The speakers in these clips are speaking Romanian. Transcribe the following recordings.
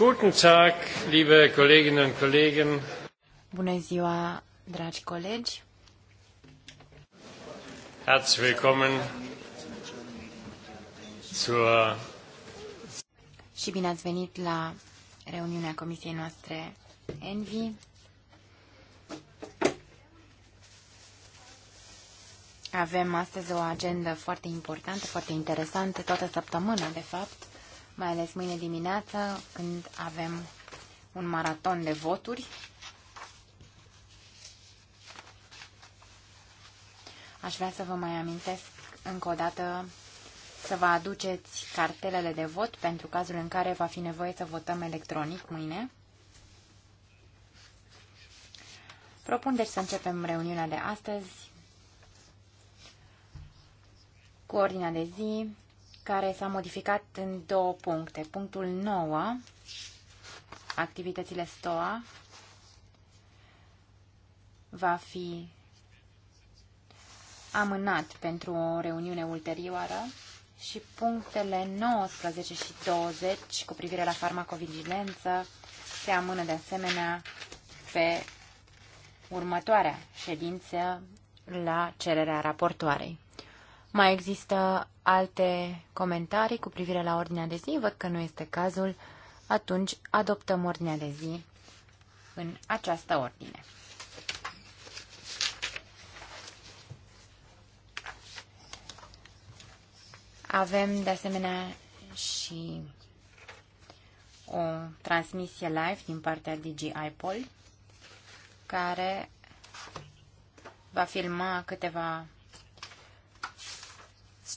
Guten Tag, liebe Kolleginnen und Kollegen. Bună ziua, dragi colegi. Herzlich willkommen zur Și bine ați venit la reuniunea comisiei noastre Envi. Avem astăzi o agendă foarte importantă, foarte interesantă, toată săptămâna, de fapt mai ales mâine dimineață, când avem un maraton de voturi. Aș vrea să vă mai amintesc încă o dată să vă aduceți cartelele de vot pentru cazul în care va fi nevoie să votăm electronic mâine. Propun deci să începem reuniunea de astăzi cu ordinea de zi care s-a modificat în două puncte. Punctul 9, activitățile STOA, va fi amânat pentru o reuniune ulterioară și punctele 19 și 20 cu privire la farmacovigilență se amână de asemenea pe următoarea ședință la cererea raportoarei. Mai există alte comentarii cu privire la ordinea de zi? Văd că nu este cazul. Atunci adoptăm ordinea de zi în această ordine. Avem de asemenea și o transmisie live din partea DJI-Pol care va filma câteva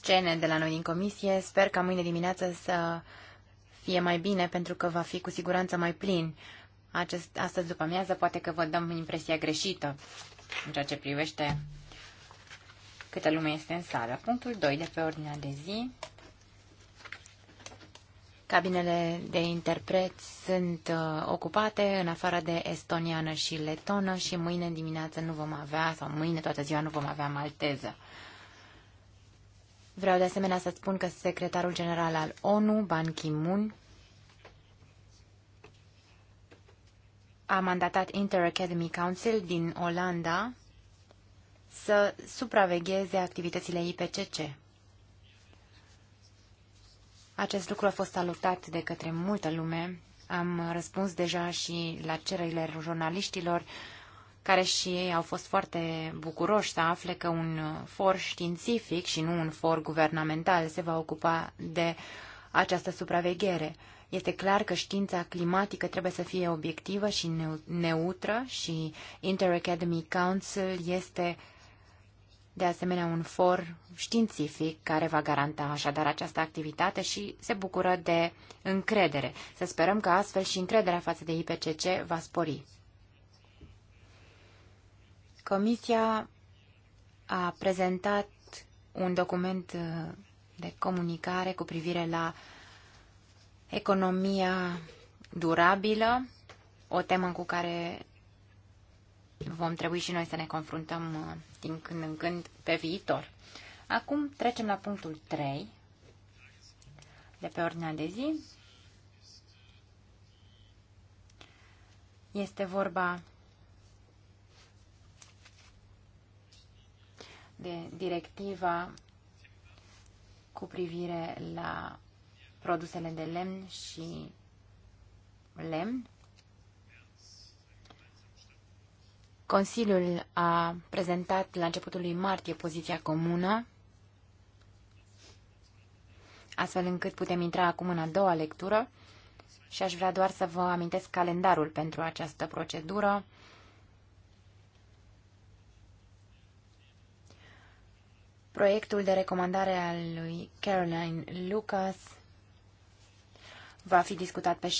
scene de la noi din comisie. Sper ca mâine dimineață să fie mai bine, pentru că va fi cu siguranță mai plin. Acest, astăzi după amiază poate că vă dăm impresia greșită în ceea ce privește câtă lume este în sală. Punctul 2 de pe ordinea de zi. Cabinele de interpreți sunt uh, ocupate în afară de estoniană și letonă și mâine dimineață nu vom avea, sau mâine toată ziua nu vom avea malteză. Vreau de asemenea să spun că secretarul general al ONU, Ban Ki-moon, a mandatat Inter-Academy Council din Olanda să supravegheze activitățile IPCC. Acest lucru a fost salutat de către multă lume. Am răspuns deja și la cererile jurnaliștilor care și ei au fost foarte bucuroși să afle că un for științific și nu un for guvernamental se va ocupa de această supraveghere. Este clar că știința climatică trebuie să fie obiectivă și neutră și Interacademy Council este de asemenea un for științific care va garanta așadar această activitate și se bucură de încredere. Să sperăm că astfel și încrederea față de IPCC va spori. Comisia a prezentat un document uh, de comunicare cu privire la economia durabilă, o temă cu care vom trebui și noi să ne confruntăm uh, din când în când pe viitor. Acum trecem la punctul 3 de pe ordinea de zi. Este vorba de directiva cu privire la produsele de lemn și lemn. Consiliul a prezentat la începutul lui martie poziția comună, astfel încât putem intra acum în a doua lectură și aș vrea doar să vă amintesc calendarul pentru această procedură. Proiectul de recomandare al lui Caroline Lucas va fi discutat pe 7-8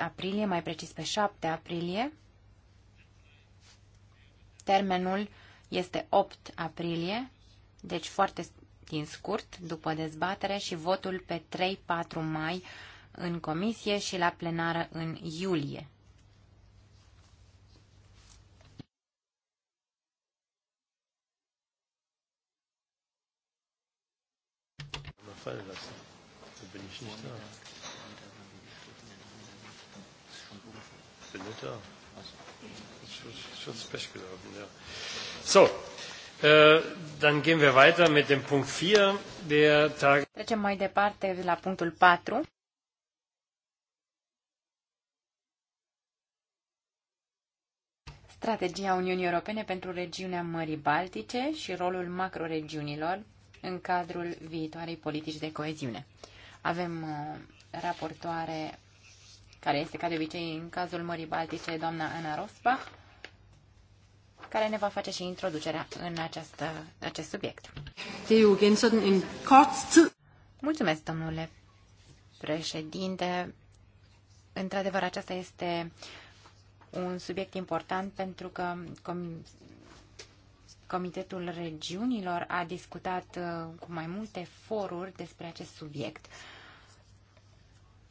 aprilie, mai precis pe 7 aprilie. Termenul este 8 aprilie, deci foarte din scurt, după dezbatere și votul pe 3-4 mai în comisie și la plenară în iulie. fallen lassen. Da bin ich nicht da. Bin nicht da. Pech gelaufen, ja. So, äh, dann gehen wir weiter mit dem Punkt 4 der Tag. Trecem mai departe la punctul 4. strategia Uniunii Europene pentru regiunea Mării Baltice și rolul macroregiunilor în cadrul viitoarei politici de coeziune. Avem uh, raportoare care este ca de obicei în cazul Mării Baltice, doamna Ana Rosbach, care ne va face și introducerea în această, acest subiect. Er Mulțumesc, domnule președinte. Într-adevăr, aceasta este un subiect important pentru că Comitetul Regiunilor a discutat uh, cu mai multe foruri despre acest subiect.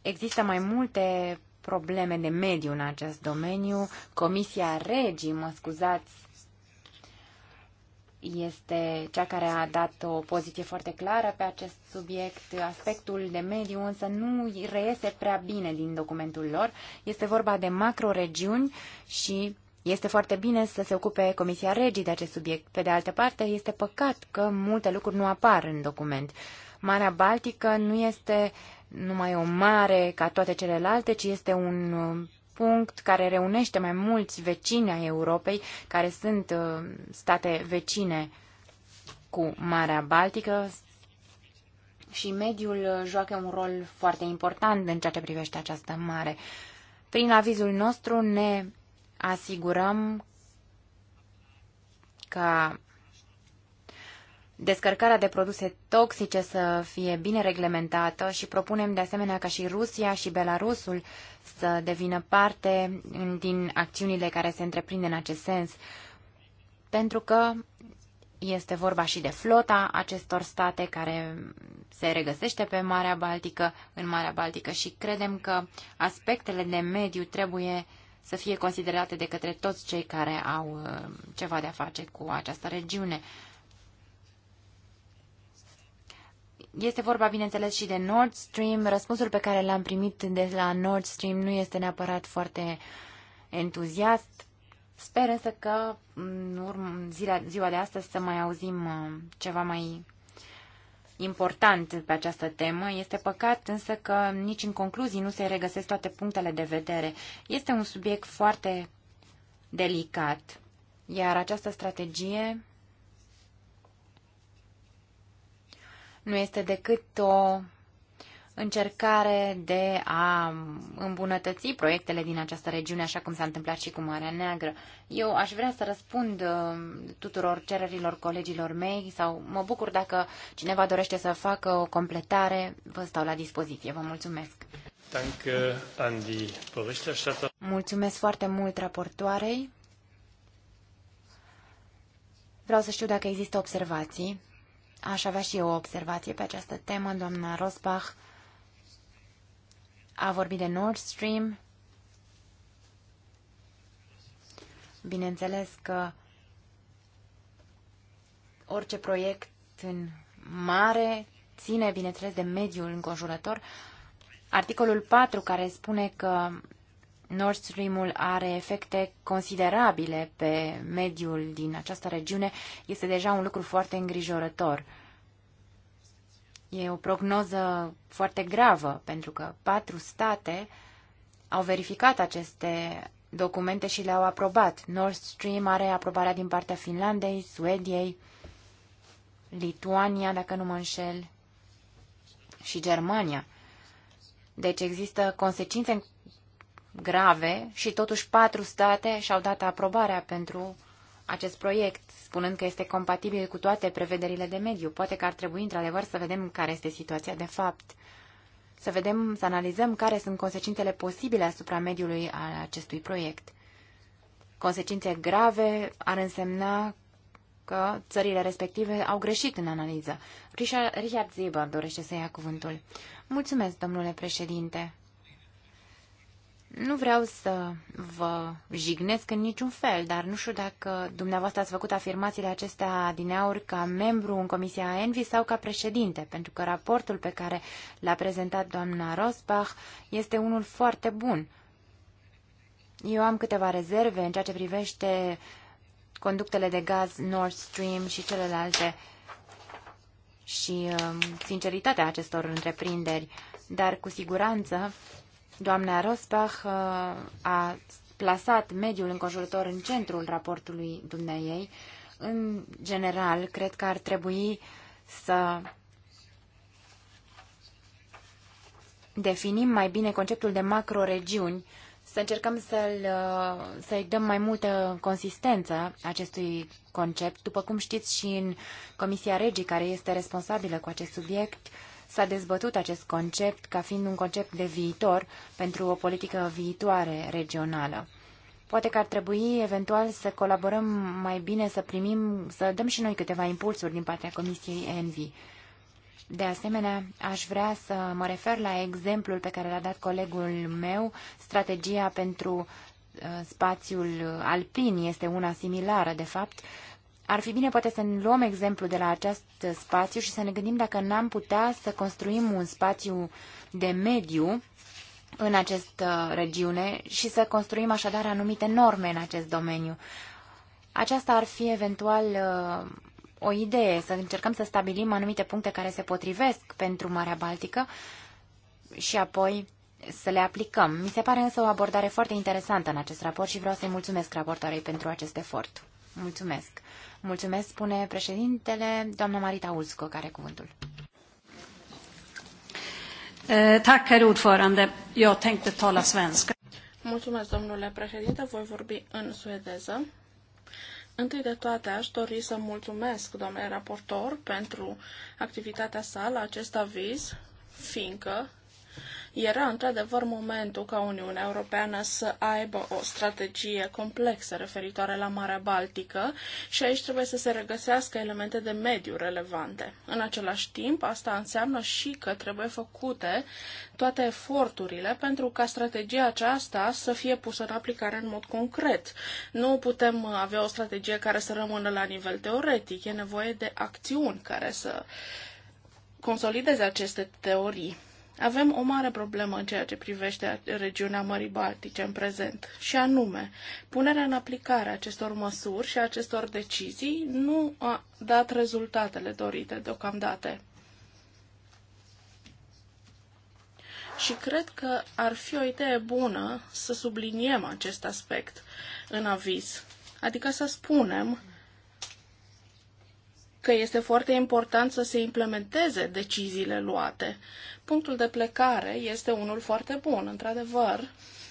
Există mai multe probleme de mediu în acest domeniu. Comisia Regii, mă scuzați, este cea care a dat o poziție foarte clară pe acest subiect. Aspectul de mediu însă nu reiese prea bine din documentul lor. Este vorba de macroregiuni și este foarte bine să se ocupe Comisia Regii de acest subiect. Pe de altă parte, este păcat că multe lucruri nu apar în document. Marea Baltică nu este numai o mare ca toate celelalte, ci este un uh, punct care reunește mai mulți vecini ai Europei, care sunt uh, state vecine cu Marea Baltică și mediul uh, joacă un rol foarte important în ceea ce privește această mare. Prin avizul nostru ne asigurăm ca descărcarea de produse toxice să fie bine reglementată și propunem de asemenea ca și Rusia și Belarusul să devină parte din acțiunile care se întreprind în acest sens, pentru că este vorba și de flota acestor state care se regăsește pe Marea Baltică, în Marea Baltică și credem că aspectele de mediu trebuie uh, să fie considerate de către toți cei care au uh, ceva de a face cu această regiune. Este vorba, bineînțeles, și de Nord Stream. Răspunsul pe care l-am primit de la Nord Stream nu este neapărat foarte entuziast. Sper însă că în mm, urmă, ziua de astăzi să mai auzim uh, ceva mai important pe această temă. Este păcat însă că nici în concluzii nu se regăsesc toate punctele de vedere. Este un subiect foarte delicat, iar această strategie nu este decât o încercare de a îmbunătăți proiectele din această regiune, așa cum s-a întâmplat și cu Marea Neagră. Eu aș vrea să răspund uh, tuturor cererilor colegilor mei sau mă bucur dacă cineva dorește să facă o completare, vă stau la dispoziție. Vă mulțumesc! Mulțumesc foarte mult raportoarei. Vreau să știu dacă există observații. Aș avea și eu o observație pe această temă, doamna Rosbach a vorbit de Nord Stream. Bineînțeles că orice proiect în mare ține, bineînțeles, de mediul înconjurător. Articolul 4 care spune că Nord Stream-ul are efecte considerabile pe mediul din această regiune este deja un lucru foarte îngrijorător. E o prognoză foarte gravă, pentru că patru state au verificat aceste documente și le-au aprobat. Nord Stream are aprobarea din partea Finlandei, Suediei, Lituania, dacă nu mă înșel, și Germania. Deci există consecințe grave și totuși patru state și-au dat aprobarea pentru acest proiect, spunând că este compatibil cu toate prevederile de mediu. Poate că ar trebui, într-adevăr, să vedem care este situația de fapt. Să vedem, să analizăm care sunt consecințele posibile asupra mediului al acestui proiect. Consecințe grave ar însemna că țările respective au greșit în analiză. Richard, Richard Zieber dorește să ia cuvântul. Mulțumesc, domnule președinte. Nu vreau să vă jignesc în niciun fel, dar nu știu dacă dumneavoastră ați făcut afirmațiile acestea din aur ca membru în Comisia Envi sau ca președinte, pentru că raportul pe care l-a prezentat doamna Rosbach este unul foarte bun. Eu am câteva rezerve în ceea ce privește conductele de gaz Nord Stream și celelalte și um, sinceritatea acestor întreprinderi, dar cu siguranță Doamna Rosbach uh, a plasat mediul înconjurător în centrul raportului dumneiei. În general, cred că ar trebui să definim mai bine conceptul de macroregiuni, să încercăm să-l, uh, să-i dăm mai multă consistență acestui concept. După cum știți și în Comisia Regii, care este responsabilă cu acest subiect, uh, s-a dezbătut acest concept ca fiind un concept de viitor pentru o politică viitoare regională. Poate că ar trebui eventual să colaborăm mai bine, să primim, să dăm și noi câteva impulsuri din partea Comisiei ENVI. De asemenea, aș vrea să mă refer la exemplul pe care l-a dat colegul meu, strategia pentru uh, spațiul alpin este una similară, de fapt, ar fi bine poate să ne luăm exemplu de la acest spațiu și să ne gândim dacă n-am putea să construim un spațiu de mediu în această regiune și să construim așadar anumite norme în acest domeniu. Aceasta ar fi eventual uh, o idee, să încercăm să stabilim anumite puncte care se potrivesc pentru Marea Baltică și apoi să le aplicăm. Mi se pare însă o abordare foarte interesantă în acest raport și vreau să-i mulțumesc raportoarei pentru acest efort. Mulțumesc. Mulțumesc, spune președintele, doamna Marita Ulsco, care cuvântul. Eh, tack, herr ordförande. Jag tänkte tala svenska. Mulțumesc, domnule președinte. Voi vorbi în suedeză. Întâi de toate, aș dori să mulțumesc, domnule raportor, pentru activitatea sa la acest aviz, fiindcă era într-adevăr momentul ca Uniunea Europeană să aibă o strategie complexă referitoare la Marea Baltică și aici trebuie să se regăsească elemente de mediu relevante. În același timp, asta înseamnă și că trebuie făcute toate eforturile pentru ca strategia aceasta să fie pusă în aplicare în mod concret. Nu putem avea o strategie care să rămână la nivel teoretic, e nevoie de acțiuni care să consolideze aceste teorii. Avem o mare problemă în ceea ce privește regiunea Mării Baltice în prezent, și anume, punerea în aplicare a acestor măsuri și a acestor decizii nu a dat rezultatele dorite deocamdată. Și cred că ar fi o idee bună să subliniem acest aspect în aviz, adică să spunem că este foarte important să se implementeze deciziile luate Punctul de plecare este unul foarte bun, într-adevăr,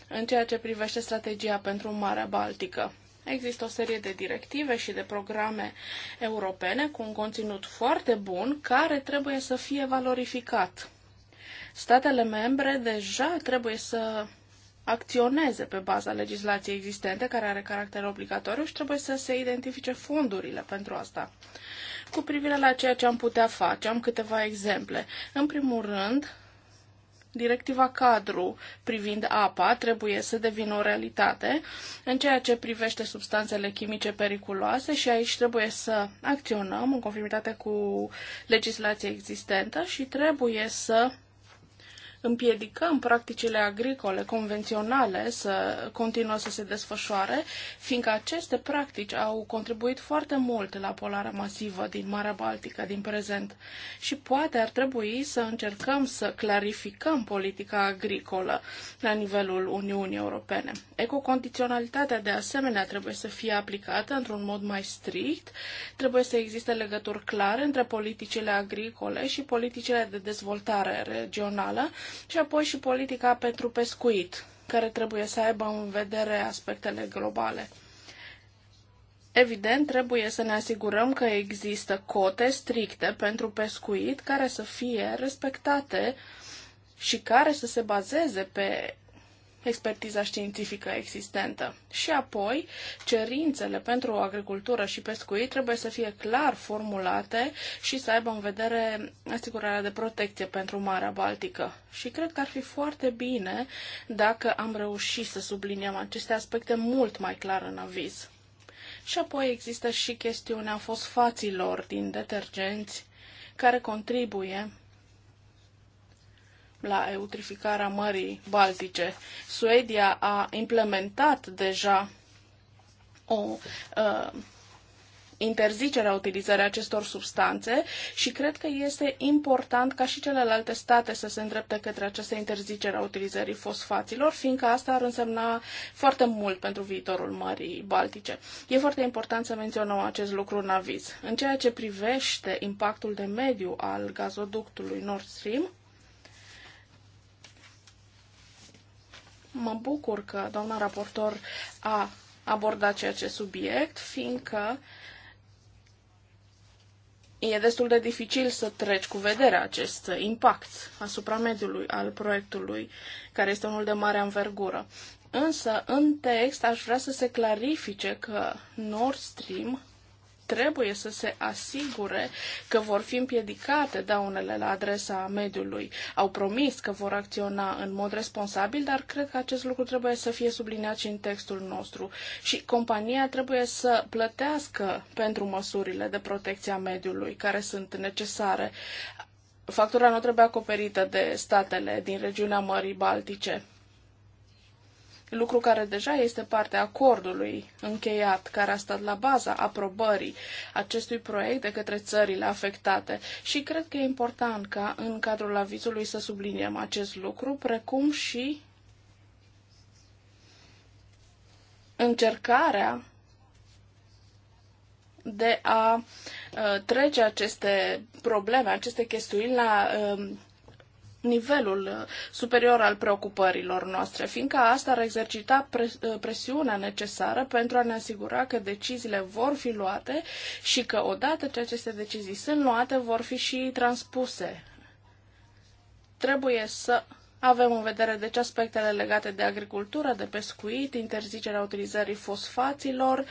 în ceea ce privește strategia pentru Marea Baltică. Există o serie de directive și de programe europene cu un conținut foarte bun care trebuie să fie valorificat. Statele membre deja trebuie să acționeze pe baza legislației existente, care are caracter obligatoriu și trebuie să se identifice fondurile pentru asta cu privire la ceea ce am putea face. Am câteva exemple. În primul rând, Directiva cadru privind apa trebuie să devină o realitate în ceea ce privește substanțele chimice periculoase și aici trebuie să acționăm în conformitate cu legislația existentă și trebuie să împiedicăm practicile agricole convenționale să continuă să se desfășoare, fiindcă aceste practici au contribuit foarte mult la polarea masivă din Marea Baltică din prezent. Și poate ar trebui să încercăm să clarificăm politica agricolă la nivelul Uniunii Europene. Ecocondiționalitatea de asemenea trebuie să fie aplicată într-un mod mai strict, trebuie să existe legături clare între politicile agricole și politicile de dezvoltare regională, și apoi și politica pentru pescuit, care trebuie să aibă în vedere aspectele globale. Evident, trebuie să ne asigurăm că există cote stricte pentru pescuit care să fie respectate și care să se bazeze pe expertiza științifică existentă. Și apoi, cerințele pentru o agricultură și pescuit trebuie să fie clar formulate și să aibă în vedere asigurarea de protecție pentru Marea Baltică. Și cred că ar fi foarte bine dacă am reușit să subliniem aceste aspecte mult mai clar în aviz. Și apoi există și chestiunea fosfaților din detergenți care contribuie la eutrificarea Mării Baltice. Suedia a implementat deja o uh, a utilizării acestor substanțe și cred că este important ca și celelalte state să se îndrepte către această interzicere a utilizării fosfaților, fiindcă asta ar însemna foarte mult pentru viitorul Mării Baltice. E foarte important să menționăm acest lucru în aviz. În ceea ce privește impactul de mediu al gazoductului Nord Stream, Mă bucur că doamna raportor a abordat ceea ce subiect, fiindcă e destul de dificil să treci cu vederea acest impact asupra mediului al proiectului, care este unul de mare anvergură. Însă, în text, aș vrea să se clarifice că Nord Stream trebuie să se asigure că vor fi împiedicate daunele la adresa mediului. Au promis că vor acționa în mod responsabil, dar cred că acest lucru trebuie să fie subliniat și în textul nostru. Și compania trebuie să plătească pentru măsurile de protecție a mediului care sunt necesare. Factura nu trebuie acoperită de statele din regiunea Mării Baltice lucru care deja este parte a acordului încheiat, care a stat la baza aprobării acestui proiect de către țările afectate. Și cred că e important ca în cadrul avizului să subliniem acest lucru, precum și încercarea de a uh, trece aceste probleme, aceste chestiuni la uh, nivelul uh, superior al preocupărilor noastre, fiindcă asta ar exercita uh, presiunea necesară pentru a ne asigura că deciziile vor fi luate și că odată ce aceste decizii sunt luate, vor fi și transpuse. Trebuie să avem în vedere deci aspectele legate de agricultură, de pescuit, interzicerea utilizării fosfaților,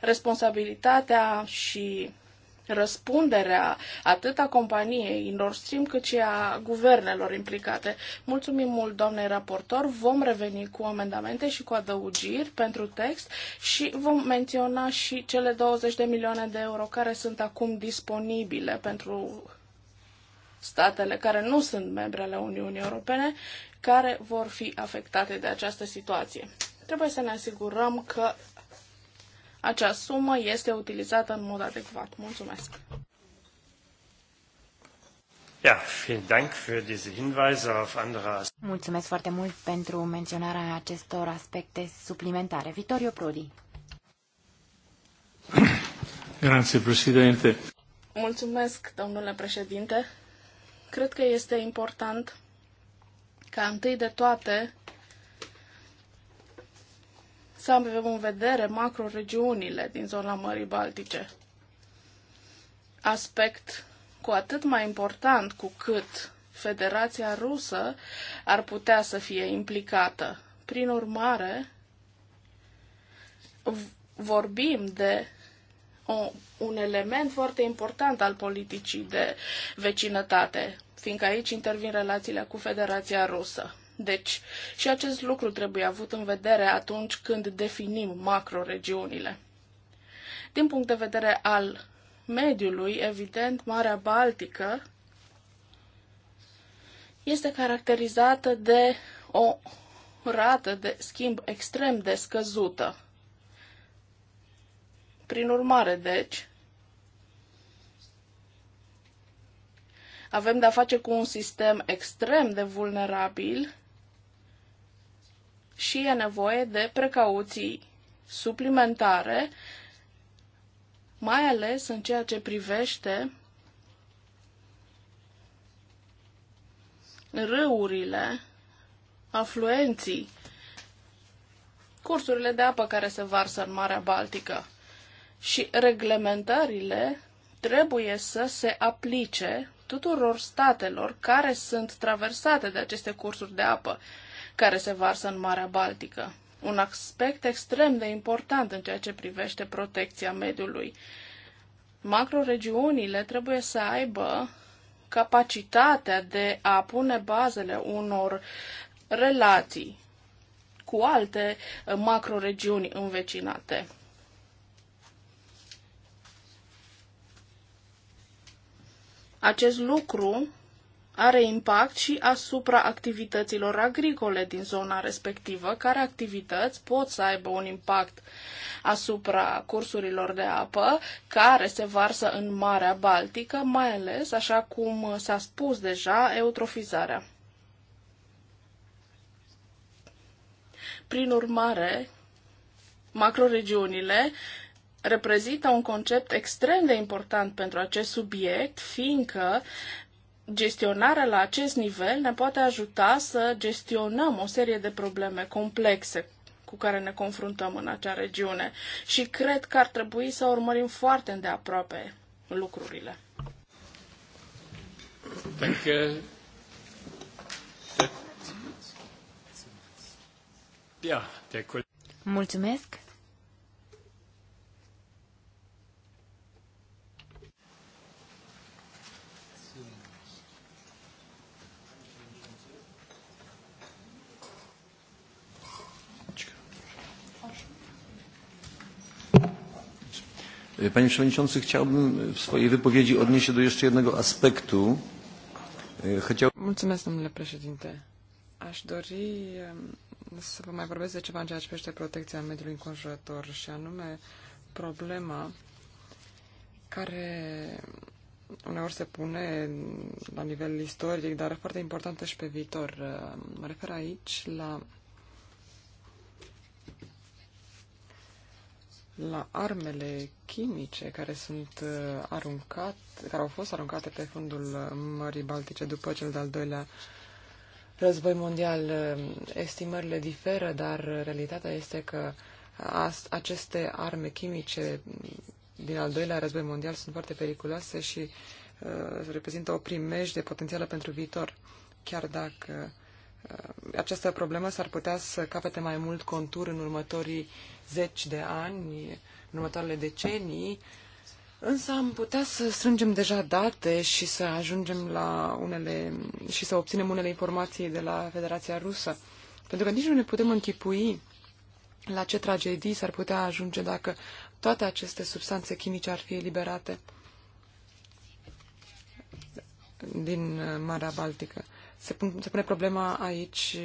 responsabilitatea și răspunderea atât a companiei Nord Stream cât și a guvernelor implicate. Mulțumim mult, doamne raportor. Vom reveni cu amendamente și cu adăugiri pentru text și vom menționa și cele 20 de milioane de euro care sunt acum disponibile pentru statele care nu sunt membre ale Uniunii Europene, care vor fi afectate de această situație. Trebuie să ne asigurăm că acea sumă este utilizată în mod adecvat. Mulțumesc! Ja, Dank für diese auf Mulțumesc foarte mult pentru menționarea acestor aspecte suplimentare. Vittorio Prodi. Grazie, Presidente. Mulțumesc, domnule președinte. Cred că este important ca întâi de toate să avem în vedere macroregiunile din zona Mării Baltice. Aspect cu atât mai important cu cât Federația Rusă ar putea să fie implicată. Prin urmare, vorbim de o, un element foarte important al politicii de vecinătate, fiindcă aici intervin relațiile cu Federația Rusă. Deci, și acest lucru trebuie avut în vedere atunci când definim macroregiunile. Din punct de vedere al mediului, evident, Marea Baltică este caracterizată de o rată de schimb extrem de scăzută. Prin urmare, deci, avem de-a face cu un sistem extrem de vulnerabil și e nevoie de precauții suplimentare, mai ales în ceea ce privește râurile, afluenții, cursurile de apă care se varsă în Marea Baltică și reglementările trebuie să se aplice tuturor statelor care sunt traversate de aceste cursuri de apă, care se varsă în Marea Baltică. Un aspect extrem de important în ceea ce privește protecția mediului. Macroregiunile trebuie să aibă capacitatea de a pune bazele unor relații cu alte macroregiuni învecinate. Acest lucru are impact și asupra activităților agricole din zona respectivă, care activități pot să aibă un impact asupra cursurilor de apă care se varsă în Marea Baltică, mai ales, așa cum s-a spus deja, eutrofizarea. Prin urmare, macroregiunile reprezintă un concept extrem de important pentru acest subiect, fiindcă gestionarea la acest nivel ne poate ajuta să gestionăm o serie de probleme complexe cu care ne confruntăm în acea regiune și cred că ar trebui să urmărim foarte îndeaproape lucrurile. Mulțumesc. Panie Przewodniczący, chciałbym w swojej wypowiedzi odnieść się do jeszcze jednego aspektu. Chciał... Mulțumesc, domnule președinte. Aș dori să vă mai vorbesc de ceva în ceea ce privește protecția mediului înconjurător și anume problema care uneori se pune la nivel istoric, dar foarte importantă și pe viitor. Mă refer aici la la armele chimice care sunt uh, aruncate, care au fost aruncate pe fundul uh, Mării Baltice după cel de-al doilea război mondial. Uh, estimările diferă, dar realitatea este că aceste arme chimice din al doilea război mondial sunt foarte periculoase și uh, reprezintă o primejde potențială pentru viitor, chiar dacă uh, Uh, această problemă s-ar putea să capete mai mult contur în următorii zeci de ani, în următoarele decenii, însă am putea să strângem deja date și să ajungem la unele și să obținem unele informații de la Federația Rusă. Pentru că nici nu ne putem închipui la ce tragedii s-ar putea ajunge dacă toate aceste substanțe chimice ar fi eliberate din Marea Baltică se, pun, se pune problema aici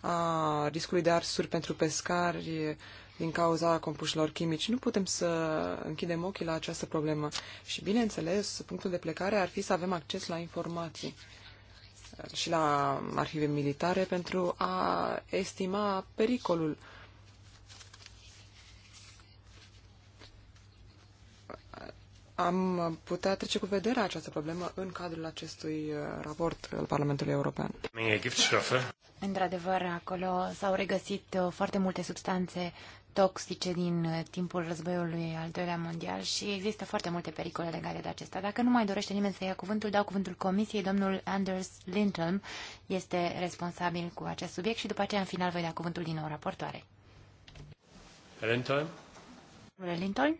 a riscului de arsuri pentru pescari din cauza compușilor chimici. Nu putem să închidem ochii la această problemă. Și, bineînțeles, punctul de plecare ar fi să avem acces la informații și la arhive militare pentru a estima pericolul am putea trece cu vederea această problemă în cadrul acestui uh, raport al Parlamentului European. Într-adevăr, acolo s-au regăsit uh, foarte multe substanțe toxice din uh, timpul războiului al doilea mondial și există foarte multe pericole legate de acesta. Dacă nu mai dorește nimeni să ia cuvântul, dau cuvântul comisiei. Domnul Anders Lindholm este responsabil cu acest subiect și după aceea în final voi da cuvântul din nou raportoare. Lindholm? Domnule Lindholm?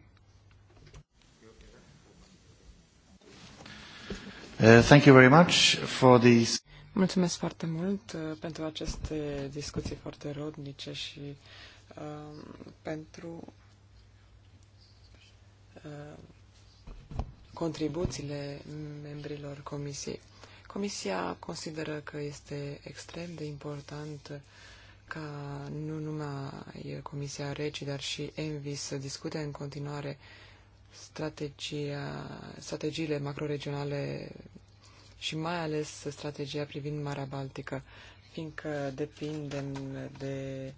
Uh, thank you very much for these... Mulțumesc foarte mult uh, pentru aceste discuții foarte rodnice și uh, pentru uh, contribuțiile membrilor comisiei. Comisia consideră că este extrem de important ca nu numai Comisia Regi, dar și Envi să discute în continuare uh, strategia, strategiile macroregionale și mai ales strategia privind Marea Baltică, fiindcă depindem de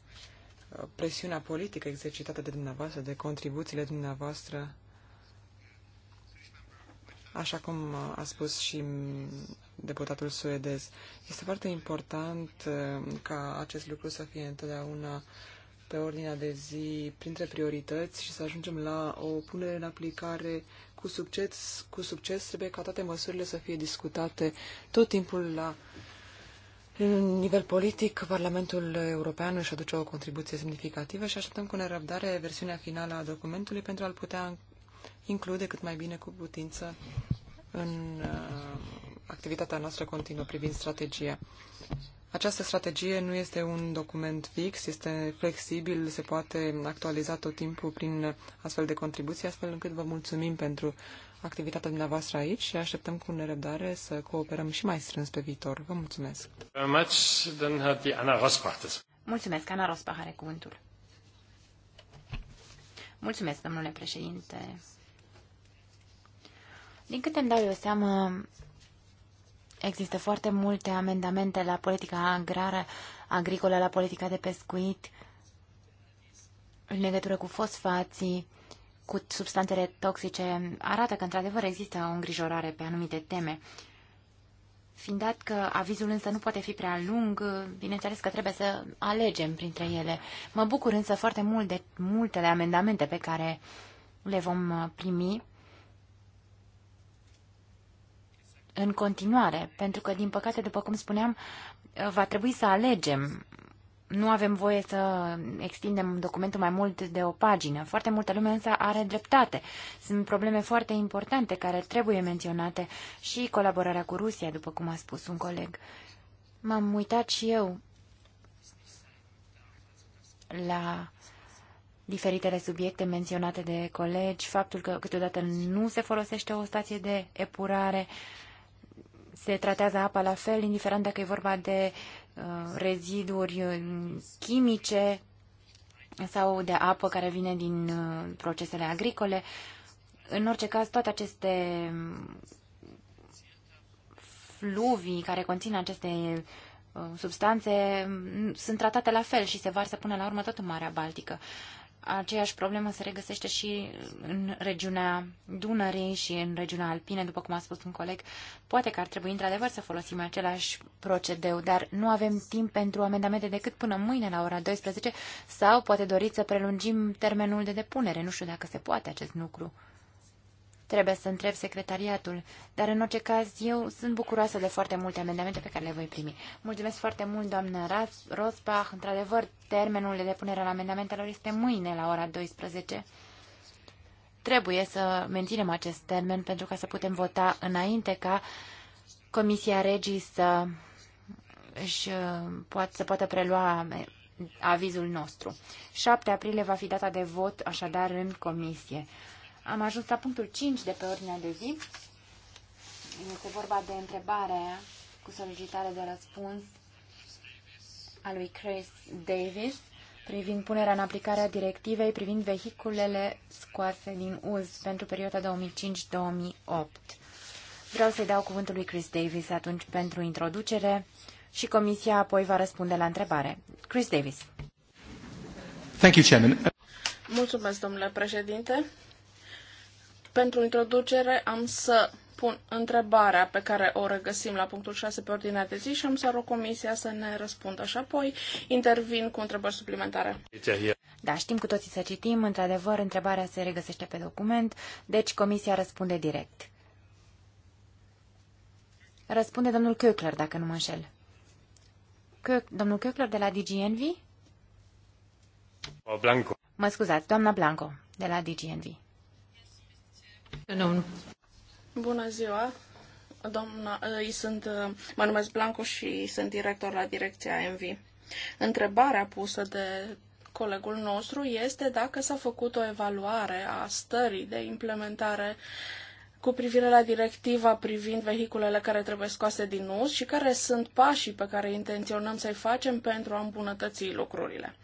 uh, presiunea politică exercitată de dumneavoastră, de contribuțiile dumneavoastră, așa cum uh, a spus și mm, deputatul suedez. Este foarte important uh, ca acest lucru să fie întotdeauna uh, pe ordinea de zi printre priorități și să ajungem la o punere în aplicare cu succes, cu succes trebuie ca toate măsurile să fie discutate tot timpul la în nivel politic, Parlamentul European își aduce o contribuție semnificativă și așteptăm cu nerăbdare versiunea finală a documentului pentru a-l putea include cât mai bine cu putință în uh, activitatea noastră continuă privind strategia. Această strategie nu este un document fix, este flexibil, se poate actualiza tot timpul prin astfel de contribuții, astfel încât vă mulțumim pentru activitatea dumneavoastră aici și așteptăm cu nerăbdare să cooperăm și mai strâns pe viitor. Vă mulțumesc! Mulțumesc, Ana Rosbach are cuvântul. Mulțumesc, domnule președinte. Din câte îmi dau eu seama, Există foarte multe amendamente la politica agrară, agricolă, la politica de pescuit, în legătură cu fosfații, cu substanțele toxice. Arată că, într-adevăr, există o îngrijorare pe anumite teme. Fiind dat că avizul însă nu poate fi prea lung, bineînțeles că trebuie să alegem printre ele. Mă bucur însă foarte mult de multele amendamente pe care le vom primi în continuare, pentru că, din păcate, după cum spuneam, va trebui să alegem. Nu avem voie să extindem documentul mai mult de o pagină. Foarte multă lume însă are dreptate. Sunt probleme foarte importante care trebuie menționate și colaborarea cu Rusia, după cum a spus un coleg. M-am uitat și eu la diferitele subiecte menționate de colegi, faptul că câteodată nu se folosește o stație de epurare, uh, se tratează apa la fel, indiferent dacă e vorba de uh, reziduri uh, chimice sau de apă care vine din uh, procesele agricole. În orice caz, toate aceste mm, fluvii care conțin aceste uh, substanțe mm, sunt tratate la fel și se varsă până la urmă tot în Marea Baltică. Aceeași problemă se regăsește și în regiunea Dunării și în regiunea Alpine, după cum a spus un coleg. Poate că ar trebui într-adevăr să folosim același procedeu, dar nu avem timp pentru amendamente decât până mâine la ora 12 sau poate doriți să prelungim termenul de depunere. Nu știu dacă se poate acest lucru. Trebuie să întreb secretariatul, dar în orice caz eu sunt bucuroasă de foarte multe amendamente pe care le voi primi. Mulțumesc foarte mult, doamnă Rosbach. Într-adevăr, termenul de depunere al amendamentelor este mâine la ora 12. Trebuie să menținem acest termen pentru ca să putem vota înainte ca Comisia Regii să, își, uh, poat, să poată prelua avizul nostru. 7 aprilie va fi data de vot, așadar, în comisie. Am ajuns la punctul 5 de pe ordinea de zi. Este vorba de întrebare cu solicitare de răspuns a lui Chris Davis privind punerea în aplicare a directivei privind vehiculele scoase din uz pentru perioada 2005-2008. Vreau să-i dau cuvântul lui Chris Davis atunci pentru introducere și comisia apoi va răspunde la întrebare. Chris Davis. Thank you, Chairman. Mulțumesc, domnule președinte. Pentru introducere am să pun întrebarea pe care o regăsim la punctul 6 pe ordinea de zi și am să rog comisia să ne răspundă și apoi intervin cu întrebări suplimentare. Da, știm cu toții să citim, într-adevăr întrebarea se regăsește pe document, deci comisia răspunde direct. Răspunde domnul Köckler, dacă nu mă înșel. Köch, domnul Köckler de la DGNV? Blanco. Mă scuzați, doamna Blanco, de la DGNV. Bună ziua! Doamna, îi sunt, mă numesc Blanco și sunt director la direcția MV. Întrebarea pusă de colegul nostru este dacă s-a făcut o evaluare a stării de implementare cu privire la directiva privind vehiculele care trebuie scoase din uz și care sunt pașii pe care intenționăm să-i facem pentru a îmbunătăți lucrurile.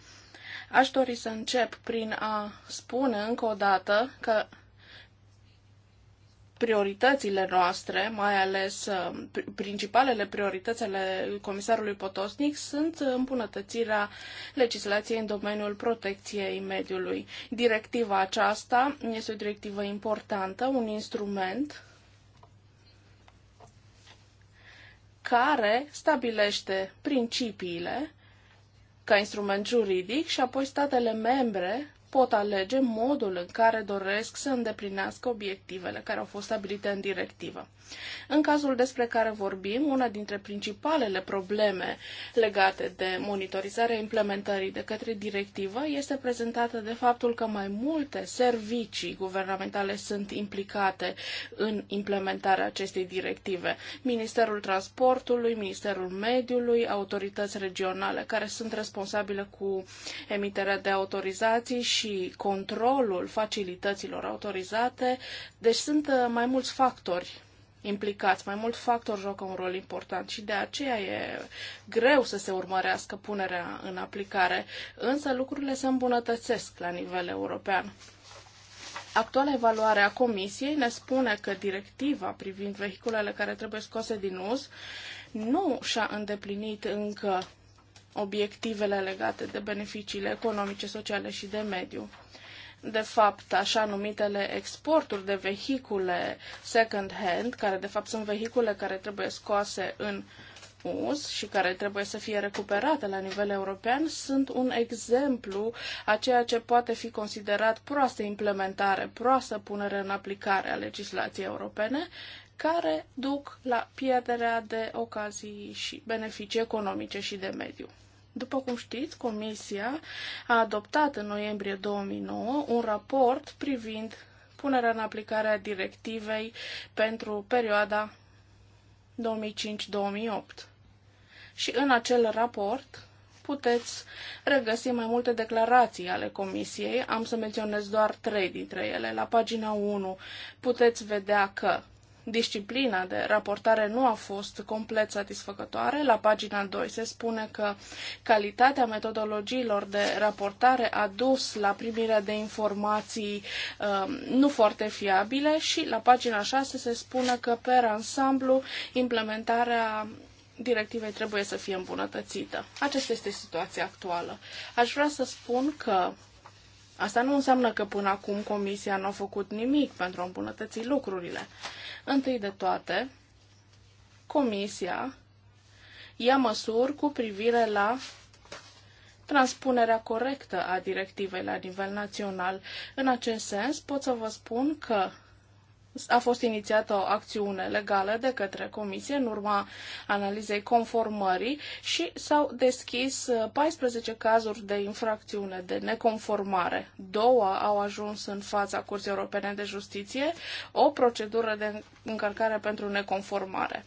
Aș dori să încep prin a spune încă o dată că prioritățile noastre, mai ales uh, principalele priorități ale comisarului Potosnic, sunt îmbunătățirea legislației în domeniul protecției mediului. Directiva aceasta este o directivă importantă, un instrument care stabilește principiile ca instrument juridic și apoi statele membre pot alege modul în care doresc să îndeplinească obiectivele care au fost stabilite în directivă. În cazul despre care vorbim, una dintre principalele probleme legate de monitorizarea implementării de către directivă este prezentată de faptul că mai multe servicii guvernamentale sunt implicate în implementarea acestei directive. Ministerul Transportului, Ministerul Mediului, autorități regionale care sunt responsabile cu emiterea de autorizații și și controlul facilităților autorizate. Deci sunt uh, mai mulți factori implicați, mai mulți factori joacă un rol important și de aceea e greu să se urmărească punerea în aplicare, însă lucrurile se îmbunătățesc la nivel european. Actuala evaluare a Comisiei ne spune că directiva privind vehiculele care trebuie scoase din uz nu și-a îndeplinit încă obiectivele legate de beneficiile economice, sociale și de mediu. De fapt, așa numitele exporturi de vehicule second-hand, care de fapt sunt vehicule care trebuie scoase în uz și care trebuie să fie recuperate la nivel european, sunt un exemplu a ceea ce poate fi considerat proastă implementare, proastă punere în aplicare a legislației europene care duc la pierderea de ocazii și beneficii economice și de mediu. După cum știți, Comisia a adoptat în noiembrie 2009 un raport privind punerea în aplicare a directivei pentru perioada 2005-2008. Și în acel raport puteți regăsi mai multe declarații ale Comisiei. Am să menționez doar trei dintre ele. La pagina 1 puteți vedea că disciplina de raportare nu a fost complet satisfăcătoare. La pagina 2 se spune că calitatea metodologiilor de raportare a dus la primirea de informații um, nu foarte fiabile și la pagina 6 se spune că pe ansamblu implementarea directivei trebuie să fie îmbunătățită. Aceasta este situația actuală. Aș vrea să spun că asta nu înseamnă că până acum Comisia nu a făcut nimic pentru a îmbunătăți lucrurile. Întâi de toate, Comisia ia măsuri cu privire la transpunerea corectă a directivei la nivel național. În acest sens, pot să vă spun că a fost inițiată o acțiune legală de către comisie în urma analizei conformării și s-au deschis 14 uh, cazuri de infracțiune de neconformare. Două au ajuns în fața Curții Europene de Justiție, o procedură de încărcare pentru neconformare.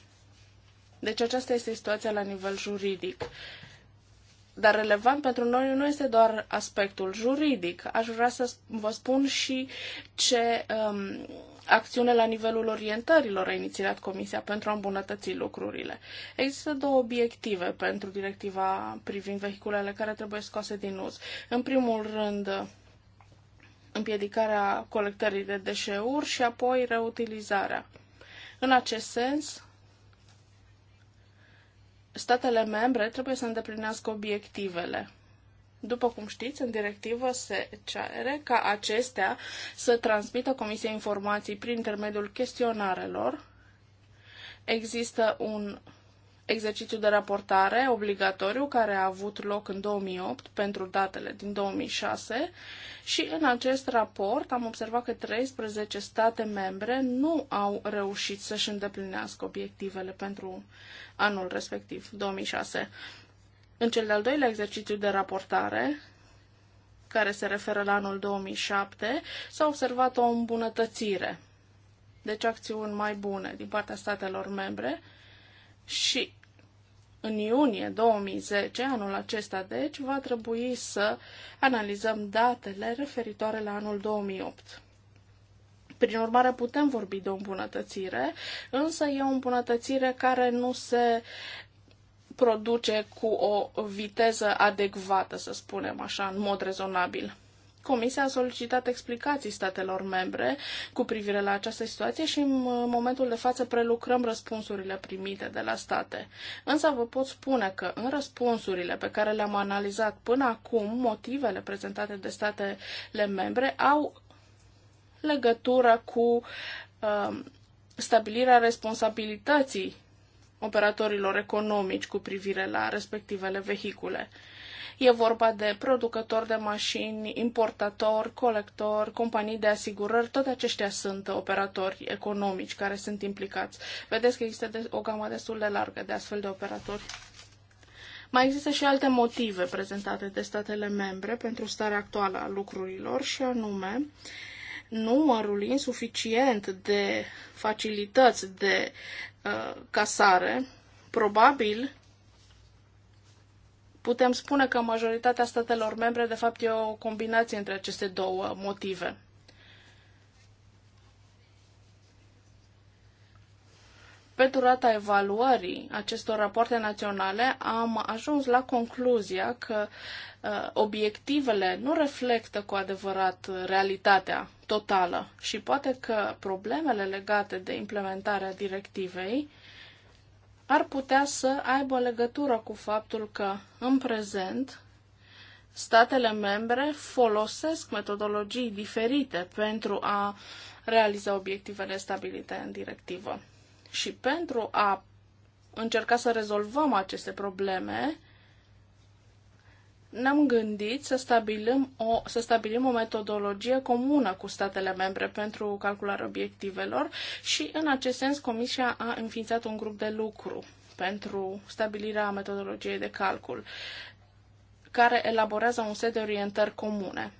Deci aceasta este situația la nivel juridic. Dar relevant pentru noi nu este doar aspectul juridic. Aș vrea să vă spun și ce um, acțiune la nivelul orientărilor a inițiat Comisia pentru a îmbunătăți lucrurile. Există două obiective pentru directiva privind vehiculele care trebuie scoase din uz. În primul rând, împiedicarea colectării de deșeuri și apoi reutilizarea. În acest sens, statele membre trebuie să îndeplinească obiectivele după cum știți, în directivă se cere ca acestea să transmită Comisiei informații prin intermediul chestionarelor. Există un exercițiu de raportare obligatoriu care a avut loc în 2008 pentru datele din 2006 și în acest raport am observat că 13 state membre nu au reușit să-și îndeplinească obiectivele pentru anul respectiv, 2006. În cel de-al doilea exercițiu de raportare, care se referă la anul 2007, s-a observat o îmbunătățire, deci acțiuni mai bune din partea statelor membre și în iunie 2010, anul acesta deci, va trebui să analizăm datele referitoare la anul 2008. Prin urmare, putem vorbi de o îmbunătățire, însă e o îmbunătățire care nu se produce cu o viteză adecvată, să spunem așa, în mod rezonabil. Comisia a solicitat explicații statelor membre cu privire la această situație și în momentul de față prelucrăm răspunsurile primite de la state. Însă vă pot spune că în răspunsurile pe care le-am analizat până acum, motivele prezentate de statele membre au legătură cu uh, stabilirea responsabilității operatorilor economici cu privire la respectivele vehicule. E vorba de producători de mașini, importatori, colectori, companii de asigurări, toate aceștia sunt operatori economici care sunt implicați. Vedeți că există o gamă destul de largă de astfel de operatori. Mai există și alte motive prezentate de statele membre pentru starea actuală a lucrurilor și anume numărul insuficient de facilități de uh, casare, probabil putem spune că majoritatea statelor membre, de fapt, e o combinație între aceste două motive. Pe durata evaluării acestor rapoarte naționale am ajuns la concluzia că uh, obiectivele nu reflectă cu adevărat realitatea totală și poate că problemele legate de implementarea directivei ar putea să aibă legătură cu faptul că, în prezent, statele membre folosesc metodologii diferite pentru a realiza obiectivele stabilite în directivă. Și pentru a încerca să rezolvăm aceste probleme, ne-am gândit să stabilim, o, să stabilim o metodologie comună cu statele membre pentru calcularea obiectivelor și, în acest sens, Comisia a înființat un grup de lucru pentru stabilirea metodologiei de calcul, care elaborează un set de orientări comune.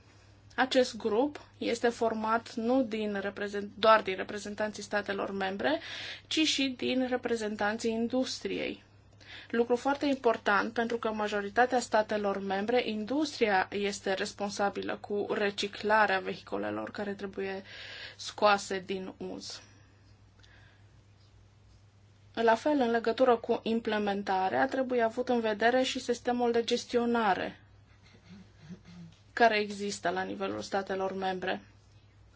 Acest grup este format nu din reprezent- doar din reprezentanții statelor membre, ci și din reprezentanții industriei. Lucru foarte important pentru că majoritatea statelor membre, industria este responsabilă cu reciclarea vehiculelor care trebuie scoase din uz. La fel, în legătură cu implementarea, trebuie avut în vedere și sistemul de gestionare care există la nivelul statelor membre.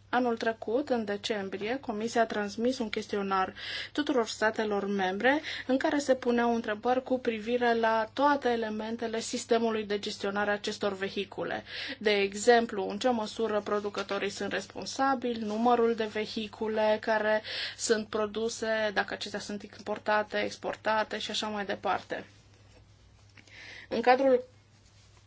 Anul trecut, în decembrie, Comisia a transmis un chestionar tuturor statelor membre în care se puneau întrebări cu privire la toate elementele sistemului de gestionare a acestor vehicule. De exemplu, în ce măsură producătorii sunt responsabili, numărul de vehicule care sunt produse, dacă acestea sunt importate, exportate și așa mai departe. În cadrul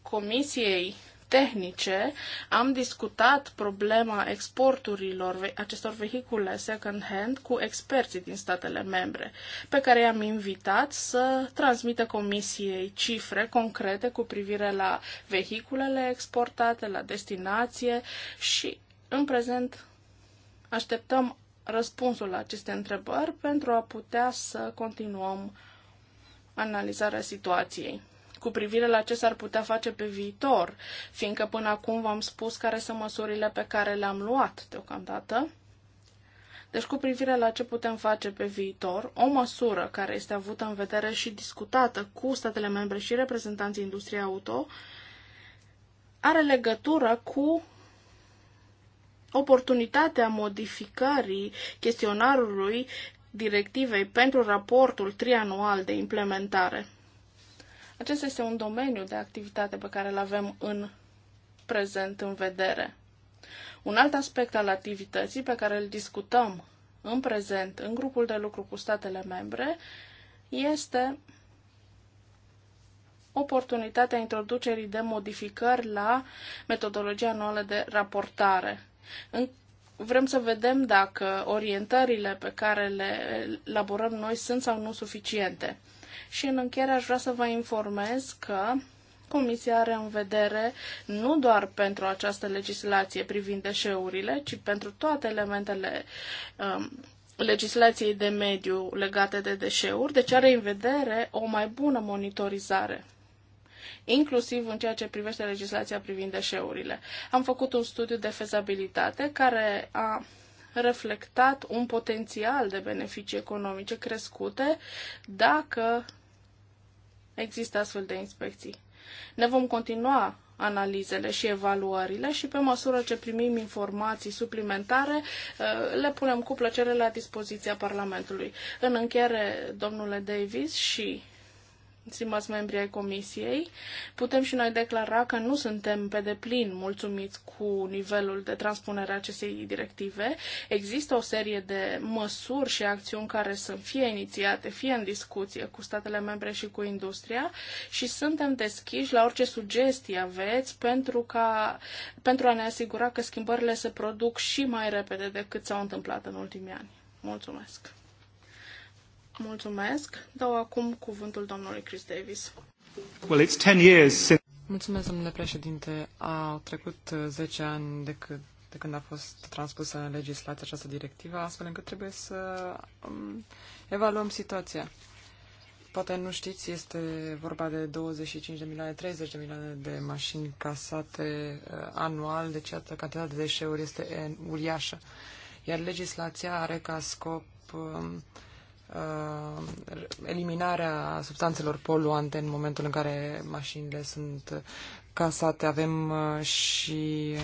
Comisiei tehnice, am discutat problema exporturilor acestor vehicule second-hand cu experții din statele membre, pe care i-am invitat să transmită comisiei cifre concrete cu privire la vehiculele exportate, la destinație și, în prezent, așteptăm răspunsul la aceste întrebări pentru a putea să continuăm analizarea situației cu privire la ce s-ar putea face pe viitor, fiindcă până acum v-am spus care sunt măsurile pe care le-am luat deocamdată. Deci, cu privire la ce putem face pe viitor, o măsură care este avută în vedere și discutată cu statele membre și reprezentanții industriei auto are legătură cu oportunitatea modificării chestionarului directivei pentru raportul trianual de implementare. Acesta este un domeniu de activitate pe care îl avem în prezent în vedere. Un alt aspect al activității pe care îl discutăm în prezent în grupul de lucru cu statele membre este oportunitatea introducerii de modificări la metodologia anuală de raportare. vrem să vedem dacă orientările pe care le elaborăm noi sunt sau nu suficiente. Și în încheiere aș vrea să vă informez că Comisia are în vedere nu doar pentru această legislație privind deșeurile, ci pentru toate elementele um, legislației de mediu legate de deșeuri, deci are în vedere o mai bună monitorizare inclusiv în ceea ce privește legislația privind deșeurile. Am făcut un studiu de fezabilitate care a reflectat un potențial de beneficii economice crescute dacă există astfel de inspecții. Ne vom continua analizele și evaluările și pe măsură ce primim informații suplimentare, uh, le punem cu plăcere la dispoziția Parlamentului. În încheiere, domnule Davis și stimați membri ai Comisiei, putem și noi declara că nu suntem pe deplin mulțumiți cu nivelul de transpunere a acestei directive. Există o serie de măsuri și acțiuni care sunt fie inițiate, fie în discuție cu statele membre și cu industria și suntem deschiși la orice sugestii aveți pentru, ca, pentru a ne asigura că schimbările se produc și mai repede decât s-au întâmplat în ultimii ani. Mulțumesc! Mulțumesc. Dau acum cuvântul domnului Chris Davis. Well, it's 10 years since... Mulțumesc, domnule președinte. Au trecut 10 uh, ani de când, de când a fost transpusă în legislație această directivă, astfel încât trebuie să um, evaluăm situația. Poate nu știți, este vorba de 25 de milioane, 30 de milioane de mașini casate uh, anual, deci atâta cantitatea de deșeuri este uriașă. Iar legislația are ca scop uh, uh, eliminarea substanțelor poluante în momentul în care mașinile sunt casate. Avem uh, și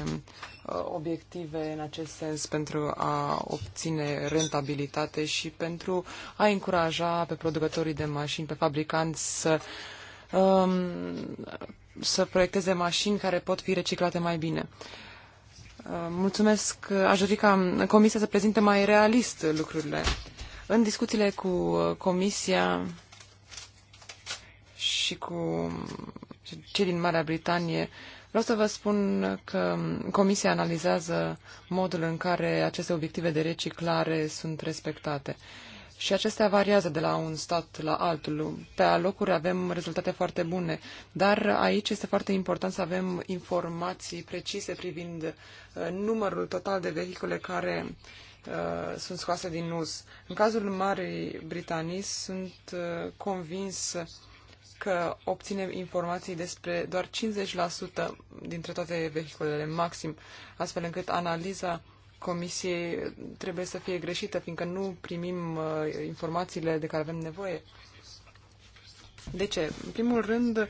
uh, obiective în acest sens pentru a obține rentabilitate și pentru a încuraja pe producătorii de mașini, pe fabricanți să, um, să proiecteze mașini care pot fi reciclate mai bine. Uh, mulțumesc. Aș dori ca Comisia să prezinte mai realist lucrurile. În discuțiile cu uh, Comisia și cu um, cei din Marea Britanie, vreau să vă spun că um, Comisia analizează modul în care aceste obiective de reciclare sunt respectate. Și acestea variază de la un stat la altul. Pe alocuri avem rezultate foarte bune, dar aici este foarte important să avem informații precise privind uh, numărul total de vehicule care Uh, sunt scoase din uz. În cazul Marii Britanii sunt uh, convins că obținem informații despre doar 50% dintre toate vehiculele, maxim, astfel încât analiza comisiei trebuie să fie greșită, fiindcă nu primim uh, informațiile de care avem nevoie. De ce? În primul rând, uh,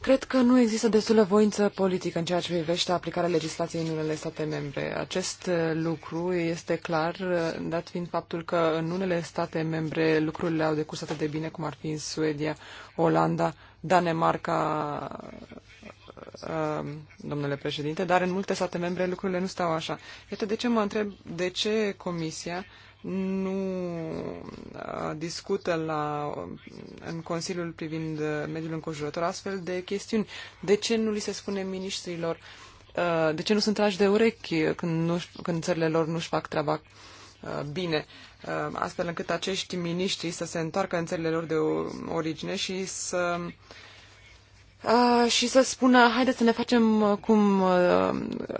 Cred că nu există destulă voință politică în ceea ce privește aplicarea legislației în unele state membre. Acest uh, lucru este clar, uh, dat fiind faptul că în unele state membre lucrurile au decurs atât de bine cum ar fi în Suedia, Olanda, Danemarca, uh, domnule președinte, dar în multe state membre lucrurile nu stau așa. Iată de ce mă întreb de ce Comisia nu uh, discută la, în Consiliul privind uh, mediul înconjurător astfel de chestiuni. De ce nu li se spune ministrilor? Uh, de ce nu sunt trași de urechi când, nu, când țările lor nu-și fac treaba bine, astfel încât acești miniștri să se întoarcă în țările lor de origine și să și să spună, haideți să ne facem cum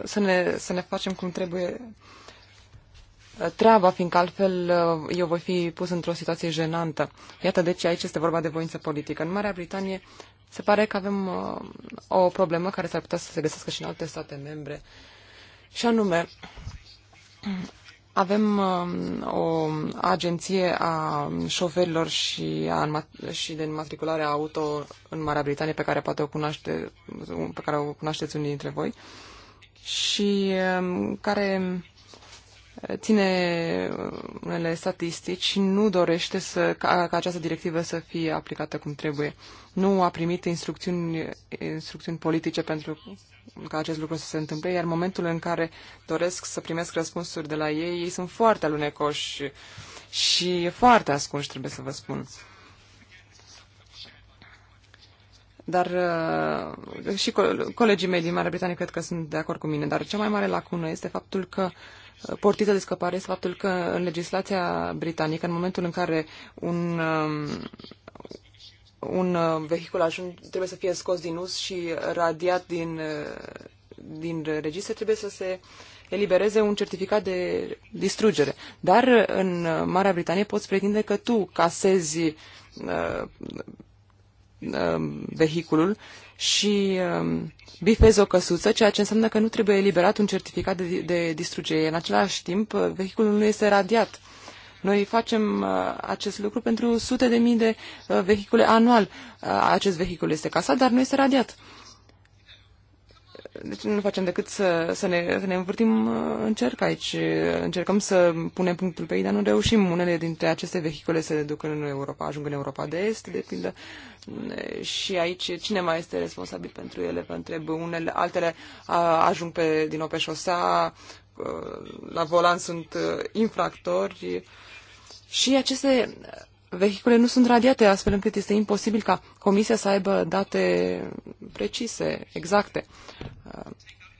să ne, să ne facem cum trebuie treaba, fiindcă altfel eu voi fi pus într-o situație jenantă. Iată, deci aici este vorba de voință politică. În Marea Britanie se pare că avem uh, o problemă care s-ar putea să se găsească și în alte state membre. Și anume, avem um, o agenție a șoferilor și, a, și de înmatriculare a auto în Marea Britanie pe care poate o cunoaște, pe care o cunoașteți unii dintre voi și um, care ține uh, unele statistici și nu dorește să, ca, ca această directivă să fie aplicată cum trebuie. Nu a primit instrucțiuni, instrucțiuni politice pentru ca acest lucru să se întâmple, iar momentul în care doresc să primesc răspunsuri de la ei, ei sunt foarte alunecoși și foarte ascunși, trebuie să vă spun. Dar uh, și colegii mei din Marea Britanie cred că sunt de acord cu mine, dar cea mai mare lacună este faptul că uh, portiță de scăpare este faptul că în legislația britanică, în momentul în care un, um, un uh, vehicul ajung, trebuie să fie scos din us și radiat din, uh, din registre, trebuie să se elibereze un certificat de distrugere. Dar în Marea Britanie poți pretinde că tu casezi uh, uh, vehiculul și um, bifezi o căsuță, ceea ce înseamnă că nu trebuie eliberat un certificat de, de distrugere. În același timp, uh, vehiculul nu este radiat. Noi facem uh, acest lucru pentru sute de mii de uh, vehicule anual. Acest vehicul este casat, dar nu este radiat. Deci nu facem decât să, să, ne, să ne învârtim uh, în cerc aici. Încercăm să punem punctul pe ei, dar nu reușim. Unele dintre aceste vehicule se duc în Europa, ajung în Europa de Est, de pildă. Și aici cine mai este responsabil pentru ele? Pentru unele, altele ajung pe, din nou pe șosea, uh, la volan sunt uh, infractori. Și aceste vehicule nu sunt radiate, astfel încât este imposibil ca comisia să aibă date precise, exacte. Uh,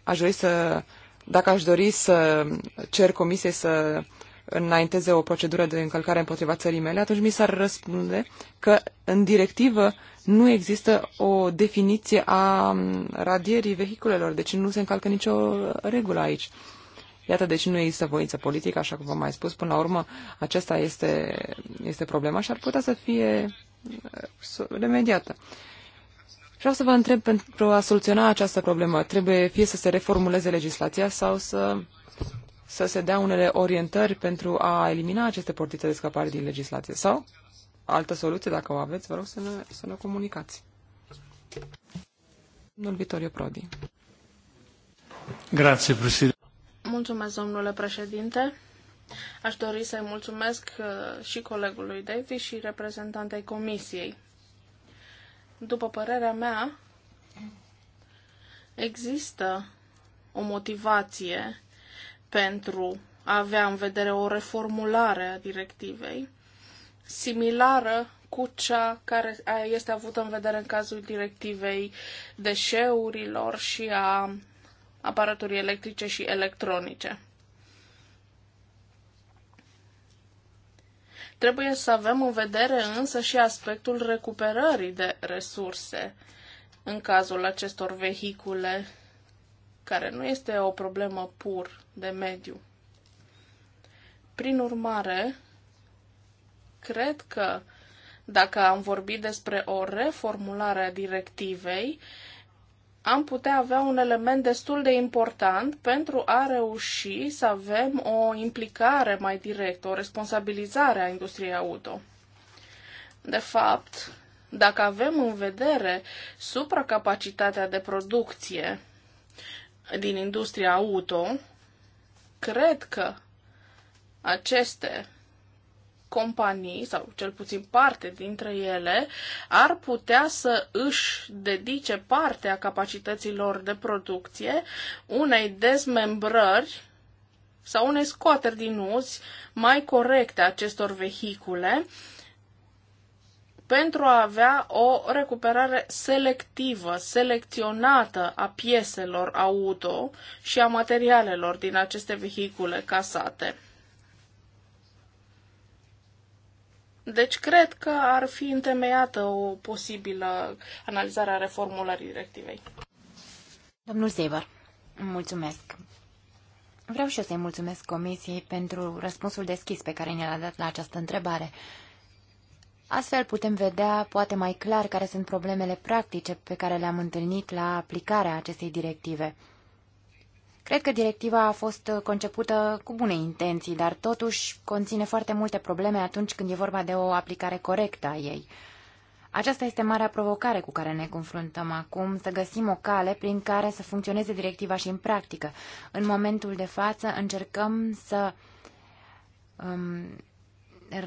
aș dori să, dacă aș dori să cer comisiei să înainteze o procedură de încălcare împotriva țării mele, atunci mi s-ar răspunde că în directivă nu există o definiție a um, radierii vehiculelor, deci nu se încalcă nicio regulă aici. Iată de deci ce nu există voință politică, așa cum v-am mai spus. Până la urmă, aceasta este, este problema și ar putea să fie uh, remediată. Vreau să vă întreb, pentru a soluționa această problemă, trebuie fie să se reformuleze legislația sau să, să se dea unele orientări pentru a elimina aceste portițe de scăpare din legislație? Sau, altă soluție, dacă o aveți, vă rog să ne, să ne comunicați. Domnul Vitorio Prodi. Grazie, președinte. Mulțumesc, domnule președinte. Aș dori să-i mulțumesc uh, și colegului Davy și reprezentantei comisiei. După părerea mea, există o motivație pentru a avea în vedere o reformulare a directivei similară cu cea care este avută în vedere în cazul directivei deșeurilor și a aparaturi electrice și electronice. Trebuie să avem în vedere însă și aspectul recuperării de resurse în cazul acestor vehicule, care nu este o problemă pur de mediu. Prin urmare, cred că dacă am vorbit despre o reformulare a directivei, am putea avea un element destul de important pentru a reuși să avem o implicare mai directă, o responsabilizare a industriei auto. De fapt, dacă avem în vedere supracapacitatea de producție din industria auto, cred că aceste companii, sau cel puțin parte dintre ele, ar putea să își dedice parte a capacităților de producție unei dezmembrări sau unei scoateri din uz mai corecte acestor vehicule pentru a avea o recuperare selectivă, selecționată a pieselor auto și a materialelor din aceste vehicule casate. Deci cred că ar fi întemeiată o posibilă analizare a reformulării directivei. Domnul Seber, mulțumesc. Vreau și eu să-i mulțumesc Comisiei pentru răspunsul deschis pe care ne-l-a dat la această întrebare. Astfel putem vedea poate mai clar care sunt problemele practice pe care le-am întâlnit la aplicarea acestei directive. Cred că directiva a fost concepută cu bune intenții, dar totuși conține foarte multe probleme atunci când e vorba de o aplicare corectă a ei. Aceasta este marea provocare cu care ne confruntăm acum, să găsim o cale prin care să funcționeze directiva și în practică. În momentul de față încercăm să um,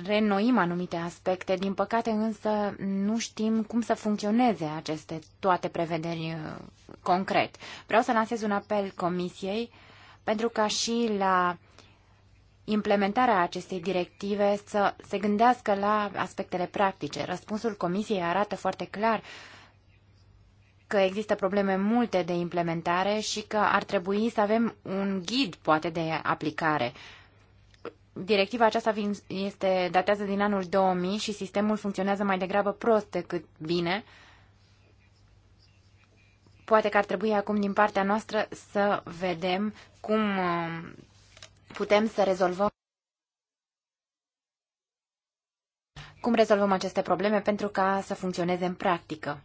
reînnoim anumite aspecte. Din păcate însă nu știm cum să funcționeze aceste toate prevederi uh, concret. Vreau să lansez un apel Comisiei pentru ca și la implementarea acestei directive să se gândească la aspectele practice. Răspunsul Comisiei arată foarte clar că există probleme multe de implementare și că ar trebui să avem un ghid, poate, de aplicare Directiva aceasta vin, este, datează din anul 2000 și sistemul funcționează mai degrabă prost decât bine. Poate că ar trebui acum din partea noastră să vedem cum um, putem să rezolvăm cum rezolvăm aceste probleme pentru ca să funcționeze în practică.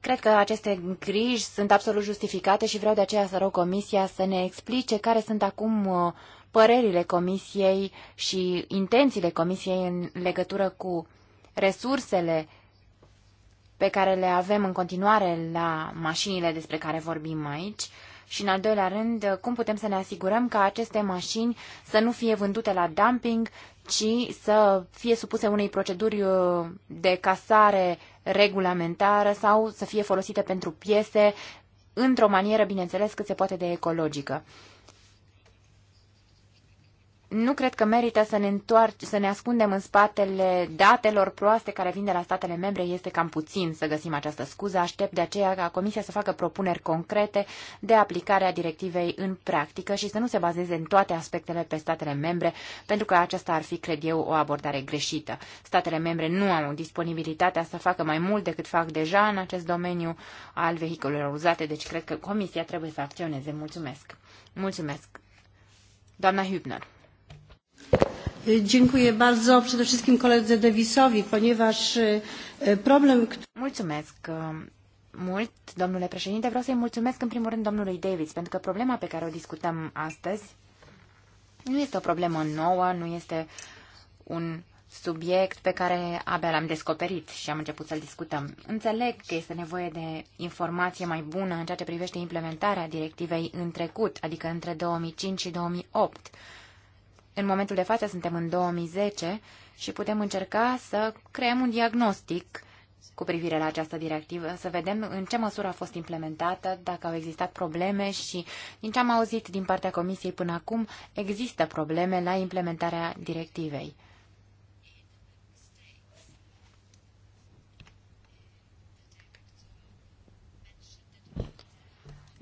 Cred că aceste griji sunt absolut justificate și vreau de aceea să rog Comisia să ne explice care sunt acum uh, părerile Comisiei și intențiile Comisiei în legătură cu resursele pe care le avem în continuare la mașinile despre care vorbim aici și, în al doilea rând, cum putem să ne asigurăm că aceste mașini să nu fie vândute la dumping, ci să fie supuse unei proceduri uh, de casare regulamentară sau să fie folosite pentru piese într-o manieră, bineînțeles, cât se poate de ecologică nu cred că merită să ne, întoarce, să ne ascundem în spatele datelor proaste care vin de la statele membre. Este cam puțin să găsim această scuză. Aștept de aceea ca Comisia să facă propuneri concrete de aplicare a directivei în practică și să nu se bazeze în toate aspectele pe statele membre, pentru că aceasta ar fi, cred eu, o abordare greșită. Statele membre nu au disponibilitatea să facă mai mult decât fac deja în acest domeniu al vehiculelor uzate, deci cred că Comisia trebuie să acționeze. Mulțumesc! Mulțumesc! Doamna Hübner. Dziękuję bardzo przede wszystkim koledze Davisowi, ponieważ problem... Mulțumesc mult, domnule președinte. Vreau să-i mulțumesc în primul rând domnului Davis, pentru că problema pe care o discutăm astăzi nu este o problemă nouă, nu este un subiect pe care abia l-am descoperit și am început să-l discutăm. Înțeleg că este nevoie de informație mai bună în ceea ce privește implementarea directivei în trecut, adică între 2005 și 2008 în momentul de față suntem în 2010 și putem încerca să creăm un diagnostic cu privire la această directivă, să vedem în ce măsură a fost implementată, dacă au existat probleme și, din ce am auzit din partea Comisiei până acum, există probleme la implementarea directivei.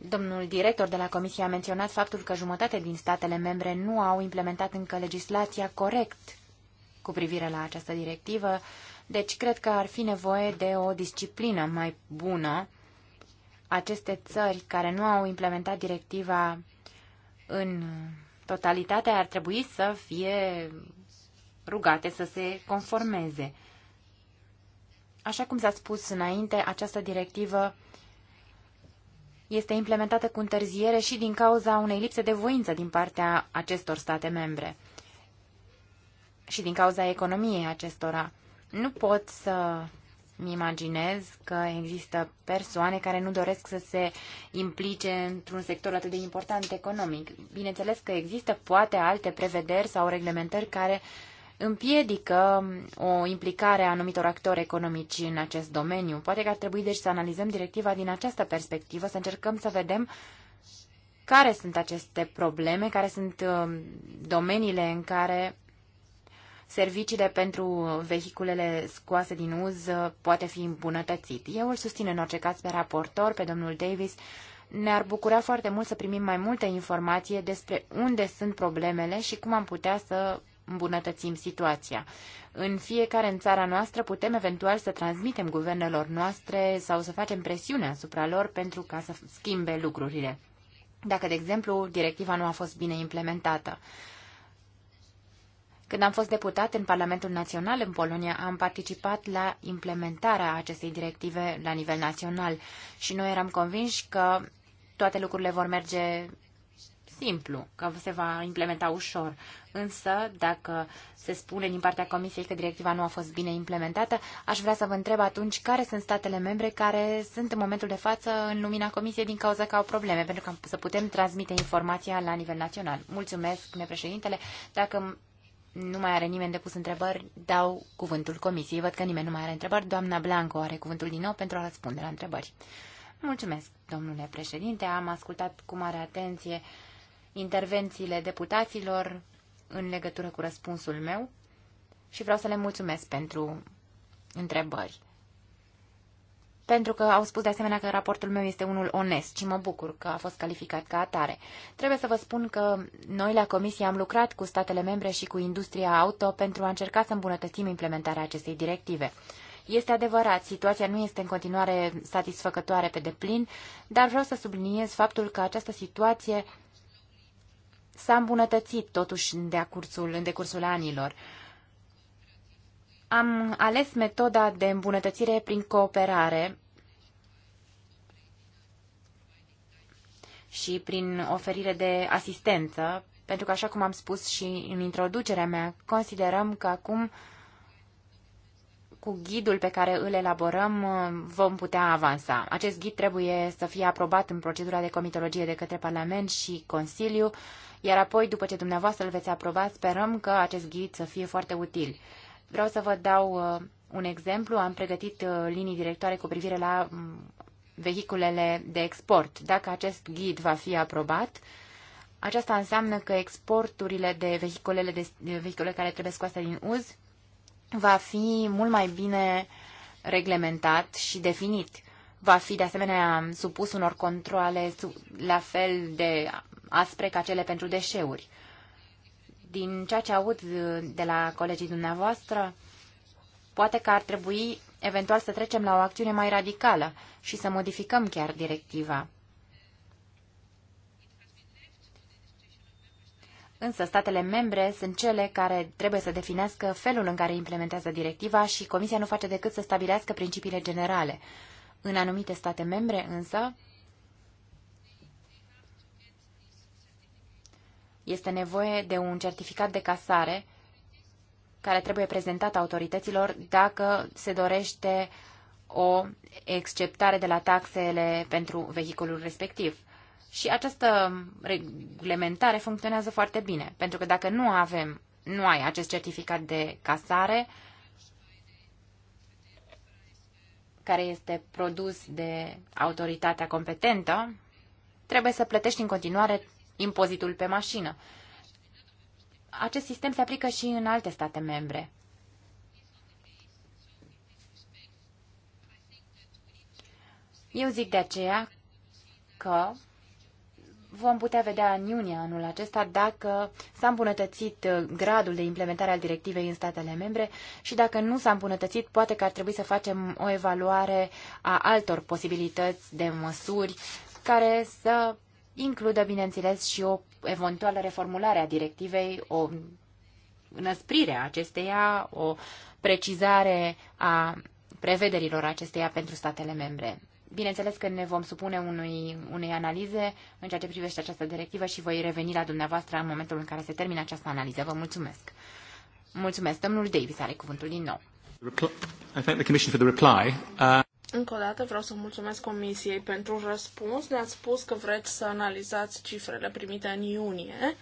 Domnul director de la Comisie a menționat faptul că jumătate din statele membre nu au implementat încă legislația corect cu privire la această directivă, deci cred că ar fi nevoie de o disciplină mai bună. Aceste țări care nu au implementat directiva în totalitate ar trebui să fie rugate să se conformeze. Așa cum s-a spus înainte, această directivă este implementată cu întârziere și din cauza unei lipse de voință din partea acestor state membre și din cauza economiei acestora. Nu pot să mi imaginez că există persoane care nu doresc să se implice într-un sector atât de important economic. Bineînțeles că există poate alte prevederi sau reglementări care uh, împiedică o implicare a anumitor actori economici în acest domeniu. Poate că ar trebui deci să analizăm directiva din această perspectivă, să încercăm să vedem care sunt aceste probleme, care sunt um, domeniile în care serviciile pentru vehiculele scoase din uz uh, poate fi îmbunătățit. Eu îl susțin în orice caz pe raportor, pe domnul Davis. Ne-ar bucura foarte mult să primim mai multe informații despre unde sunt problemele și cum am putea să îmbunătățim situația. În fiecare în țara noastră putem eventual să transmitem guvernelor noastre sau să facem presiune asupra lor pentru ca să schimbe lucrurile. Dacă, de exemplu, directiva nu a fost bine implementată. Când am fost deputat în Parlamentul Național în Polonia, am participat la implementarea acestei directive la nivel național și noi eram convinși că toate lucrurile vor merge simplu, că se va implementa ușor. Însă, dacă se spune din partea Comisiei că directiva nu a fost bine implementată, aș vrea să vă întreb atunci care sunt statele membre care sunt în momentul de față în lumina Comisiei din cauza că au probleme, pentru că să putem transmite informația la nivel național. Mulțumesc, spune președintele. Dacă nu mai are nimeni de pus întrebări, dau cuvântul comisiei. Văd că nimeni nu mai are întrebări. Doamna Blanco are cuvântul din nou pentru a răspunde la întrebări. Mulțumesc, domnule președinte. Am ascultat cu mare atenție uh, intervențiile deputaților în legătură cu răspunsul meu și vreau să le mulțumesc pentru întrebări. Pentru că au spus de asemenea că raportul meu este unul onest și mă bucur că a fost calificat ca atare. Trebuie să vă spun că noi la Comisie am lucrat cu statele membre și cu industria auto pentru a încerca să îmbunătățim implementarea acestei directive. Este adevărat, situația nu este în continuare satisfăcătoare pe deplin, dar vreau să subliniez faptul că această situație s-a îmbunătățit totuși în decursul, în decursul anilor. Am ales metoda de îmbunătățire prin cooperare și prin oferire de asistență, pentru că, așa cum am spus și în introducerea mea, considerăm că acum, cu ghidul pe care îl elaborăm, vom putea avansa. Acest ghid trebuie să fie aprobat în procedura de comitologie de către Parlament și Consiliu, iar apoi, după ce dumneavoastră îl veți aproba, sperăm că acest ghid să fie foarte util. Vreau să vă dau uh, un exemplu. Am pregătit uh, linii directoare cu privire la mm, vehiculele de export. Dacă acest ghid va fi aprobat, aceasta înseamnă că exporturile de vehiculele, de, de vehiculele care trebuie scoase din uz va fi mult mai bine reglementat și definit. Va fi de asemenea supus unor controle la fel de aspre ca cele pentru deșeuri. Din ceea ce aud de la colegii dumneavoastră, poate că ar trebui eventual să trecem la o acțiune mai radicală și să modificăm chiar directiva. Însă statele membre sunt cele care trebuie să definească felul în care implementează directiva și Comisia nu face decât să stabilească principiile generale. În anumite state membre, însă, este nevoie de un certificat de casare care trebuie prezentat autorităților dacă se dorește o exceptare de la taxele pentru vehiculul respectiv. Și această reglementare funcționează foarte bine, pentru că dacă nu avem, nu ai acest certificat de casare, care este produs de autoritatea competentă, trebuie să plătești în continuare impozitul pe mașină. Acest sistem se aplică și în alte state membre. Eu zic de aceea că vom putea vedea în iunie anul acesta dacă s-a îmbunătățit gradul de implementare al directivei în statele membre și dacă nu s-a îmbunătățit, poate că ar trebui să facem o evaluare a altor posibilități de măsuri care să includă, bineînțeles, și o eventuală reformulare a directivei, o înăsprire a acesteia, o precizare a prevederilor acesteia pentru statele membre. Bineînțeles că ne vom supune unui, unei analize în ceea ce privește această directivă și voi reveni la dumneavoastră în momentul în care se termină această analiză. Vă mulțumesc. Mulțumesc. Domnul Davis are cuvântul din nou. I thank the Commission for the reply. Uh... Încă o dată vreau să mulțumesc Comisiei pentru răspuns. Ne-ați spus că vreți să analizați cifrele primite în iunie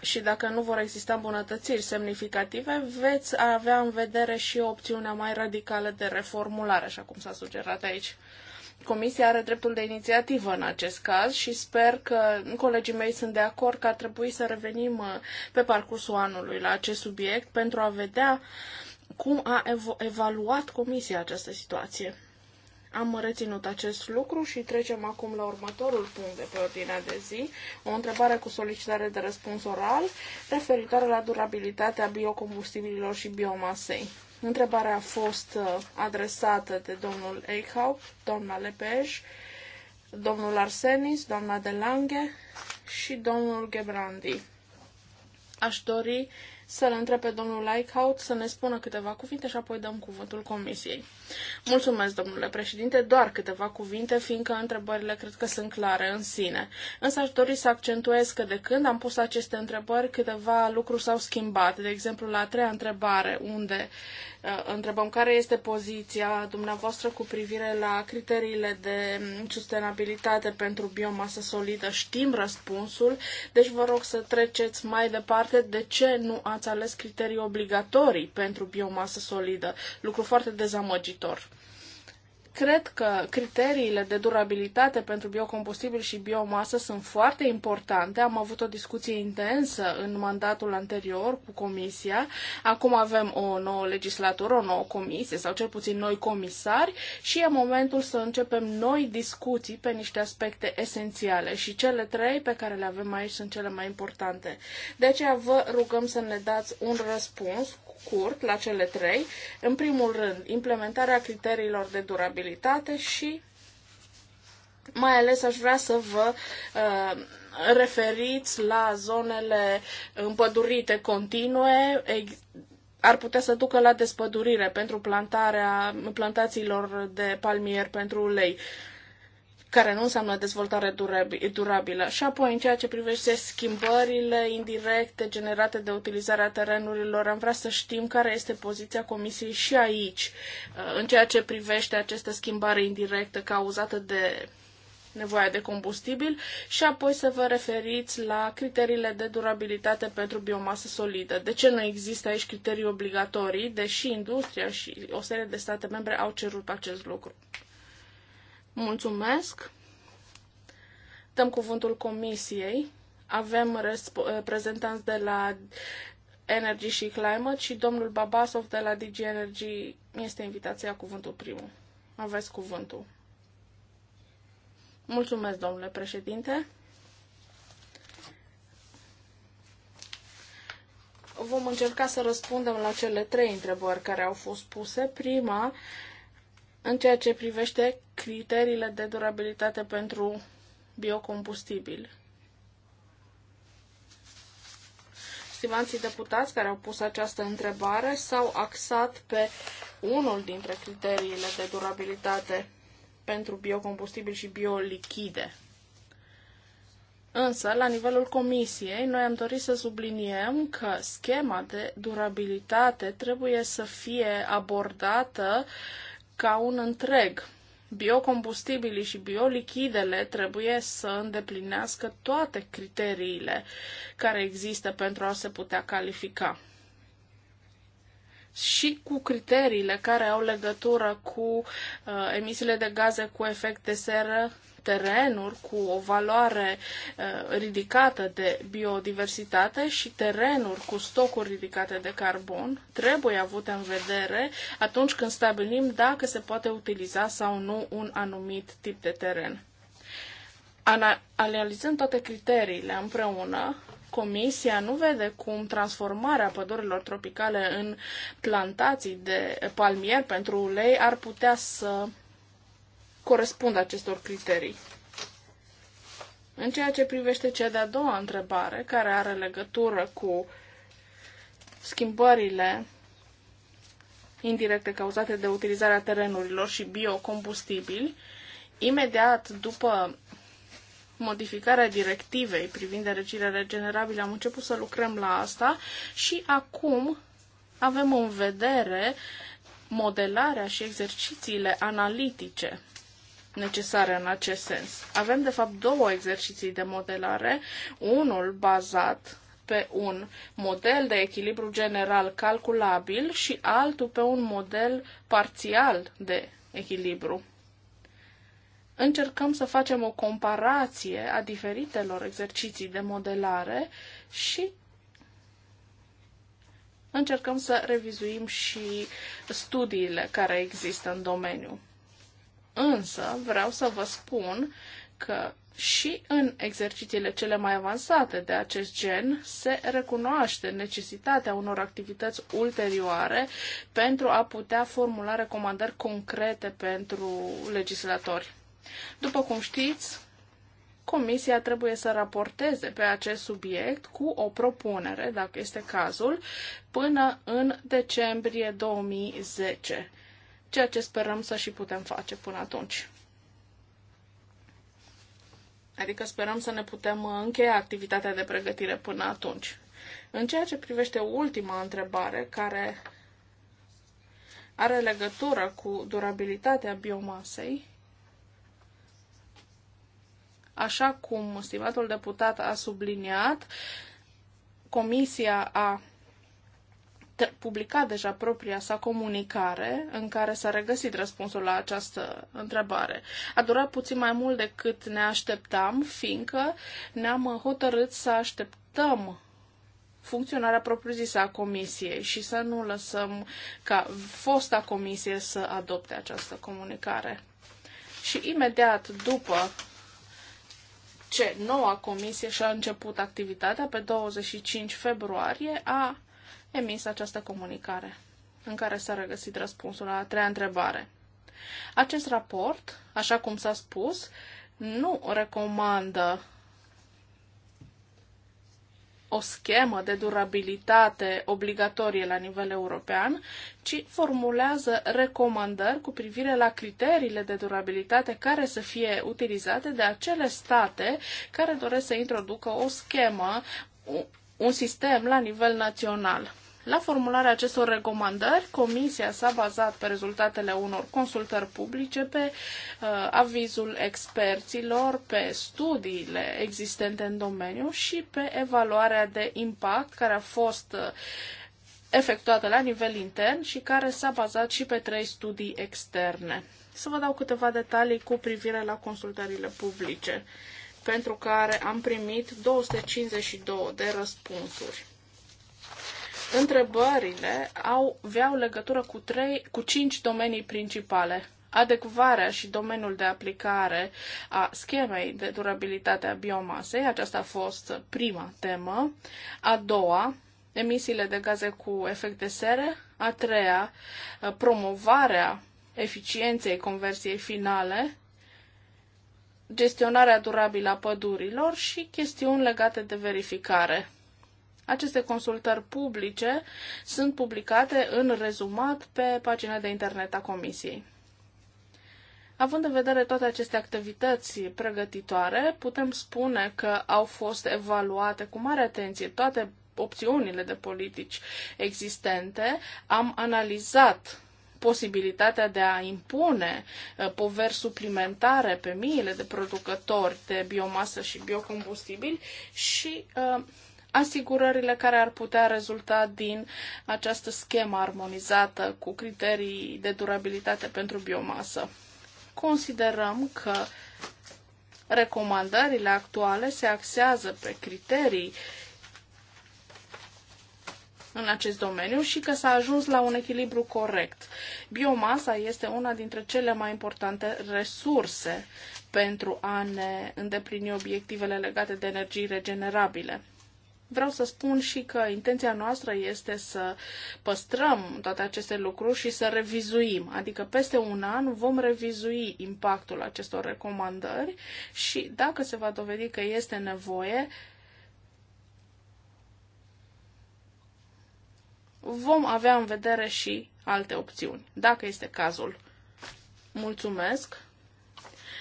și dacă nu vor exista îmbunătățiri semnificative, veți avea în vedere și opțiunea mai radicală de reformulare, așa cum s-a sugerat aici. Comisia are dreptul de inițiativă în acest caz și sper că colegii mei sunt de acord că ar trebui să revenim uh, pe parcursul anului la acest subiect pentru a vedea cum a ev- evaluat Comisia această situație. Am reținut acest lucru și trecem acum la următorul punct de pe ordinea de zi, o întrebare cu solicitare de răspuns oral referitoare la durabilitatea biocombustibililor și biomasei. Întrebarea a fost uh, adresată de domnul Eichau, doamna Lepej, domnul Arsenis, doamna Delange și domnul Gebrandi. Aș dori să-l întreb pe domnul Leichhout să ne spună câteva cuvinte și apoi dăm cuvântul comisiei. Mulțumesc, domnule președinte, doar câteva cuvinte, fiindcă întrebările cred că sunt clare în sine. Însă aș dori să accentuez că de când am pus aceste întrebări, câteva lucruri s-au schimbat. De exemplu, la a treia întrebare, unde uh, întrebăm care este poziția dumneavoastră cu privire la criteriile de sustenabilitate pentru biomasă solidă. Știm răspunsul, deci vă rog să treceți mai departe de ce nu a ați ales criterii obligatorii pentru biomasă solidă, lucru foarte dezamăgitor. Cred că criteriile de durabilitate pentru biocombustibil și biomasă sunt foarte importante. Am avut o discuție intensă în mandatul anterior cu Comisia. Acum avem o nouă legislatură, o nouă comisie sau cel puțin noi comisari și e momentul să începem noi discuții pe niște aspecte esențiale și cele trei pe care le avem aici sunt cele mai importante. De aceea vă rugăm să ne dați un răspuns scurt la cele trei. În primul rând, implementarea criteriilor de durabilitate și mai ales aș vrea să vă uh, referiți la zonele împădurite continue, ar putea să ducă la despădurire pentru plantarea plantațiilor de palmier pentru ulei care nu înseamnă dezvoltare durabilă. Și apoi, în ceea ce privește schimbările indirecte generate de utilizarea terenurilor, am vrea să știm care este poziția Comisiei și aici, uh, în ceea ce privește această schimbare indirectă cauzată de nevoia de combustibil și apoi să vă referiți la criteriile de durabilitate pentru biomasă solidă. De ce nu există aici criterii obligatorii, deși industria și o serie de state membre au cerut acest lucru? Mulțumesc. Dăm cuvântul comisiei. Avem reprezentanți eh, de la Energy și Climate și domnul Babasov de la DG Energy este invitația cuvântul primul. Aveți cuvântul. Mulțumesc, domnule președinte. Vom încerca să răspundem la cele trei întrebări care au fost puse. Prima în ceea ce privește criteriile de durabilitate pentru biocombustibil. Stimații deputați care au pus această întrebare s-au axat pe unul dintre criteriile de durabilitate pentru biocombustibil și biolichide. Însă, la nivelul comisiei, noi am dorit să subliniem că schema de durabilitate trebuie să fie abordată uh, ca un întreg. Biocombustibilii și biolichidele trebuie să îndeplinească toate criteriile care există pentru a se putea califica. Și cu criteriile care au legătură cu uh, emisiile de gaze cu efect de seră terenuri cu o valoare uh, ridicată de biodiversitate și terenuri cu stocuri ridicate de carbon trebuie avute în vedere atunci când stabilim dacă se poate utiliza sau nu un anumit tip de teren. Analizând toate criteriile împreună, Comisia nu vede cum transformarea pădurilor tropicale în plantații de palmier pentru ulei ar putea să corespund acestor criterii. În ceea ce privește cea de-a doua întrebare, care are legătură cu schimbările indirecte cauzate de utilizarea terenurilor și biocombustibili, imediat după modificarea directivei privind energiile regenerabile am început să lucrăm la asta și acum avem în vedere modelarea și exercițiile analitice necesare în acest sens. Avem, de fapt, două exerciții de modelare, unul bazat pe un model de echilibru general calculabil și altul pe un model parțial de echilibru. Încercăm să facem o comparație a diferitelor exerciții de modelare și încercăm să revizuim și studiile care există în domeniu. Însă vreau să vă spun că și în exercițiile cele mai avansate de acest gen se recunoaște necesitatea unor activități ulterioare pentru a putea formula recomandări concrete pentru legislatori. După cum știți, Comisia trebuie să raporteze pe acest subiect cu o propunere, dacă este cazul, până în decembrie 2010 ceea ce sperăm să și putem face până atunci. Adică sperăm să ne putem uh, încheia activitatea de pregătire până atunci. În ceea ce privește ultima întrebare, care are legătură cu durabilitatea biomasei, așa cum stimatul deputat a subliniat, Comisia a publicat deja propria sa comunicare în care s-a regăsit răspunsul la această întrebare. A durat puțin mai mult decât ne așteptam, fiindcă ne-am uh, hotărât să așteptăm funcționarea propriu-zisă a comisiei și să nu lăsăm ca fosta comisie să adopte această comunicare. Și imediat după ce noua comisie și-a început activitatea pe 25 februarie, a emis această comunicare, în care s-a regăsit răspunsul la a treia întrebare. Acest raport, așa cum s-a spus, nu recomandă o schemă de durabilitate obligatorie la nivel european, ci formulează recomandări cu privire la criteriile de durabilitate care să fie utilizate de acele state care doresc să introducă o schemă un sistem la nivel național. La formularea acestor recomandări, Comisia s-a bazat pe rezultatele unor consultări publice, pe uh, avizul experților, pe studiile existente în domeniu și pe evaluarea de impact care a fost uh, efectuată la nivel intern și care s-a bazat și pe trei studii externe. Să vă dau câteva detalii cu privire la consultările publice. Uh, pentru care am primit 252 de răspunsuri. Întrebările au, aveau legătură cu, trei, cu cinci domenii principale. Adecvarea și domeniul de aplicare a schemei de durabilitate a biomasei, aceasta a fost prima temă. A doua, emisiile de gaze cu efect de seră. A treia, promovarea eficienței conversiei finale gestionarea durabilă a pădurilor și chestiuni legate de verificare. Aceste consultări publice sunt publicate în rezumat pe pagina de internet a Comisiei. Având în vedere toate aceste activități pregătitoare, putem spune că au fost evaluate cu mare atenție toate opțiunile de politici existente. Am analizat posibilitatea de a impune uh, poveri suplimentare pe miile de producători de biomasă și biocombustibili și uh, asigurările care ar putea rezulta din această schemă armonizată cu criterii de durabilitate pentru biomasă. Considerăm că recomandările actuale se axează pe criterii uh, în acest domeniu și că s-a ajuns la un echilibru corect. Biomasa este una dintre cele mai importante resurse pentru a ne îndeplini obiectivele legate de energii regenerabile. Vreau să spun și că intenția noastră este să păstrăm toate aceste lucruri și să revizuim. Adică peste un an vom revizui impactul acestor recomandări și dacă se va dovedi că este nevoie, vom avea în vedere și alte opțiuni, dacă este cazul. Mulțumesc!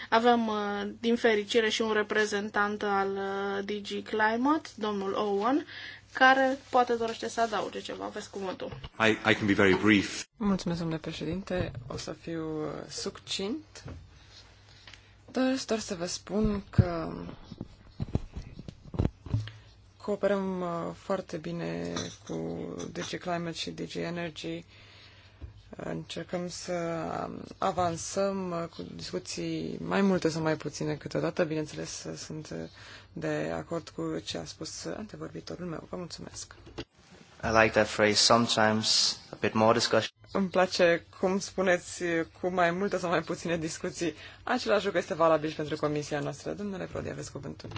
Avem, uh, din fericire, și un reprezentant al uh, DG Climate, domnul Owen, care poate dorește să adauge ceva. Aveți cuvântul. I, I can be very brief. Mulțumesc, domnule președinte. O să fiu uh, succint. Doresc doar să vă spun că Cooperăm uh, foarte bine cu DG Climate și DG Energy. Încercăm să um, avansăm uh, cu discuții mai multe sau mai puține câteodată. Bineînțeles, uh, sunt de acord cu ce a spus antevorbitorul meu. Vă mulțumesc. I like that phrase, sometimes a bit more discussion. Îmi place cum spuneți cu mai multe sau mai puține discuții. Același lucru este valabil și pentru comisia noastră. Domnule Prodi, aveți cuvântul.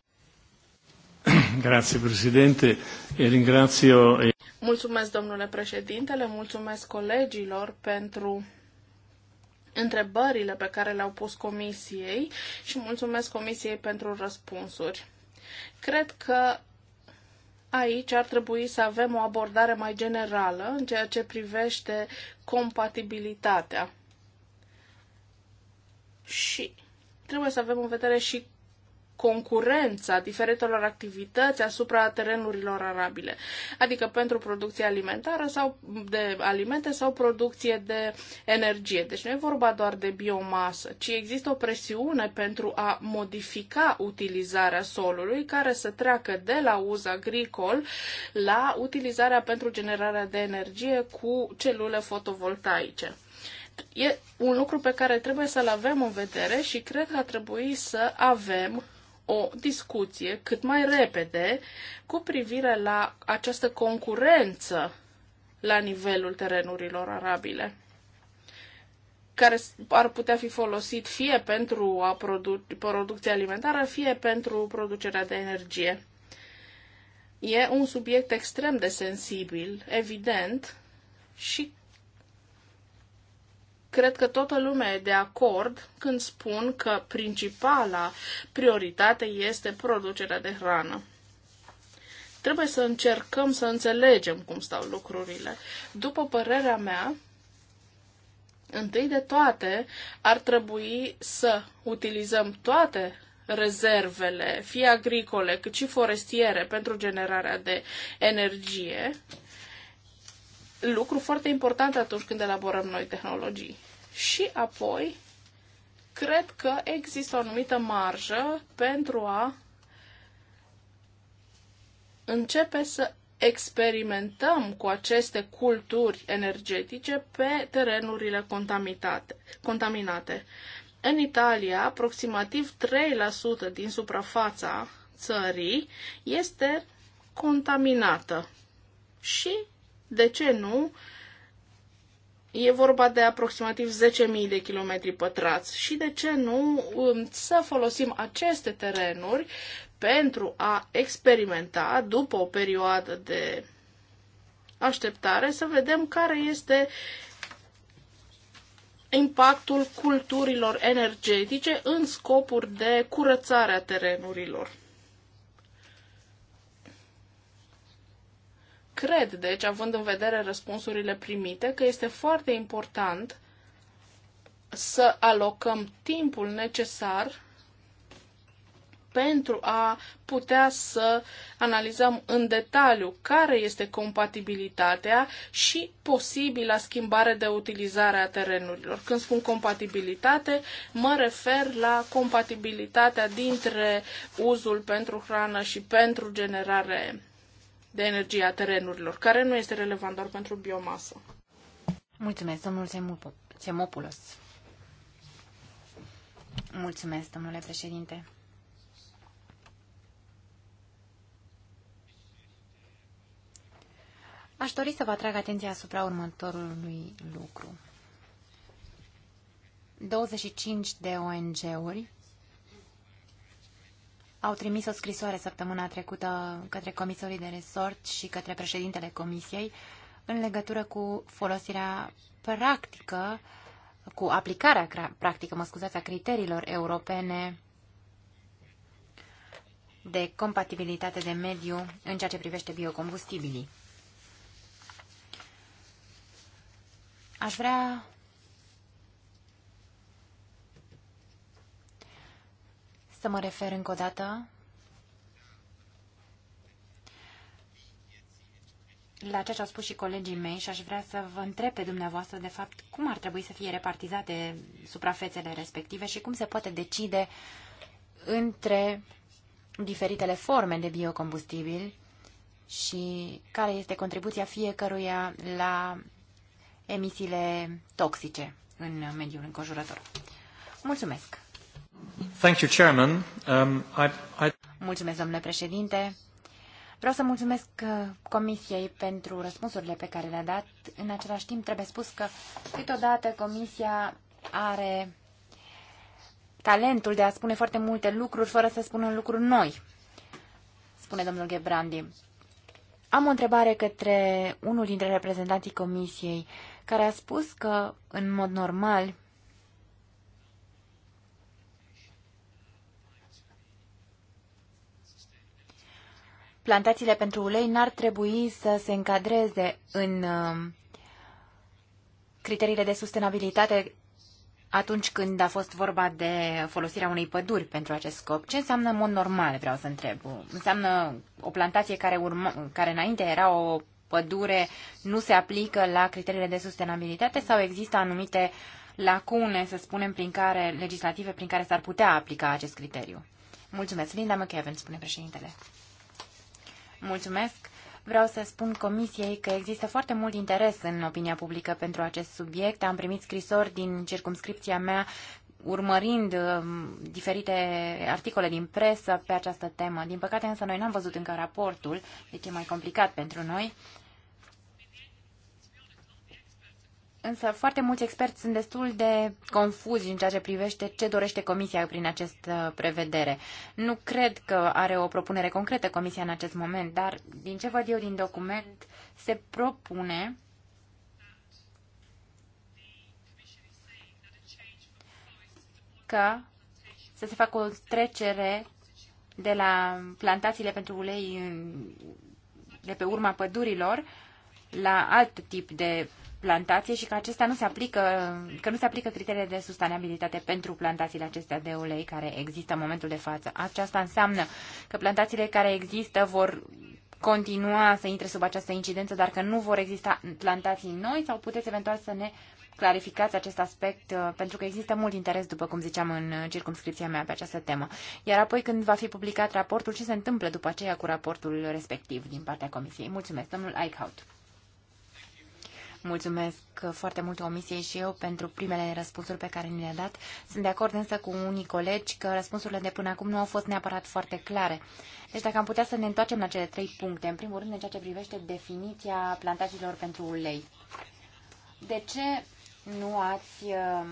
Grazie, Presidente, e ringrazio... Eh, mulțumesc, domnule președintele, mulțumesc colegilor pentru întrebările pe care le-au pus comisiei și mulțumesc comisiei pentru răspunsuri. Cred că aici ar trebui să avem o abordare mai generală în ceea ce privește compatibilitatea. Și trebuie să avem în vedere și concurența diferitelor activități asupra terenurilor arabile, adică pentru producție alimentară sau de alimente sau producție de energie. Deci nu e vorba doar de biomasă, ci există o presiune pentru a modifica utilizarea solului care să treacă de la uz agricol la utilizarea pentru generarea de energie cu celule fotovoltaice e un lucru pe care trebuie să-l avem în vedere și cred că ar trebui să avem o discuție cât mai repede cu privire la această concurență la nivelul terenurilor arabile care ar putea fi folosit fie pentru a produ- producție alimentară, fie pentru producerea de energie. E un subiect extrem de sensibil, evident, și Cred că toată lumea e de acord când spun că principala prioritate este producerea de hrană. Trebuie să încercăm să înțelegem cum stau lucrurile. După părerea mea, întâi de toate ar trebui să utilizăm toate rezervele, fie agricole, cât și forestiere, pentru generarea de energie lucru foarte important atunci când elaborăm noi tehnologii. Și apoi, cred că există o anumită marjă pentru a începe să experimentăm cu aceste culturi energetice pe terenurile contaminate. În Italia, aproximativ 3% din suprafața țării este contaminată și de ce nu? E vorba de aproximativ 10.000 de kilometri pătrați și de ce nu um, să folosim aceste terenuri pentru a experimenta după o perioadă de așteptare să vedem care este impactul culturilor energetice în scopuri de curățare a terenurilor. Cred, deci, având în vedere răspunsurile primite, că este foarte important să alocăm timpul necesar pentru a putea să analizăm în detaliu care este compatibilitatea și posibila schimbare de utilizare a terenurilor. Când spun compatibilitate, mă refer la compatibilitatea dintre uzul pentru hrană și pentru generare de energie a terenurilor, care nu este relevant doar pentru biomasă. Mulțumesc, domnul Semopulos. Mulțumesc, domnule președinte. Aș dori să vă atrag atenția asupra următorului lucru. 25 de ONG-uri au trimis o scrisoare săptămâna trecută către comisorii de resort și către președintele comisiei în legătură cu folosirea practică, cu aplicarea practică, mă scuzați, a criteriilor europene de compatibilitate de mediu în ceea ce privește biocombustibilii. Aș vrea să mă refer încă o dată la ceea ce au spus și colegii mei și aș vrea să vă întreb pe dumneavoastră, de fapt, cum ar trebui să fie repartizate suprafețele respective și cum se poate decide între diferitele forme de biocombustibil și care este contribuția fiecăruia la emisiile toxice în mediul înconjurător. Mulțumesc! Um, mulțumesc, domnule președinte. Vreau să mulțumesc uh, Comisiei pentru răspunsurile pe care le-a dat. În același timp, trebuie spus că câteodată Comisia are talentul de a spune foarte multe lucruri fără să spună lucruri noi, spune domnul Gebrandi. Am o întrebare către unul dintre reprezentanții Comisiei, care a spus că, în mod normal, plantațiile pentru ulei n-ar trebui să se încadreze în um, criteriile de sustenabilitate atunci când a fost vorba de folosirea unei păduri pentru acest scop. Ce înseamnă în mod normal, vreau să întreb? Înseamnă o plantație care, urma, care înainte era o pădure, nu se aplică la criteriile de sustenabilitate sau există anumite lacune, să spunem, prin care, legislative prin care s-ar putea aplica acest criteriu? Mulțumesc, Linda McKevin, spune președintele. Mulțumesc. Vreau să spun Comisiei că există foarte mult interes în opinia publică pentru acest subiect. Am primit scrisori din circumscripția mea urmărind um, diferite articole din presă pe această temă. Din păcate însă noi n-am văzut încă raportul, deci e mai complicat pentru noi. Însă foarte mulți experți sunt destul de confuzi în ceea ce privește ce dorește Comisia prin această prevedere. Nu cred că are o propunere concretă Comisia în acest moment, dar din ce văd eu din document, se propune ca să se facă o trecere de la plantațiile pentru ulei de pe urma pădurilor la alt tip de plantație și că acestea nu se aplică, că nu se aplică criteriile de sustenabilitate pentru plantațiile acestea de ulei care există în momentul de față. Aceasta înseamnă că plantațiile care există vor continua să intre sub această incidență, dar că nu vor exista plantații noi sau puteți eventual să ne clarificați acest aspect, uh, pentru că există mult interes, după cum ziceam, în uh, circumscripția mea pe această temă. Iar apoi, când va fi publicat raportul, ce se întâmplă după aceea cu raportul respectiv din partea Comisiei? Mulțumesc, domnul Eichhout. Mulțumesc foarte mult omisiei și eu pentru primele răspunsuri pe care ni le-a dat. Sunt de acord însă cu unii colegi că răspunsurile de până acum nu au fost neapărat foarte clare. Deci dacă am putea să ne întoarcem la cele trei puncte, în primul rând în ceea ce privește definiția plantajilor pentru ulei. De ce nu ați uh,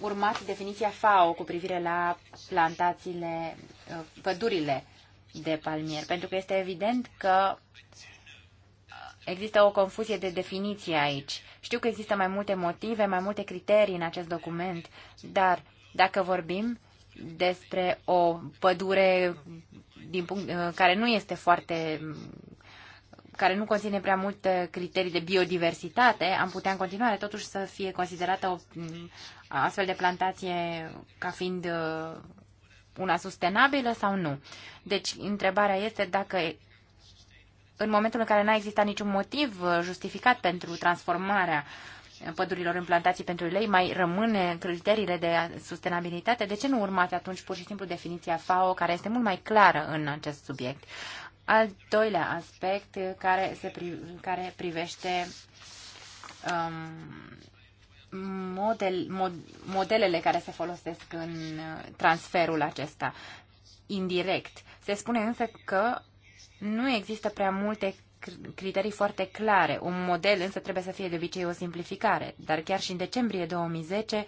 urmat definiția FAO cu privire la plantațiile, uh, pădurile de palmier? Pentru că este evident că Există o confuzie de definiție aici. Știu că există mai multe motive, mai multe criterii în acest document, dar dacă vorbim despre o pădure din punct, uh, care nu este foarte care nu conține prea multe criterii de biodiversitate, am putea în continuare totuși să fie considerată o mm, astfel de plantație ca fiind uh, una sustenabilă sau nu. Deci, întrebarea este dacă în momentul în care n-a existat niciun motiv uh, justificat pentru transformarea uh, pădurilor în plantații pentru lei mai rămâne uh, criteriile de sustenabilitate? De ce nu urmați atunci pur și simplu definiția FAO, care este mult mai clară în acest subiect? Al doilea aspect care, se pri, care privește um, model, mod, modelele care se folosesc în transferul acesta indirect. Se spune însă că nu există prea multe criterii foarte clare. Un model însă trebuie să fie de obicei o simplificare. Dar chiar și în decembrie 2010,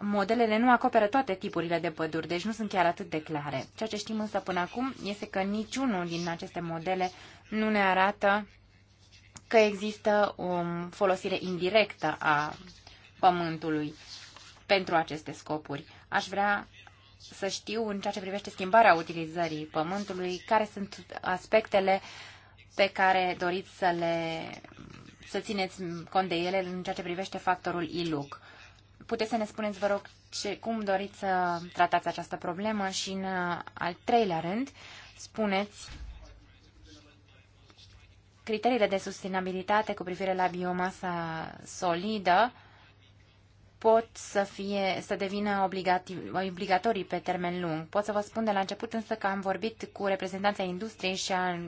modelele nu acoperă toate tipurile de păduri, deci nu sunt chiar atât de clare. Ceea ce știm însă până acum este că niciunul din aceste modele nu ne arată că există o folosire indirectă a pământului pentru aceste scopuri. Aș vrea să știu în ceea ce privește schimbarea utilizării pământului, care sunt aspectele pe care doriți să le să țineți cont de ele în ceea ce privește factorul ILUC. Puteți să ne spuneți, vă rog, ce, cum doriți să tratați această problemă și în al treilea rând spuneți criteriile de sustenabilitate cu privire la biomasa solidă pot să, fie, să devină obligatorii pe termen lung. Pot să vă spun de la început însă că am vorbit cu reprezentanța industriei și a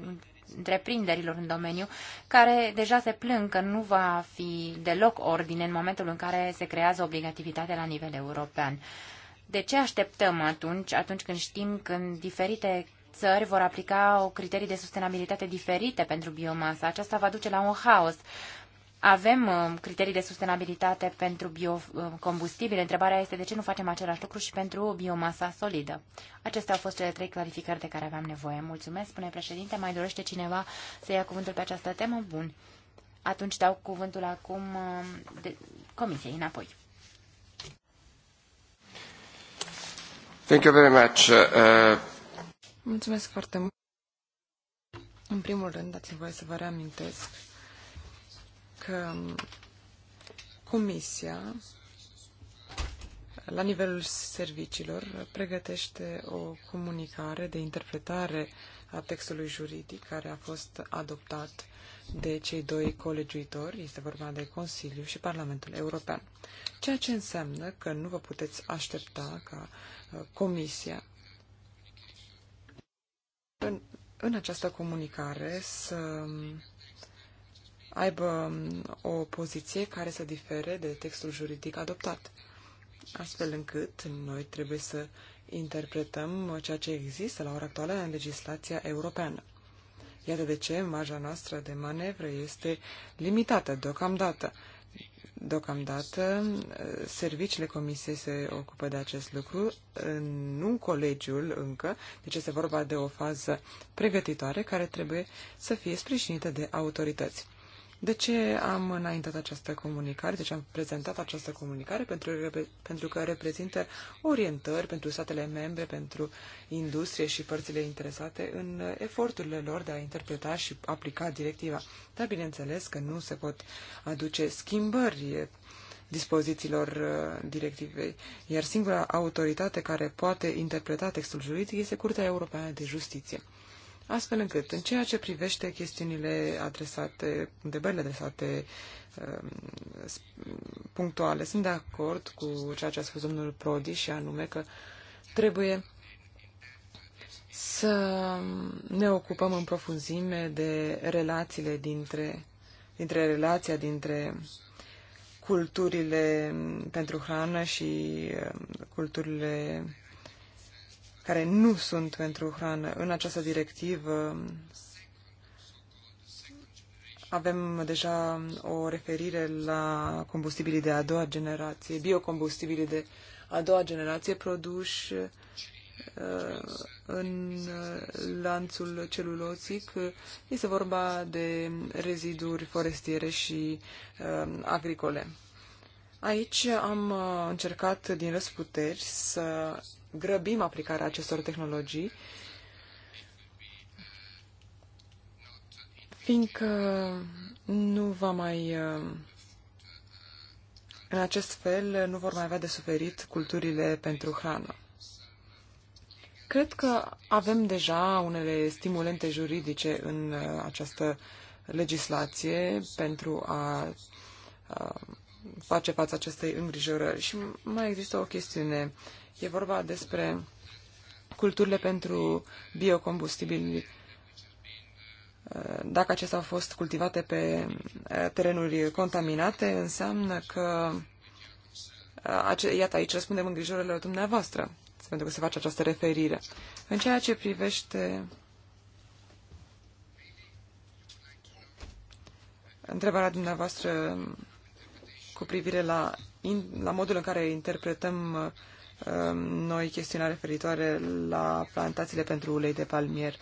întreprinderilor în domeniu, care deja se plâng că nu va fi deloc ordine în momentul în care se creează obligativitatea la nivel european. De ce așteptăm atunci, atunci când știm când diferite țări vor aplica o criterii de sustenabilitate diferite pentru biomasa? Aceasta va duce la un haos avem um, criterii de sustenabilitate pentru biocombustibile. Um, Întrebarea este de ce nu facem același lucru și pentru biomasa solidă. Acestea au fost cele trei clarificări de care aveam nevoie. Mulțumesc, spune președinte. Mai dorește cineva să ia cuvântul pe această temă? Bun. Atunci dau cuvântul acum um, de comisiei înapoi. Thank you very much. Uh, uh... Mulțumesc foarte mult. În primul rând, dați-mi voie să vă reamintesc că Comisia, la nivelul serviciilor, pregătește o comunicare de interpretare a textului juridic care a fost adoptat de cei doi colegiuitori, este vorba de Consiliu și Parlamentul European. Ceea ce înseamnă că nu vă puteți aștepta ca uh, Comisia în, în această comunicare să aibă um, o poziție care să difere de textul juridic adoptat, astfel încât noi trebuie să interpretăm ceea ce există la ora actuală în legislația europeană. Iată de ce marja noastră de manevră este limitată deocamdată. Deocamdată, uh, serviciile comisiei se ocupă de acest lucru, uh, nu colegiul încă, deci este vorba de o fază pregătitoare care trebuie să fie sprijinită de autorități. De ce am înaintat această comunicare? De ce am prezentat această comunicare? Pentru, pentru că reprezintă orientări pentru statele membre, pentru industrie și părțile interesate în eforturile lor de a interpreta și aplica directiva. Dar bineînțeles că nu se pot aduce schimbări dispozițiilor uh, directivei, iar singura autoritate care poate interpreta textul juridic este Curtea Europeană de Justiție astfel încât, în ceea ce privește chestiunile adresate, întrebările adresate um, punctuale, sunt de acord cu ceea ce a spus domnul Prodi și anume că trebuie să ne ocupăm în profunzime de relațiile dintre, dintre relația dintre culturile pentru hrană și um, culturile care nu sunt pentru hrană. În această directivă avem deja o referire la combustibilii de a doua generație, biocombustibilii de a doua generație produși uh, în lanțul celulozic. Este vorba de reziduri forestiere și uh, agricole. Aici am uh, încercat din răsputeri să grăbim aplicarea acestor tehnologii, fiindcă nu va mai. În acest fel nu vor mai avea de suferit culturile pentru hrană. Cred că avem deja unele stimulente juridice în uh, această legislație pentru a, a uh, face față acestei îngrijorări. Și mai există o chestiune E vorba despre culturile pentru biocombustibili, uh, dacă acestea au fost cultivate pe uh, terenuri contaminate, înseamnă că, uh, iată, aici răspundem îngrijorările dumneavoastră, pentru că se face această referire. În ceea ce privește întrebarea dumneavoastră cu privire la, la modul în care interpretăm Um, noi chestiunea referitoare la plantațiile pentru ulei de palmier.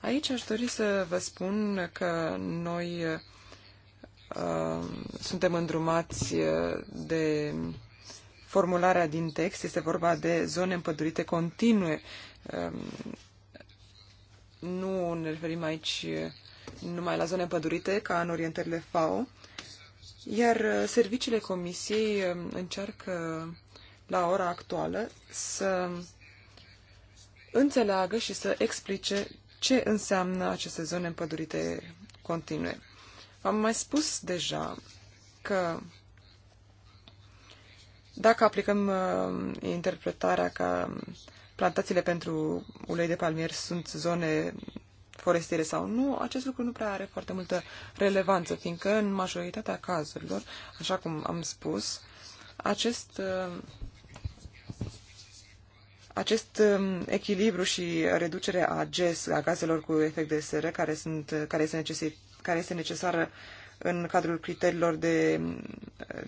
Aici aș dori să vă spun că noi uh, suntem îndrumați uh, de formularea din text. Este vorba de zone împădurite continue. Uh, nu ne referim aici uh, numai la zone împădurite, ca în orientările FAO, iar uh, serviciile comisiei încearcă la ora actuală să înțeleagă și să explice ce înseamnă aceste zone împădurite continue. V-am mai spus deja că dacă aplicăm uh, interpretarea ca plantațiile pentru ulei de palmier sunt zone forestiere sau nu, acest lucru nu prea are foarte multă relevanță, fiindcă în majoritatea cazurilor, așa cum am spus, acest uh, acest um, echilibru și reducerea a GES, a gazelor cu efect de seră, care, sunt, care, este, necesar, care este necesară în cadrul criteriilor de,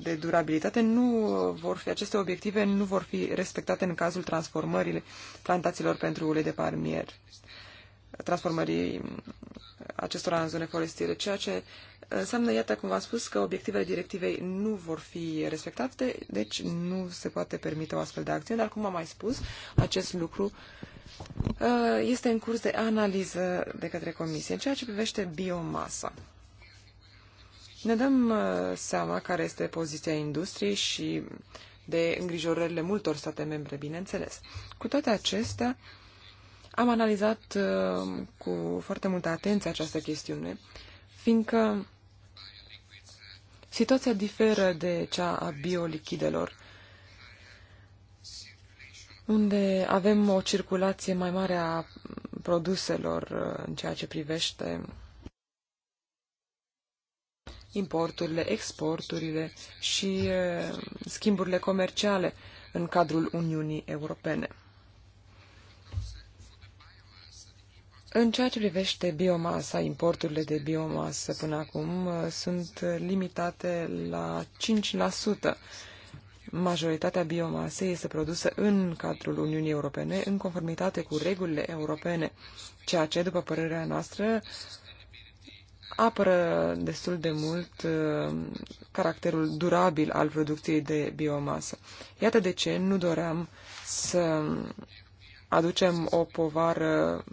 de durabilitate, nu vor fi, aceste obiective nu vor fi respectate în cazul transformării plantațiilor pentru ulei de palmier, transformării acestora în zone forestiere, ceea ce uh, Înseamnă, iată, cum v-am spus, că obiectivele directivei nu vor fi respectate, deci nu se poate permite o astfel de acțiune, dar, cum am mai spus, acest lucru uh, este în curs de analiză de către Comisie. În ceea ce privește biomasa, ne dăm uh, seama care este poziția industriei și de îngrijorările multor state membre, bineînțeles. Cu toate acestea, am analizat uh, cu foarte multă atenție această chestiune, fiindcă Situația diferă de cea a biolichidelor, unde avem o circulație mai mare a produselor uh, în ceea ce privește importurile, exporturile și uh, schimburile comerciale în cadrul Uniunii Europene. În ceea ce privește biomasa, importurile de biomasă până acum uh, sunt limitate la 5%. Majoritatea biomasei este produsă în cadrul Uniunii Europene, în conformitate cu regulile europene, ceea ce, după părerea noastră, apără destul de mult uh, caracterul durabil al producției de biomasă. Iată de ce nu doream să aducem o povară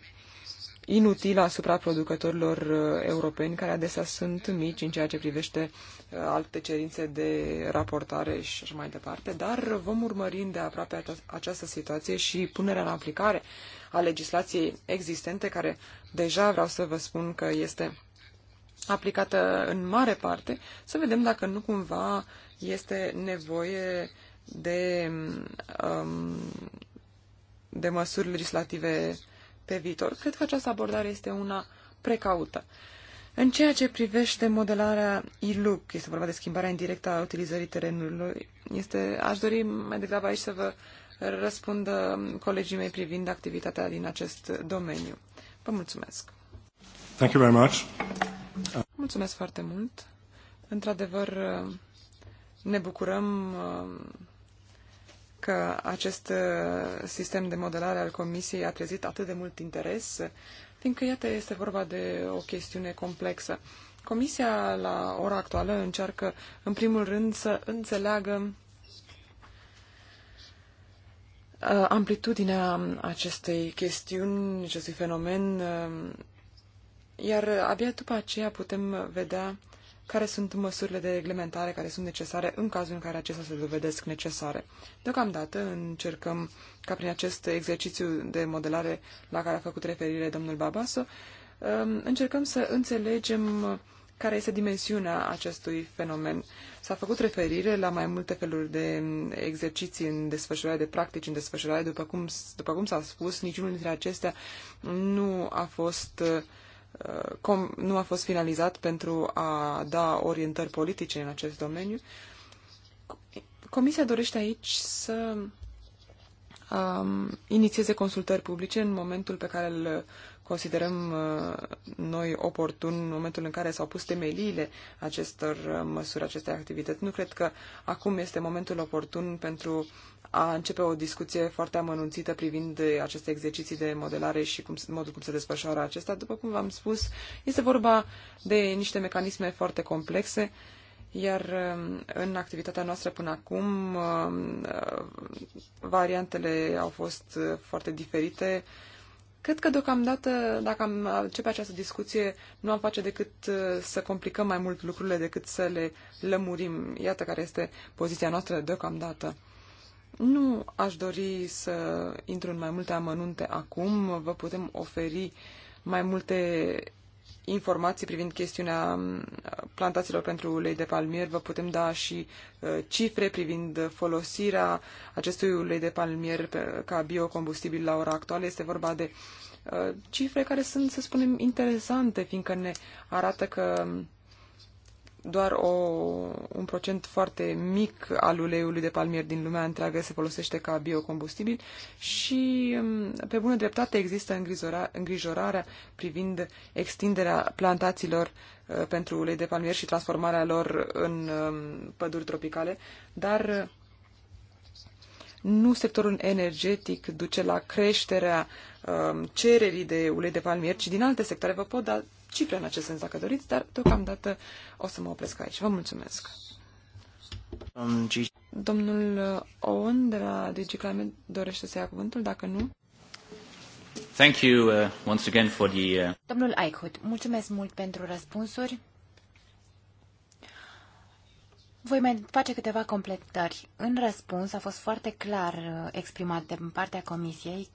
inutil asupra producătorilor uh, europeni, care adesea sunt mici în ceea ce privește uh, alte cerințe de raportare și așa mai departe, dar vom urmări de aproape această situație și punerea în aplicare a legislației existente, care deja vreau să vă spun că este aplicată în mare parte, să vedem dacă nu cumva este nevoie de, um, de măsuri legislative pe viitor. Cred că această abordare este una precaută. În ceea ce privește modelarea ILUC, este vorba de schimbarea indirectă a utilizării terenului, este, aș dori mai degrabă aici să vă răspundă uh, colegii mei privind activitatea din acest domeniu. Vă mulțumesc! Thank you very much. Mulțumesc foarte mult! Într-adevăr, uh, ne bucurăm uh, că acest uh, sistem de modelare al Comisiei a trezit atât de mult interes, fiindcă, iată, este vorba de o chestiune complexă. Comisia, la ora actuală, încearcă, în primul rând, să înțeleagă uh, amplitudinea acestei chestiuni, acestui fenomen, uh, iar abia după aceea putem vedea care sunt măsurile de reglementare care sunt necesare în cazul în care acestea se dovedesc necesare. Deocamdată încercăm ca prin acest exercițiu de modelare la care a făcut referire domnul Babaso, um, încercăm să înțelegem care este dimensiunea acestui fenomen. S-a făcut referire la mai multe feluri de exerciții în desfășurare, de practici în desfășurare. După cum, după cum s-a spus, niciunul dintre acestea nu a fost uh, nu a fost finalizat pentru a da orientări politice în acest domeniu. Comisia dorește aici să um, inițieze consultări publice în momentul pe care îl considerăm uh, noi oportun în momentul în care s-au pus temeliile acestor uh, măsuri, acestei activități. Nu cred că acum este momentul oportun pentru a începe o discuție foarte amănunțită privind aceste exerciții de modelare și cum, modul cum se desfășoară acesta. După cum v-am spus, este vorba de niște mecanisme foarte complexe iar uh, în activitatea noastră până acum variantele au fost foarte diferite Cred că deocamdată, dacă am începe această discuție, nu am face decât uh, să complicăm mai mult lucrurile decât să le lămurim. Iată care este poziția noastră deocamdată. Nu aș dori să intru în mai multe amănunte acum. Vă putem oferi mai multe informații privind chestiunea mm, plantațiilor pentru ulei de palmier. Vă putem da și uh, cifre privind folosirea acestui ulei de palmier ca biocombustibil la ora actuală. Este vorba de uh, cifre care sunt, să spunem, interesante, fiindcă ne arată că mm, doar o, un procent foarte mic al uleiului de palmier din lumea întreagă se folosește ca biocombustibil și, mm, pe bună dreptate, există îngrijora, îngrijorarea privind extinderea plantațiilor uh, pentru ulei de palmier și transformarea lor în uh, păduri tropicale, dar uh, nu sectorul energetic duce la creșterea uh, cererii de ulei de palmier, ci din alte sectoare. Vă pot da cifre în acest sens dacă doriți, dar deocamdată o să mă opresc aici. Vă mulțumesc! Domnul Owen de la DigiClimate dorește să ia cuvântul, dacă nu. Thank you uh, once again for the, uh... Domnul Eichhut, mulțumesc mult pentru răspunsuri. Voi mai face câteva completări. În răspuns a fost foarte clar uh, exprimat de partea Comisiei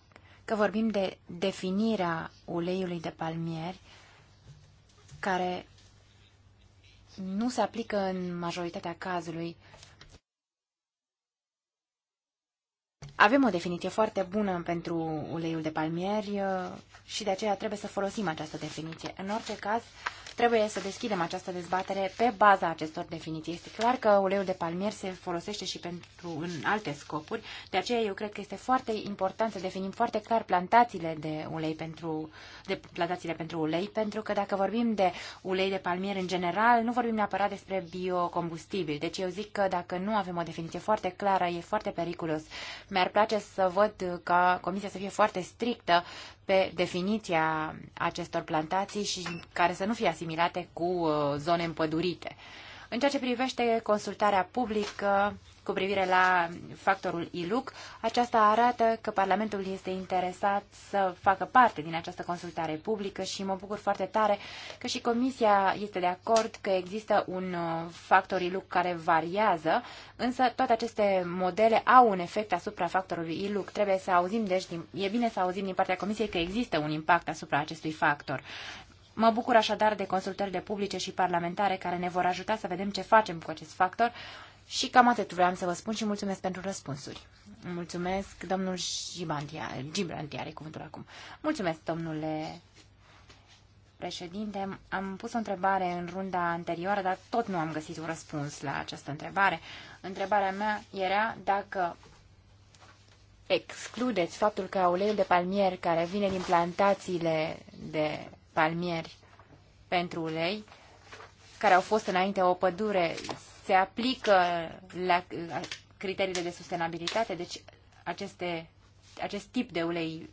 că vorbim de definirea uleiului de palmieri care nu se aplică în majoritatea cazului. Avem o definiție foarte bună pentru uleiul de palmier uh, și de aceea trebuie să folosim această definiție. În orice caz, Trebuie să deschidem această dezbatere pe baza acestor definiții. Este clar că uleiul de palmier se folosește și pentru în alte scopuri, de aceea eu cred că este foarte important să definim foarte clar plantațiile de ulei pentru de plantațiile pentru ulei, pentru că dacă vorbim de ulei de palmier în general, nu vorbim neapărat despre biocombustibil. Deci eu zic că dacă nu avem o definiție foarte clară, e foarte periculos. Mi-ar place să văd ca comisia să fie foarte strictă pe definiția acestor plantații și care să nu fie asimilate cu uh, zone împădurite. În ceea ce privește consultarea publică, cu privire la factorul ILUC. Aceasta arată că Parlamentul este interesat să facă parte din această consultare publică și mă bucur foarte tare că și Comisia este de acord că există un uh, factor ILUC care variază, însă toate aceste modele au un efect asupra factorului ILUC. Trebuie să auzim, deci, din, e bine să auzim din partea Comisiei că există un impact asupra acestui factor. Mă bucur așadar de consultările publice și parlamentare care ne vor ajuta să vedem ce facem cu acest factor, și cam atât vreau să vă spun și mulțumesc pentru răspunsuri. Mulțumesc, domnul Gibranti are cuvântul acum. Mulțumesc, domnule președinte. Am pus o întrebare în runda anterioară, dar tot nu am găsit un răspuns la această întrebare. Întrebarea mea era dacă excludeți faptul că uleiul de palmier care vine din plantațiile de palmieri pentru ulei, care au fost înainte o pădure se aplică la, criteriile de sustenabilitate, deci aceste, acest tip de ulei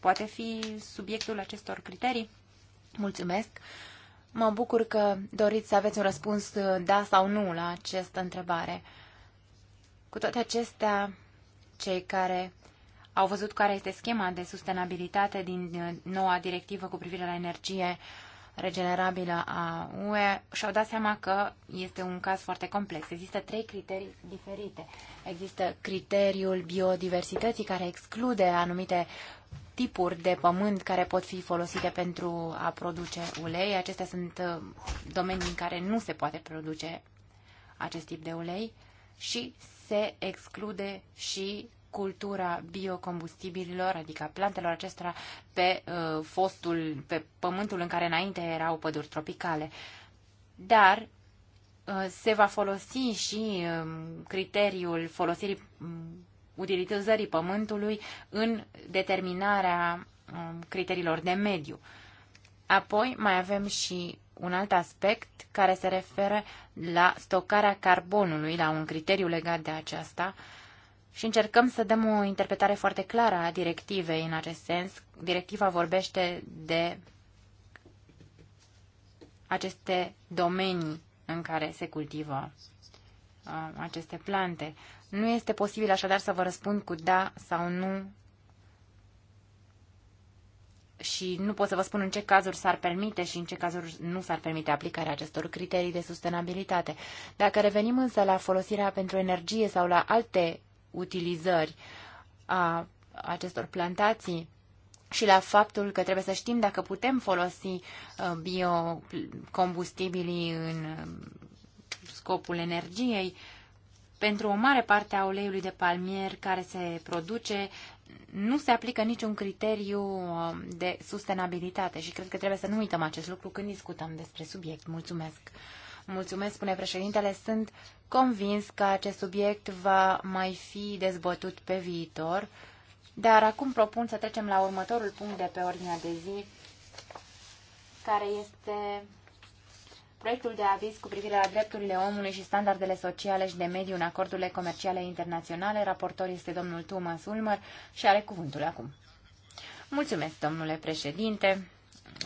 poate fi subiectul acestor criterii? Mulțumesc! Mă bucur că doriți să aveți un răspuns uh, da sau nu la această întrebare. Cu toate acestea, cei care au văzut care este schema de sustenabilitate din uh, noua directivă cu privire la energie regenerabilă a UE și-au dat seama că este un caz foarte complex. Există trei criterii diferite. Există criteriul biodiversității care exclude anumite tipuri de pământ care pot fi folosite pentru a produce ulei. Acestea sunt uh, domenii în care nu se poate produce acest tip de ulei și se exclude și cultura biocombustibililor, adică plantelor acestora, pe uh, fostul, pe pământul în care înainte erau păduri tropicale. Dar uh, se va folosi și uh, criteriul folosirii uh, utilizării pământului în determinarea uh, criteriilor de mediu. Apoi mai avem și un alt aspect care se referă la stocarea carbonului, la un criteriu legat de aceasta, uh, și încercăm să dăm o interpretare foarte clară a directivei în acest sens. Directiva vorbește de aceste domenii în care se cultivă aceste plante. Nu este posibil așadar să vă răspund cu da sau nu și nu pot să vă spun în ce cazuri s-ar permite și în ce cazuri nu s-ar permite aplicarea acestor criterii de sustenabilitate. Dacă revenim însă la folosirea pentru energie sau la alte utilizări a acestor plantații și la faptul că trebuie să știm dacă putem folosi uh, biocombustibilii în uh, scopul energiei. Pentru o mare parte a uleiului de palmier care se produce, nu se aplică niciun criteriu uh, de sustenabilitate și cred că trebuie să nu uităm acest lucru când discutăm despre subiect. Mulțumesc! Mulțumesc, spune președintele, sunt convins că acest subiect va mai fi dezbătut pe viitor, dar acum propun să trecem la următorul punct de pe ordinea de zi, care este proiectul de aviz cu privire la drepturile omului și standardele sociale și de mediu în acordurile comerciale internaționale. Raportor este domnul Thomas Ulmer și are cuvântul acum. Mulțumesc, domnule președinte.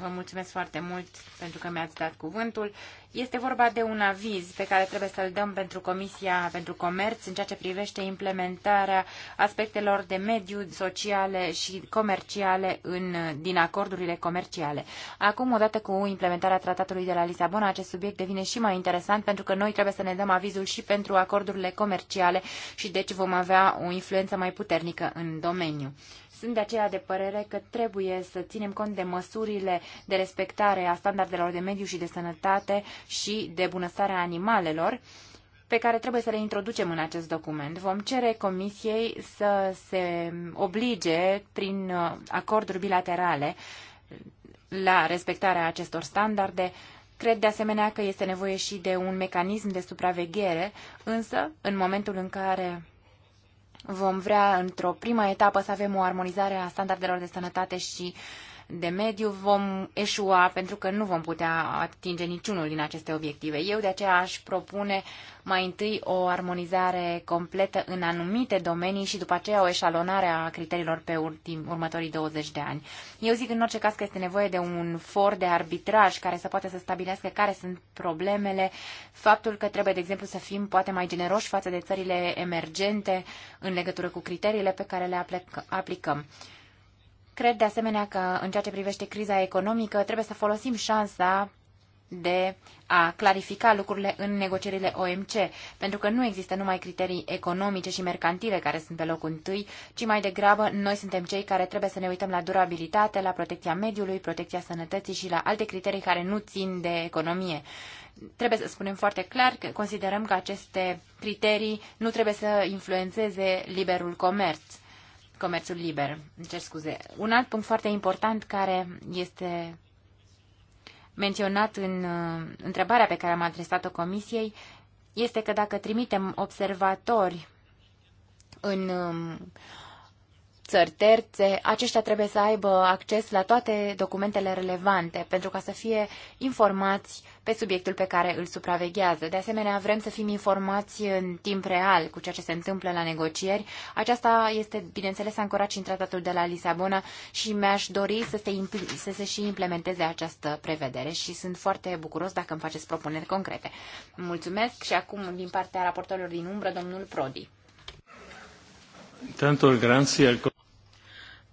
Vă mulțumesc foarte mult pentru că mi-ați dat cuvântul. Este vorba de un aviz pe care trebuie să-l dăm pentru Comisia pentru Comerț în ceea ce privește implementarea aspectelor de mediu, sociale și comerciale în, din acordurile comerciale. Acum, odată cu implementarea tratatului de la Lisabona, acest subiect devine și mai interesant pentru că noi trebuie să ne dăm avizul și pentru acordurile comerciale și deci vom avea o influență mai puternică în domeniu. Sunt de aceea de părere că trebuie să ținem cont de măsurile de respectare a standardelor de mediu și de sănătate și de bunăstare a animalelor pe care trebuie să le introducem în acest document. Vom cere Comisiei să se oblige prin uh, acorduri bilaterale la respectarea acestor standarde. Cred de asemenea că este nevoie și de un mecanism de supraveghere, însă în momentul în care Vom vrea, într-o prima etapă, să avem o armonizare a standardelor de sănătate și uh, de mediu, vom eșua pentru că nu vom putea atinge niciunul din aceste obiective. Eu de aceea aș propune mai întâi o armonizare completă în anumite domenii și după aceea o eșalonare a criteriilor pe ultim, următorii 20 de ani. Eu zic în orice caz că este nevoie de un for de arbitraj care să poată să stabilească care sunt problemele, faptul că trebuie, de exemplu, să fim poate mai generoși față de țările emergente în legătură cu criteriile pe care le aplicăm. Cred de asemenea că în ceea ce privește criza economică trebuie să folosim șansa de a clarifica lucrurile în negocierile OMC, pentru că nu există numai criterii economice și mercantile care sunt pe locul întâi, ci mai degrabă noi suntem cei care trebuie să ne uităm la durabilitate, la protecția mediului, protecția sănătății și la alte criterii care nu țin de economie. Trebuie să spunem foarte clar că considerăm că aceste criterii nu trebuie să influențeze liberul comerț comerțul liber. Îmi cer scuze. Un alt punct foarte important care este menționat în uh, întrebarea pe care am adresat-o comisiei este că dacă trimitem observatori în um, țări terțe, aceștia trebuie să aibă acces la toate documentele relevante pentru ca să fie informați pe subiectul pe care îl supraveghează. De asemenea, vrem să fim informați în timp real cu ceea ce se întâmplă la negocieri. Aceasta este, bineînțeles, ancorat și în tratatul de la Lisabona și mi-aș dori să se, să se și implementeze această prevedere și sunt foarte bucuros dacă îmi faceți propuneri concrete. Mulțumesc și acum din partea raportorilor din umbră, domnul Prodi. Tanto grazie al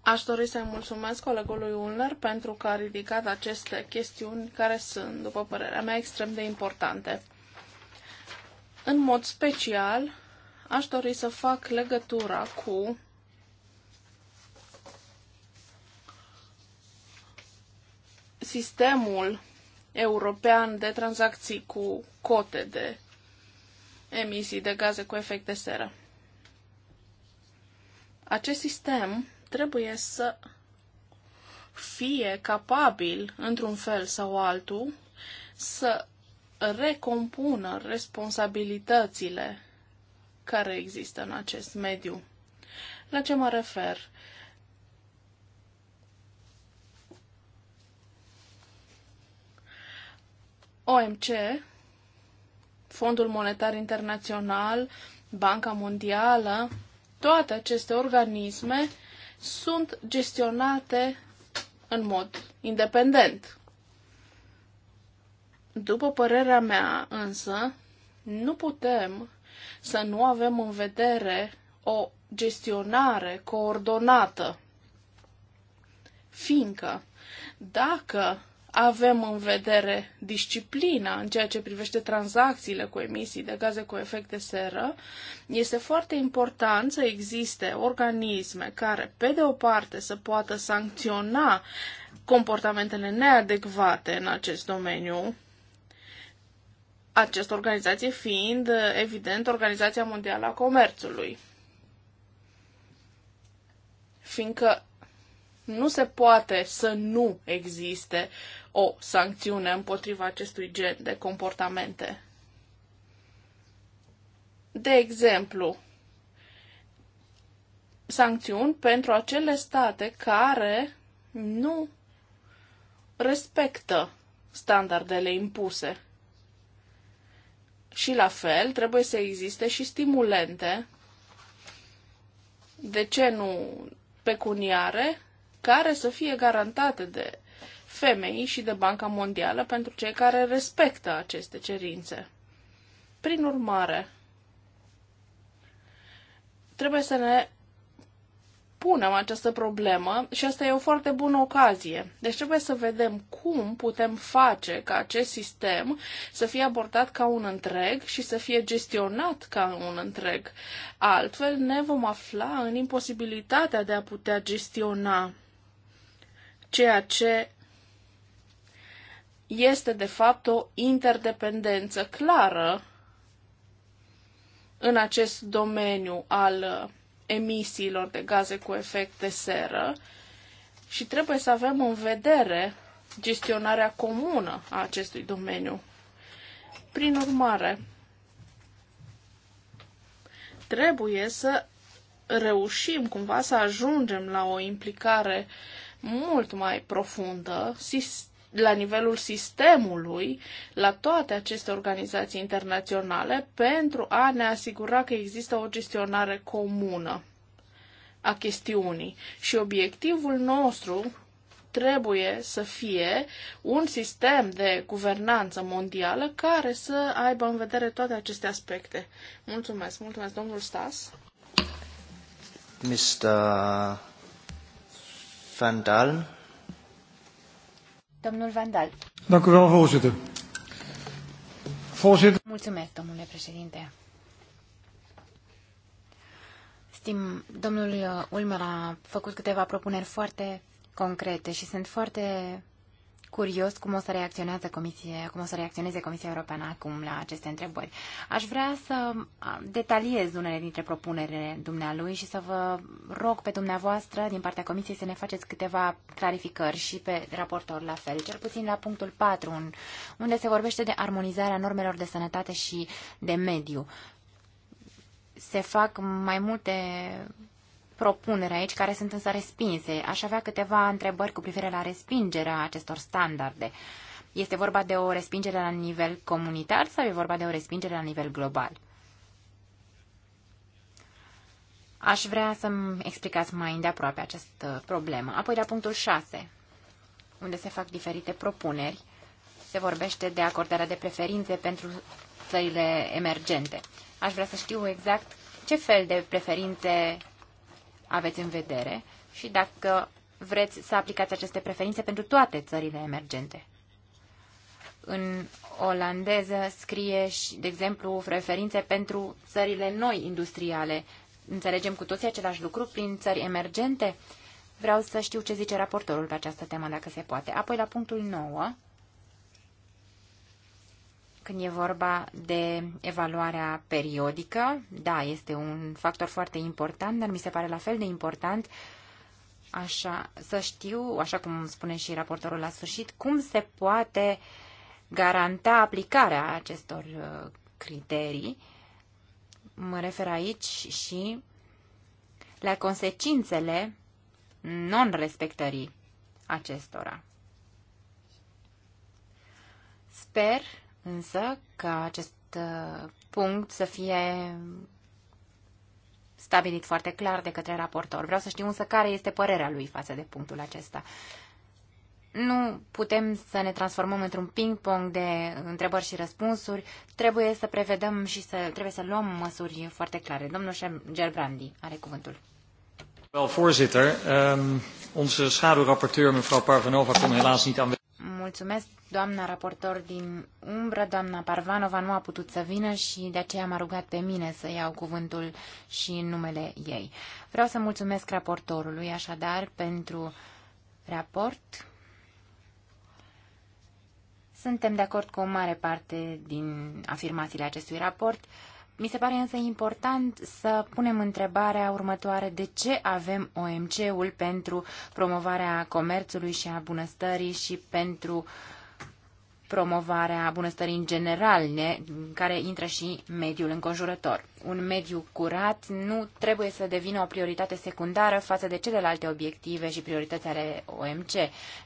Aș dori să-i mulțumesc colegului Ulner pentru că a ridicat aceste chestiuni care sunt, după părerea mea, extrem de importante. În mod special, aș dori să fac legătura cu sistemul european de tranzacții cu cote de emisii de gaze cu efect de seră. Acest sistem trebuie să fie capabil, într-un fel sau altul, să recompună responsabilitățile care există în acest mediu. La ce mă refer? OMC, Fondul Monetar Internațional, Banca Mondială, toate aceste organisme sunt gestionate în mod independent. După părerea mea, însă, nu putem să nu avem în vedere o gestionare coordonată. Fiindcă, dacă avem în vedere disciplina în ceea ce privește tranzacțiile cu emisii de gaze cu efect de seră, este foarte important să existe organisme care, pe de o parte, să poată sancționa comportamentele neadecvate în acest domeniu, această organizație fiind, evident, Organizația Mondială a Comerțului. Fiindcă nu se poate să nu existe o sancțiune împotriva acestui gen de comportamente. De exemplu, sancțiuni pentru acele state care nu respectă standardele impuse. Și la fel, trebuie să existe și stimulente. De ce nu pecuniare? care să fie garantate de femei și de Banca Mondială pentru cei care respectă aceste cerințe. Prin urmare, trebuie să ne punem această problemă și asta e o foarte bună ocazie. Deci trebuie să vedem cum putem face ca acest sistem să fie abordat ca un întreg și să fie gestionat ca un întreg. Altfel ne vom afla în imposibilitatea de a putea gestiona ceea ce este de fapt o interdependență clară în acest domeniu al uh, emisiilor de gaze cu efect de seră și trebuie să avem în vedere gestionarea comună a acestui domeniu. Prin urmare, trebuie să reușim cumva să ajungem la o implicare uh, mult mai profundă, la nivelul sistemului, la toate aceste organizații internaționale, pentru a ne asigura că există o gestionare comună a chestiunii. Și obiectivul nostru trebuie să fie un sistem de guvernanță mondială care să aibă în vedere toate aceste aspecte. Mulțumesc, mulțumesc, domnul Stas. Mr. Van Domnul Vandal. Dank u wel, voorzitter. Voorzitter. Mulțumesc, domnule președinte. Stim, domnul Ulmer a făcut câteva propuneri foarte concrete și sunt foarte curios cum o să reacționeze Comisia, cum o să reacționeze Comisia Europeană acum la aceste întrebări. Aș vrea să detaliez unele dintre propunerile dumnealui și să vă rog pe dumneavoastră din partea Comisiei să ne faceți câteva clarificări și pe raportor la fel, cel puțin la punctul 4, unde se vorbește de armonizarea normelor de sănătate și de mediu. Se fac mai multe propuneri aici care sunt însă respinse. Aș avea câteva întrebări cu privire la respingerea acestor standarde. Este vorba de o respingere la nivel comunitar sau e vorba de o respingere la nivel global? Aș vrea să-mi explicați mai îndeaproape această problemă. Apoi la punctul 6, unde se fac diferite propuneri, se vorbește de acordarea de preferințe pentru țările emergente. Aș vrea să știu exact ce fel de preferințe aveți în vedere și dacă vreți să aplicați aceste preferințe pentru toate țările emergente. În olandeză scrie, și, de exemplu, preferințe pentru țările noi industriale. Înțelegem cu toții același lucru prin țări emergente? Vreau să știu ce zice raportorul pe această temă, dacă se poate. Apoi, la punctul 9, când e vorba de evaluarea periodică, da, este un factor foarte important, dar mi se pare la fel de important așa, să știu, așa cum spune și raportorul la sfârșit, cum se poate garanta aplicarea acestor uh, criterii. Mă refer aici și la consecințele non-respectării acestora. Sper însă ca acest uh, punct să fie stabilit foarte clar de către raportor. Vreau să știu însă care este părerea lui față de punctul acesta. Nu putem să ne transformăm într-un ping-pong de întrebări și răspunsuri. Trebuie să prevedem și să, trebuie să luăm măsuri foarte clare. Domnul Gerbrandi are cuvântul. Well, voorzitter. Um, onze schaduwrapporteur, mevrouw Parvanova, kon helaas niet aanwezig mulțumesc. Doamna raportor din umbră, doamna Parvanova, nu a putut să vină și de aceea m-a rugat pe mine să iau cuvântul și în numele ei. Vreau să mulțumesc raportorului, așadar, pentru raport. Suntem de acord cu o mare parte din afirmațiile acestui raport. Mi se pare însă important să punem întrebarea următoare. De ce avem OMC-ul pentru promovarea comerțului și a bunăstării și pentru uh, promovarea bunăstării în general, ne în care intră și mediul înconjurător. Un mediu curat nu trebuie să devină o prioritate secundară față de celelalte obiective și priorități ale OMC.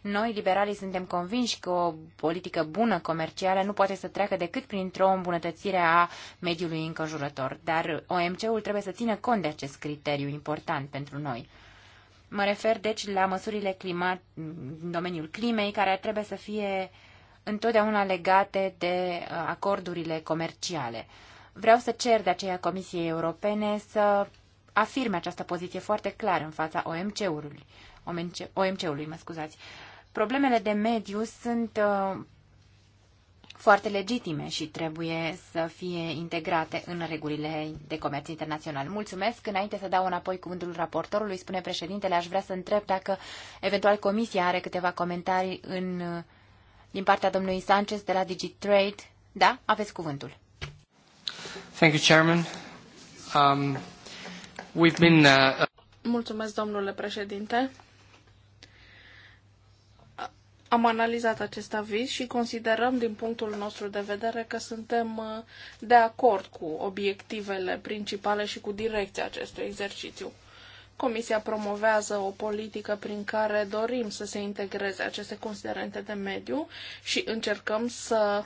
Noi, liberalii, suntem convinși că o politică bună comercială nu poate să treacă decât printr-o îmbunătățire a mediului înconjurător, dar OMC-ul trebuie să țină cont de acest criteriu important pentru noi. Mă refer, deci, la măsurile climat, în domeniul climei, care trebuie să fie uh, întotdeauna legate de uh, acordurile comerciale. Vreau să cer de aceea Comisiei Europene să afirme această poziție foarte clară în fața OMC-ului. OMC-ului, mă scuzați. Problemele de mediu sunt uh, foarte legitime și trebuie să fie integrate în regulile de comerț internațional. Mulțumesc. Înainte să dau înapoi cuvântul raportorului, spune președintele, aș vrea să întreb dacă eventual comisia are câteva comentarii în uh, din partea domnului Sanchez de la DigiTrade. Da, aveți cuvântul. Thank you, Chairman. Um, we've been, uh... uh Mulțumesc, domnule președinte. Am analizat acest aviz și considerăm din punctul nostru de vedere că suntem uh, de acord cu obiectivele principale și cu direcția acestui exercițiu. Comisia promovează o politică prin care dorim să se integreze aceste considerente de mediu și încercăm să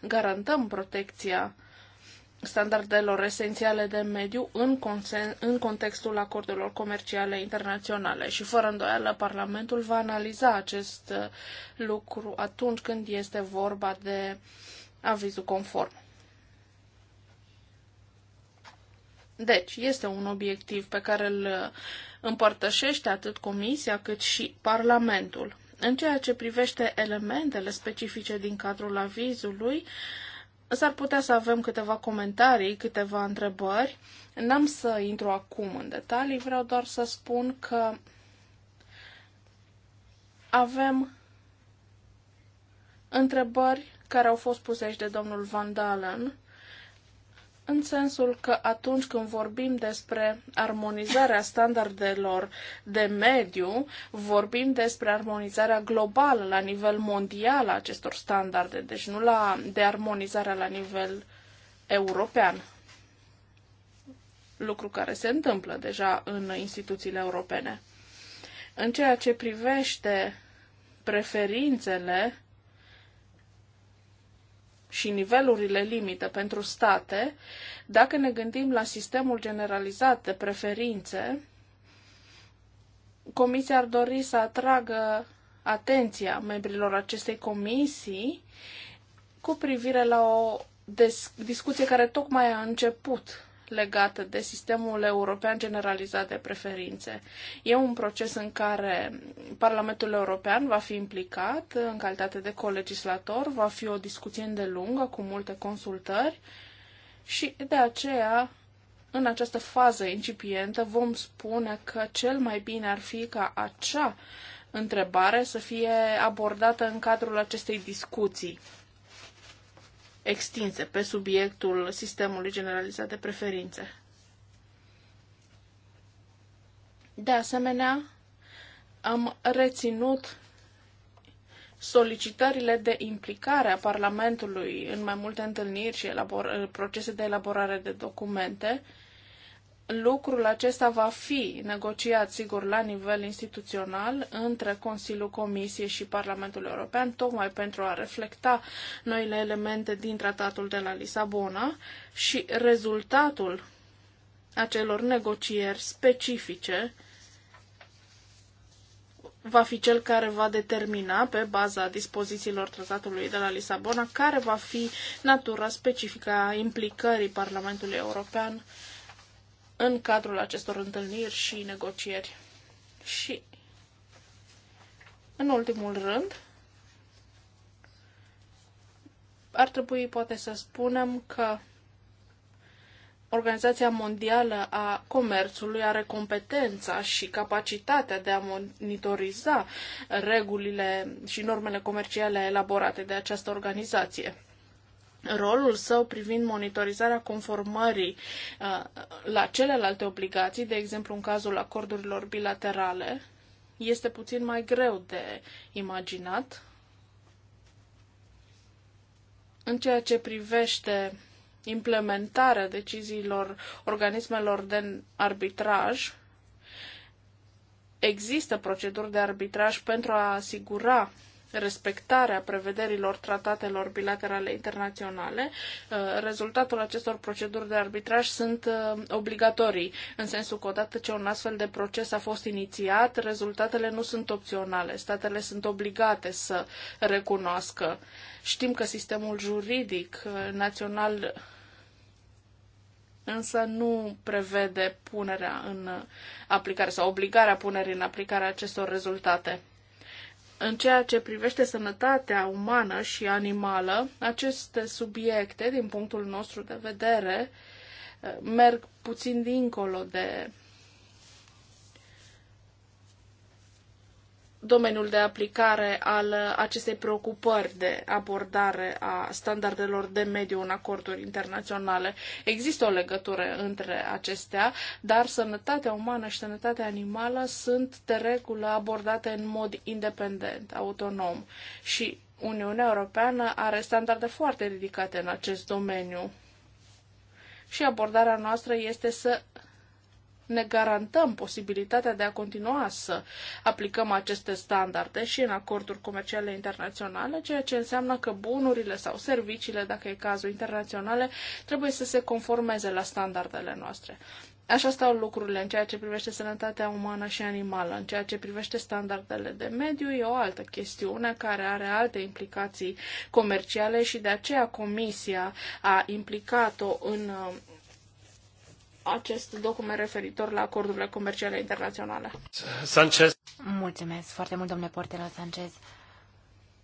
garantăm protecția standardelor esențiale de mediu în, consen- în contextul acordurilor comerciale internaționale și fără îndoială Parlamentul va analiza acest lucru atunci când este vorba de avizul conform. Deci, este un obiectiv pe care îl uh, împărtășește atât Comisia cât și Parlamentul. În ceea ce privește elementele specifice din cadrul avizului, s-ar putea să avem câteva comentarii, câteva întrebări. N-am să intru acum în detalii, vreau doar să spun că avem întrebări care au fost puse aici de domnul Van Dalen în sensul că atunci când vorbim despre armonizarea standardelor de mediu, vorbim despre armonizarea globală la nivel mondial a acestor standarde, deci nu la, de armonizarea la nivel european. Lucru care se întâmplă deja în instituțiile europene. În ceea ce privește preferințele și nivelurile limite pentru state, dacă ne gândim la sistemul generalizat de preferințe, Comisia ar dori să atragă atenția membrilor acestei comisii cu privire la o discuție care tocmai a început legată de sistemul european generalizat de preferințe. E un proces în care Parlamentul European va fi implicat în calitate de colegislator, va fi o discuție îndelungă cu multe consultări și de aceea în această fază incipientă vom spune că cel mai bine ar fi ca acea întrebare să fie abordată în cadrul acestei discuții extinse pe subiectul sistemului generalizat de preferințe. De asemenea, am reținut solicitările de implicare a Parlamentului în mai multe întâlniri și procese de elaborare de documente, Lucrul acesta va fi negociat, sigur, la nivel instituțional între Consiliul Comisiei și Parlamentul European, tocmai pentru a reflecta noile elemente din tratatul de la Lisabona și rezultatul acelor negocieri specifice va fi cel care va determina, pe baza dispozițiilor tratatului de la Lisabona, care va fi natura specifică a implicării Parlamentului European în cadrul acestor întâlniri și negocieri. Și, în ultimul rând, ar trebui poate să spunem că Organizația Mondială a Comerțului are competența și capacitatea de a monitoriza regulile și normele comerciale elaborate de această organizație rolul său privind monitorizarea conformării uh, la celelalte obligații, de exemplu în cazul acordurilor bilaterale, este puțin mai greu de imaginat. În ceea ce privește implementarea deciziilor organismelor de arbitraj, există proceduri de arbitraj pentru a asigura respectarea prevederilor tratatelor bilaterale internaționale, uh, rezultatul acestor proceduri de arbitraj sunt uh, obligatorii, în sensul că odată ce un astfel de proces a fost inițiat, rezultatele nu sunt opționale. Statele sunt obligate să recunoască. Știm că sistemul juridic uh, național însă nu prevede punerea în aplicare sau obligarea punerii în aplicare a acestor rezultate. În ceea ce privește sănătatea umană și animală, aceste subiecte, din punctul nostru de vedere, eh, merg puțin dincolo de domeniul de aplicare al acestei preocupări de abordare a standardelor de mediu în acorduri internaționale. Există o legătură între acestea, dar sănătatea umană și sănătatea animală sunt de regulă abordate în mod independent, autonom și Uniunea Europeană are standarde foarte ridicate în acest domeniu. Și abordarea noastră este să ne garantăm posibilitatea de a continua să aplicăm aceste standarde și în acorduri comerciale internaționale, ceea ce înseamnă că bunurile sau serviciile, dacă e cazul internaționale, trebuie să se conformeze la standardele noastre. Așa stau lucrurile în ceea ce privește sănătatea umană și animală. În ceea ce privește standardele de mediu, e o altă chestiune care are alte implicații comerciale și de aceea Comisia a implicat-o în acest document referitor la acordurile comerciale internaționale. Sanchez. Mulțumesc foarte mult, domnule portela Sanchez.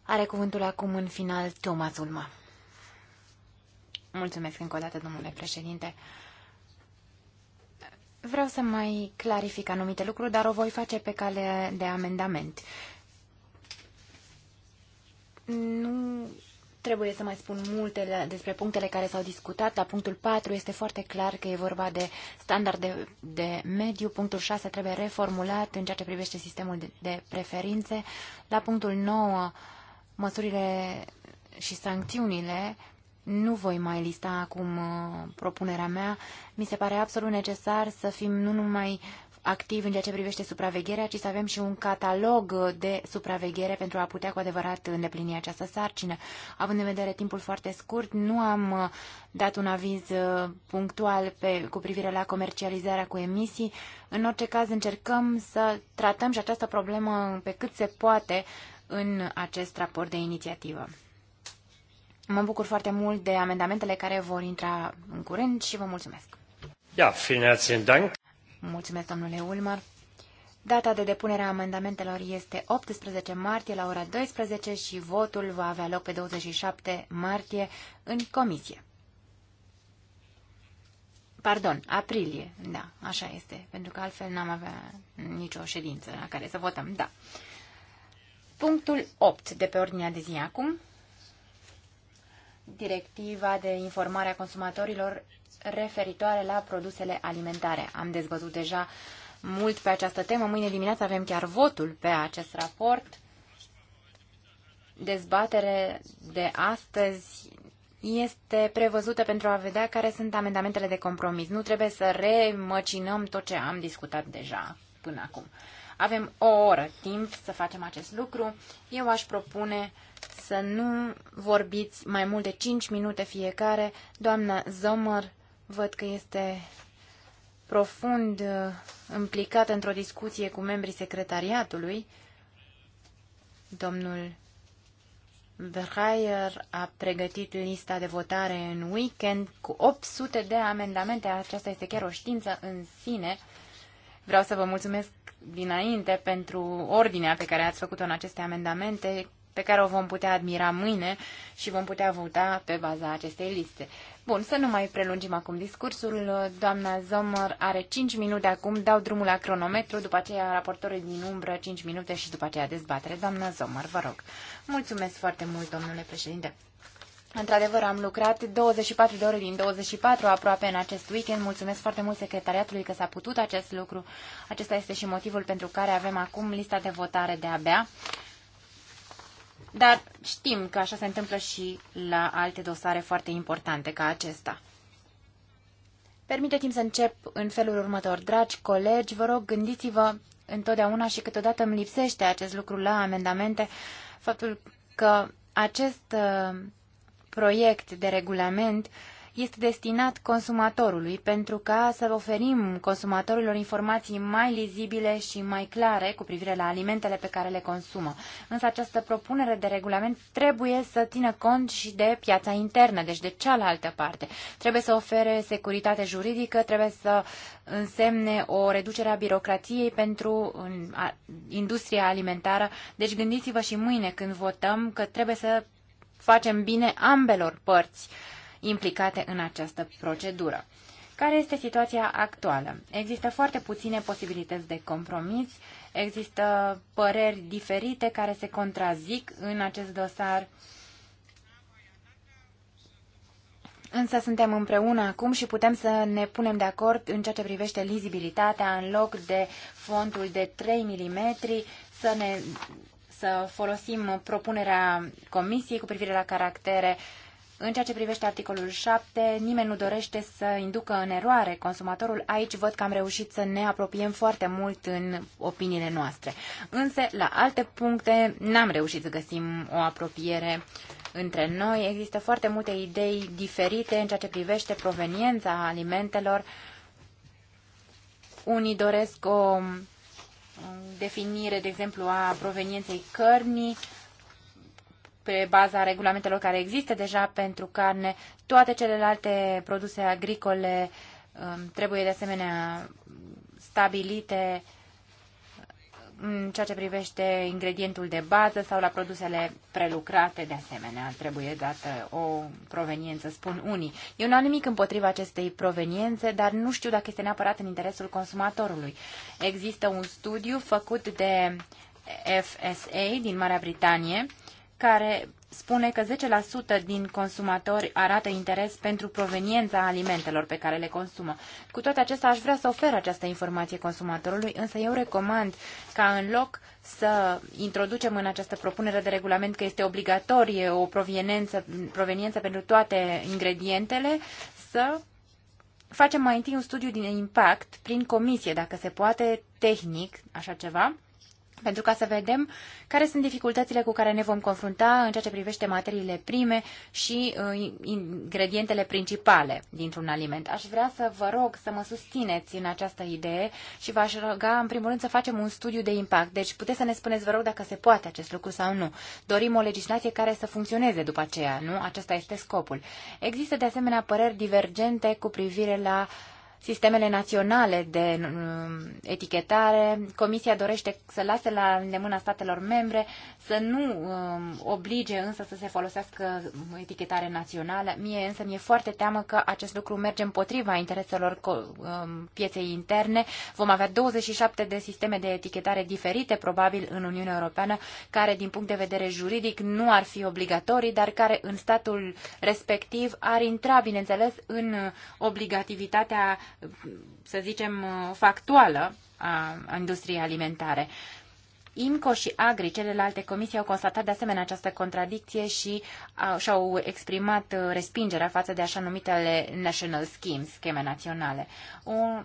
Are cuvântul acum în final Thomas Ulma. Mulțumesc încă o dată, domnule președinte. Vreau să mai clarific anumite lucruri, dar o voi face pe cale de amendament. Nu trebuie să mai spun multe despre punctele care s-au discutat. La punctul 4 este foarte clar că e vorba de standarde de mediu. Punctul 6 trebuie reformulat în ceea ce privește sistemul de preferințe. La punctul 9, măsurile și sancțiunile nu voi mai lista acum uh, propunerea mea. Mi se pare absolut necesar să fim nu numai activ în ceea ce privește supravegherea, ci să avem și un catalog de supraveghere pentru a putea cu adevărat îndeplini această sarcină. Având în vedere timpul foarte scurt, nu am uh, dat un aviz uh, punctual pe, cu privire la comercializarea cu emisii. În orice caz, încercăm să tratăm și această problemă pe cât se poate în acest raport de inițiativă. Mă bucur foarte mult de amendamentele care vor intra în curând și vă mulțumesc. Ja, vielen herzlichen Dank. Mulțumesc, domnule Ulmer. Data de depunere a amendamentelor este 18 martie la ora 12 și votul va avea loc pe 27 martie în comisie. Pardon, aprilie, da, așa este, pentru că altfel n-am avea nicio ședință la care să votăm, da. Punctul 8 de pe ordinea de zi acum, directiva de informare a consumatorilor referitoare la produsele alimentare. Am dezbătut deja mult pe această temă. Mâine dimineață avem chiar votul pe acest raport. Dezbatere de astăzi este prevăzută pentru a vedea care sunt amendamentele de compromis. Nu trebuie să remăcinăm tot ce am discutat deja până acum. Avem o oră timp să facem acest lucru. Eu aș propune să nu vorbiți mai mult de 5 minute fiecare. Doamna Zomăr, Văd că este profund uh, implicat într-o discuție cu membrii secretariatului. Domnul Breyer a pregătit lista de votare în weekend cu 800 de amendamente. Aceasta este chiar o știință în sine. Vreau să vă mulțumesc dinainte pentru ordinea pe care ați făcut-o în aceste amendamente, pe care o vom putea admira mâine și vom putea vota pe baza acestei liste. Bun, să nu mai prelungim acum discursul. Doamna Zomăr are 5 minute acum, dau drumul la cronometru, după aceea raportorul din umbră 5 minute și după aceea dezbatere. Doamna Zomăr, vă rog. Mulțumesc foarte mult, domnule președinte. Într-adevăr, am lucrat 24 de ore din 24 aproape în acest weekend. Mulțumesc foarte mult secretariatului că s-a putut acest lucru. Acesta este și motivul pentru care avem acum lista de votare de abia. Dar știm că așa se întâmplă și la alte dosare foarte importante ca acesta. Permiteți-mi să încep în felul următor. Dragi colegi, vă rog, gândiți-vă întotdeauna și câteodată îmi lipsește acest lucru la amendamente, faptul că acest uh, proiect de regulament uh, este destinat consumatorului pentru ca să oferim consumatorilor informații mai lizibile și mai clare cu privire la alimentele pe care le consumă. Însă această propunere de regulament trebuie să țină cont și de piața internă, deci de cealaltă parte. Trebuie să ofere securitate juridică, trebuie să însemne o reducere a birocratiei pentru industria alimentară. Deci gândiți-vă și mâine când votăm că trebuie să facem bine ambelor părți implicate în această procedură. Care este situația actuală? Există foarte puține posibilități de compromis, există păreri diferite care se contrazic în acest dosar, însă suntem împreună acum și putem să ne punem de acord în ceea ce privește lizibilitatea în loc de fontul de 3 mm, să ne să folosim propunerea comisiei cu privire la caractere uh, în ceea ce privește articolul 7, nimeni nu dorește să inducă în eroare consumatorul. Aici văd că am reușit să ne apropiem foarte mult în opiniile noastre. Însă, la alte puncte, n-am reușit să găsim o apropiere între noi. Există foarte multe idei diferite în ceea ce privește proveniența alimentelor. Unii doresc o definire, de exemplu, a provenienței cărnii, pe baza regulamentelor care există deja pentru carne. Toate celelalte produse agricole um, trebuie de asemenea stabilite în ceea ce privește ingredientul de bază sau la produsele prelucrate, de asemenea, trebuie dată o proveniență, spun unii. Eu nu am nimic împotriva acestei proveniențe, dar nu știu dacă este neapărat în interesul consumatorului. Există un studiu făcut de FSA din Marea Britanie care spune că 10% din consumatori arată interes pentru proveniența alimentelor pe care le consumă. Cu toate acestea, aș vrea să ofer această informație consumatorului, însă eu recomand ca în loc să introducem în această propunere de regulament că este obligatorie o proveniență, proveniență pentru toate ingredientele, să facem mai întâi un studiu din impact prin comisie, dacă se poate, tehnic, așa ceva, pentru ca să vedem care sunt dificultățile cu care ne vom confrunta în ceea ce privește materiile prime și uh, ingredientele principale dintr-un aliment. Aș vrea să vă rog să mă susțineți în această idee și v-aș ruga, în primul rând, să facem un studiu de impact. Deci puteți să ne spuneți, vă rog, dacă se poate acest lucru sau nu. Dorim o legislație care să funcționeze după aceea, nu? Acesta este scopul. Există, de asemenea, păreri divergente cu privire la uh, sistemele naționale de uh, etichetare, Comisia dorește să lase la îndemâna statelor membre să nu um, oblige însă să se folosească etichetare națională. Mie însă mi-e foarte teamă că acest lucru merge împotriva intereselor um, pieței interne. Vom avea 27 de sisteme de etichetare diferite, probabil, în Uniunea Europeană, care din punct de vedere juridic nu ar fi obligatorii, dar care în statul respectiv ar intra, bineînțeles, în uh, obligativitatea să zicem, factuală a industriei alimentare. IMCO și AGRI, celelalte comisii, au constatat de asemenea această contradicție și și-au exprimat uh, respingerea față de așa numitele national schemes, scheme naționale. Un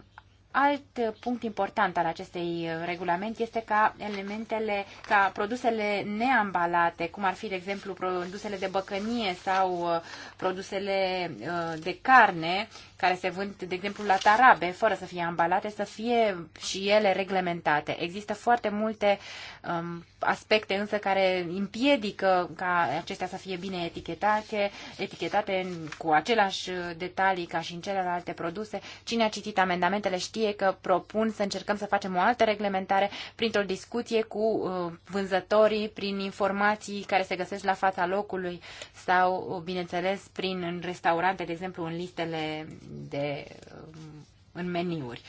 alt punct important al acestei uh, regulament este ca elementele, ca produsele neambalate, cum ar fi, de exemplu, produsele de băcănie sau uh, produsele de carne, care se vând, de exemplu, la tarabe, fără să fie ambalate, să fie și ele reglementate. Există foarte multe um, aspecte însă care împiedică ca acestea să fie bine etichetate, etichetate cu aceleași detalii ca și în celelalte produse. Cine a citit amendamentele știe că propun să încercăm să facem o altă reglementare printr-o discuție cu uh, vânzătorii, prin informații care se găsesc la fața locului sau, bineînțeles, prin în restaurante, de exemplu, în listele de, um, în meniuri.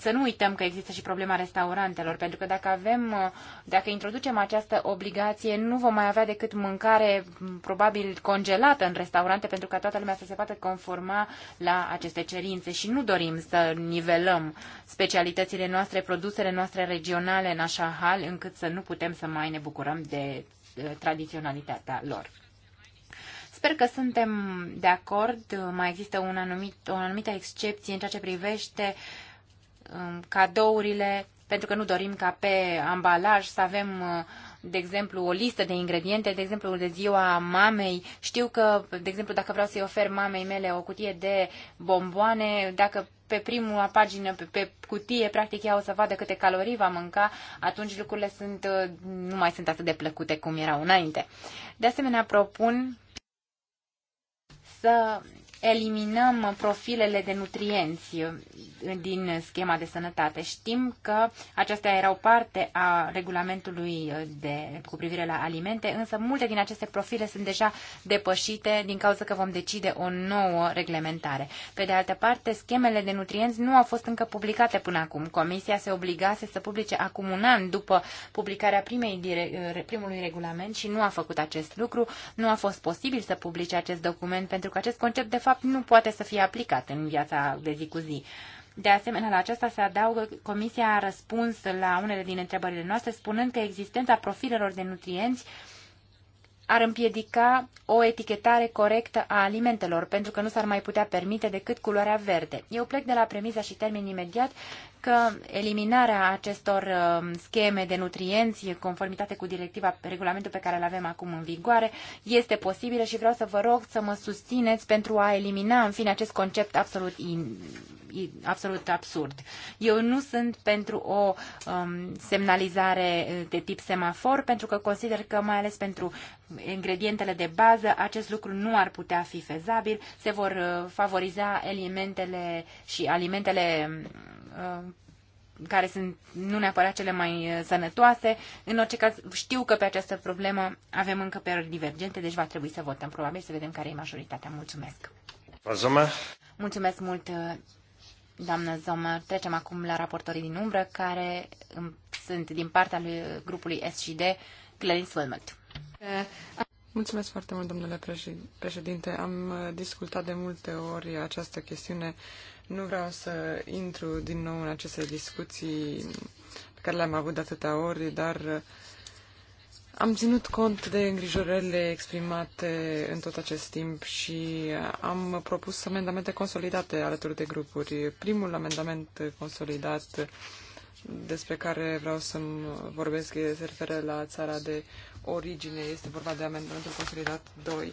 Să nu uităm că există și problema restaurantelor, pentru că dacă avem, dacă introducem această obligație, nu vom mai avea decât mâncare probabil congelată în restaurante, pentru ca toată lumea să se poată conforma la aceste cerințe și nu dorim să nivelăm specialitățile noastre, produsele noastre regionale în așa hal încât să nu putem să mai ne bucurăm de tradiționalitatea lor. Sper că suntem de acord. Mai există un anumit, o anumită excepție în ceea ce privește um, cadourile, pentru că nu dorim ca pe ambalaj să avem uh, de exemplu, o listă de ingrediente, de exemplu, de ziua mamei. Știu că, de exemplu, dacă vreau să-i ofer mamei mele o cutie de bomboane, dacă pe prima pagină, pe, pe cutie, practic ea o să vadă câte calorii va mânca, atunci lucrurile sunt, uh, nu mai sunt atât de plăcute cum erau înainte. De asemenea, propun să eliminăm profilele de nutrienți uh, din schema de sănătate. Știm că acestea erau parte a regulamentului uh, de, cu privire la alimente, însă multe din aceste profile sunt deja depășite din cauza că vom decide o nouă reglementare. Pe de altă parte, schemele de nutrienți nu au fost încă publicate până acum. Comisia se obligase să publice acum un an după publicarea primei uh, primului regulament și nu a făcut acest lucru. Nu a fost posibil să publice acest document pentru că acest concept de fapt fapt, nu poate să fie aplicat în viața de zi cu zi. De asemenea, la aceasta se adaugă Comisia a răspuns la unele din întrebările noastre, spunând că existența profilelor de nutrienți uh, ar împiedica o etichetare corectă a alimentelor, pentru că nu s-ar mai putea permite decât culoarea verde. Eu plec de la premiza și termin imediat că eliminarea acestor um, scheme de nutrienți, conformitate cu directiva, regulamentul pe care îl avem acum în vigoare, este posibilă și vreau să vă rog să mă susțineți pentru a elimina, în fine, acest concept absolut, in, absolut absurd. Eu nu sunt pentru o um, semnalizare de tip semafor, pentru că consider că, mai ales pentru ingredientele de bază, acest lucru nu ar putea fi fezabil, se vor uh, favoriza alimentele și alimentele uh, care sunt nu neapărat cele mai uh, sănătoase. În orice caz, știu că pe această problemă avem încă pe divergente, deci va trebui să votăm, probabil, să vedem care e majoritatea. Mulțumesc! Zoma. Mulțumesc mult, doamnă Zoma. Trecem acum la raportorii din umbră, care um, sunt din partea lui grupului S&D, Glenis Wilmot. Mulțumesc foarte mult, domnule președinte. Am uh, discutat de multe ori această chestiune. Nu vreau să intru din nou în aceste discuții pe care le-am avut de atâtea ori, dar uh, am ținut cont de îngrijorările exprimate în tot acest timp și uh, am propus amendamente consolidate alături de grupuri. Primul amendament consolidat despre care vreau să vorbesc se referă la țara de origine. Este vorba de amendamentul consolidat 2.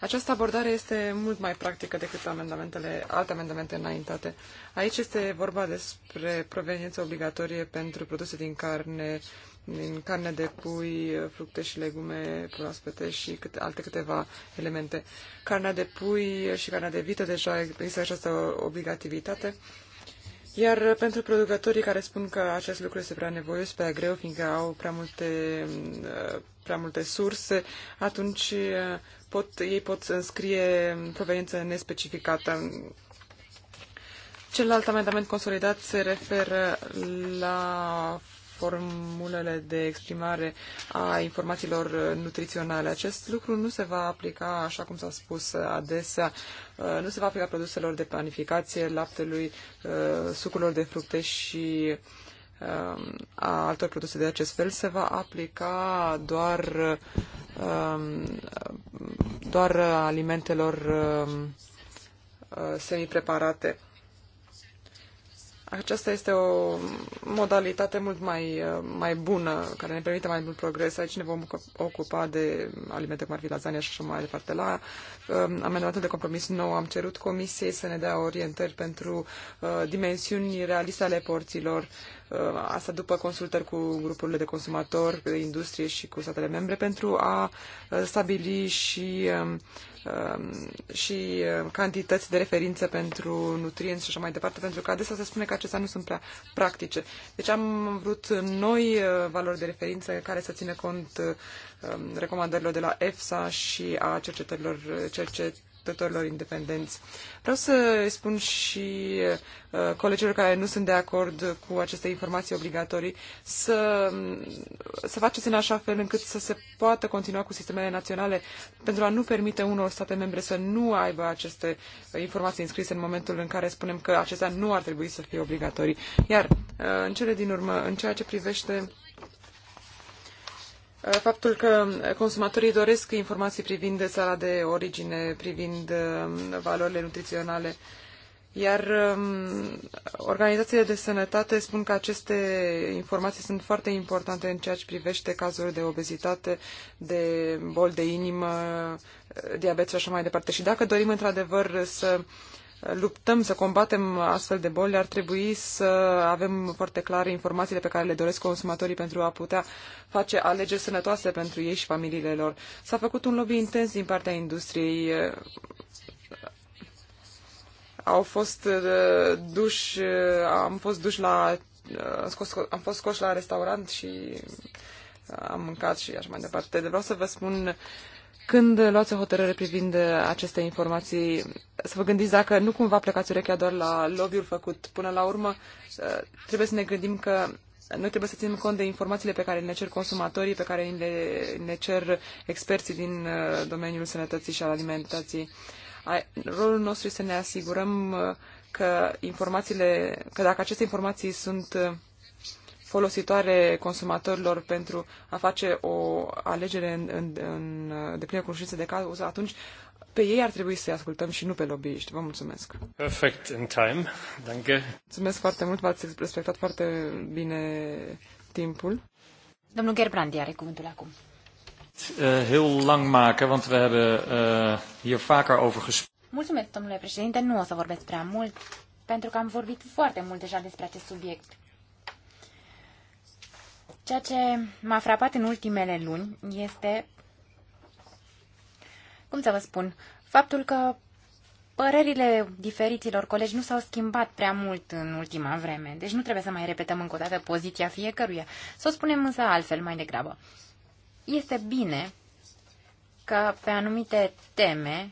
Această abordare este mult mai practică decât amendamentele, alte amendamente înaintate. Aici este vorba despre proveniență obligatorie pentru produse din carne, din carne de pui, fructe și legume proaspete și câte, alte câteva elemente. Carnea de pui și carnea de vită deja există această obligativitate. Iar pentru producătorii care spun că acest lucru este prea nevoios, prea greu, fiindcă au prea multe prea multe surse, atunci eh, pot, ei pot să înscrie proveniență nespecificată. Celălalt amendament consolidat se referă la formulele de exprimare a informațiilor nutriționale. Acest lucru nu se va aplica, așa cum s-a spus adesea, eh, nu se va aplica produselor de planificație, laptelui, eh, sucurilor de fructe și Um, a altor produse de acest fel se va aplica doar, um, doar alimentelor um, uh, semipreparate. Aceasta este o modalitate mult mai, uh, mai bună, care ne permite mai mult progres. Aici ne vom ocupa de alimente cum ar fi lasagne și așa mai departe. La amendamentul de compromis nou am cerut comisiei să ne dea orientări pentru uh, dimensiuni realiste ale porților, Uh, asta după consultări cu grupurile de consumatori, de industrie și cu statele membre, pentru a uh, stabili și, um, um, și um, cantități de referință pentru nutrienți și așa mai departe, pentru că adesea se spune că acestea nu sunt prea practice. Deci am vrut noi uh, valori de referință care să țină cont recomandărilor de la EFSA și a cercetărilor cercet judecătorilor independenți. Vreau să spun și uh, colegilor care nu sunt de acord cu aceste informații obligatorii să, mm, să faceți în așa fel încât să se poată continua cu sistemele naționale pentru a nu permite unor state membre să nu aibă aceste informații înscrise în momentul în care spunem că acestea nu ar trebui să fie obligatorii. Iar uh, în cele din urmă, în ceea ce privește Eh, faptul că consumatorii doresc informații privind de țara de origine, privind eh, valorile nutriționale, iar eh, organizațiile de sănătate spun că aceste informații sunt foarte importante în ceea ce privește cazuri de obezitate, de boli de inimă, diabet și așa mai departe. Și dacă dorim într-adevăr să luptăm, să combatem astfel de boli, ar trebui să avem foarte clare informațiile pe care le doresc consumatorii pentru a putea face alegeri sănătoase pentru ei și familiile lor. S-a făcut un lobby intens din partea industriei au fost uh, duși, uh, am fost duși la, uh, am fost scoși la restaurant și am mâncat și așa mai departe. De vreau să vă spun când luați o hotărâre privind uh, aceste informații, să vă gândiți dacă nu cumva plecați urechea doar la lobby-ul făcut. Până la urmă, uh, trebuie să ne gândim că noi trebuie să ținem cont de informațiile pe care ne cer consumatorii, pe care le, ne cer experții din uh, domeniul sănătății și al alimentației. Rolul nostru este să ne asigurăm că informațiile, că dacă aceste informații sunt folositoare consumatorilor pentru a face o alegere în, în, în deplină cunoștință de cauză, atunci pe ei ar trebui să-i ascultăm și nu pe lobbyiști. Vă mulțumesc. Perfect in time. Danke. Mulțumesc foarte mult, v-ați respectat foarte bine timpul. Domnul Gerbrandi are cuvântul acum. Eh, heel lang maken, want we hebben uh, hier vaker over gesproken. Mulțumesc, domnule președinte. Nu o să vorbesc prea mult, pentru că am vorbit foarte mult deja despre acest subiect. Ceea ce m-a frapat în ultimele luni este, cum să vă spun, faptul că părerile diferiților colegi nu s-au schimbat prea mult în ultima vreme, deci nu trebuie să mai repetăm încă o dată poziția fiecăruia. Să o spunem însă altfel mai degrabă. Este bine că pe anumite teme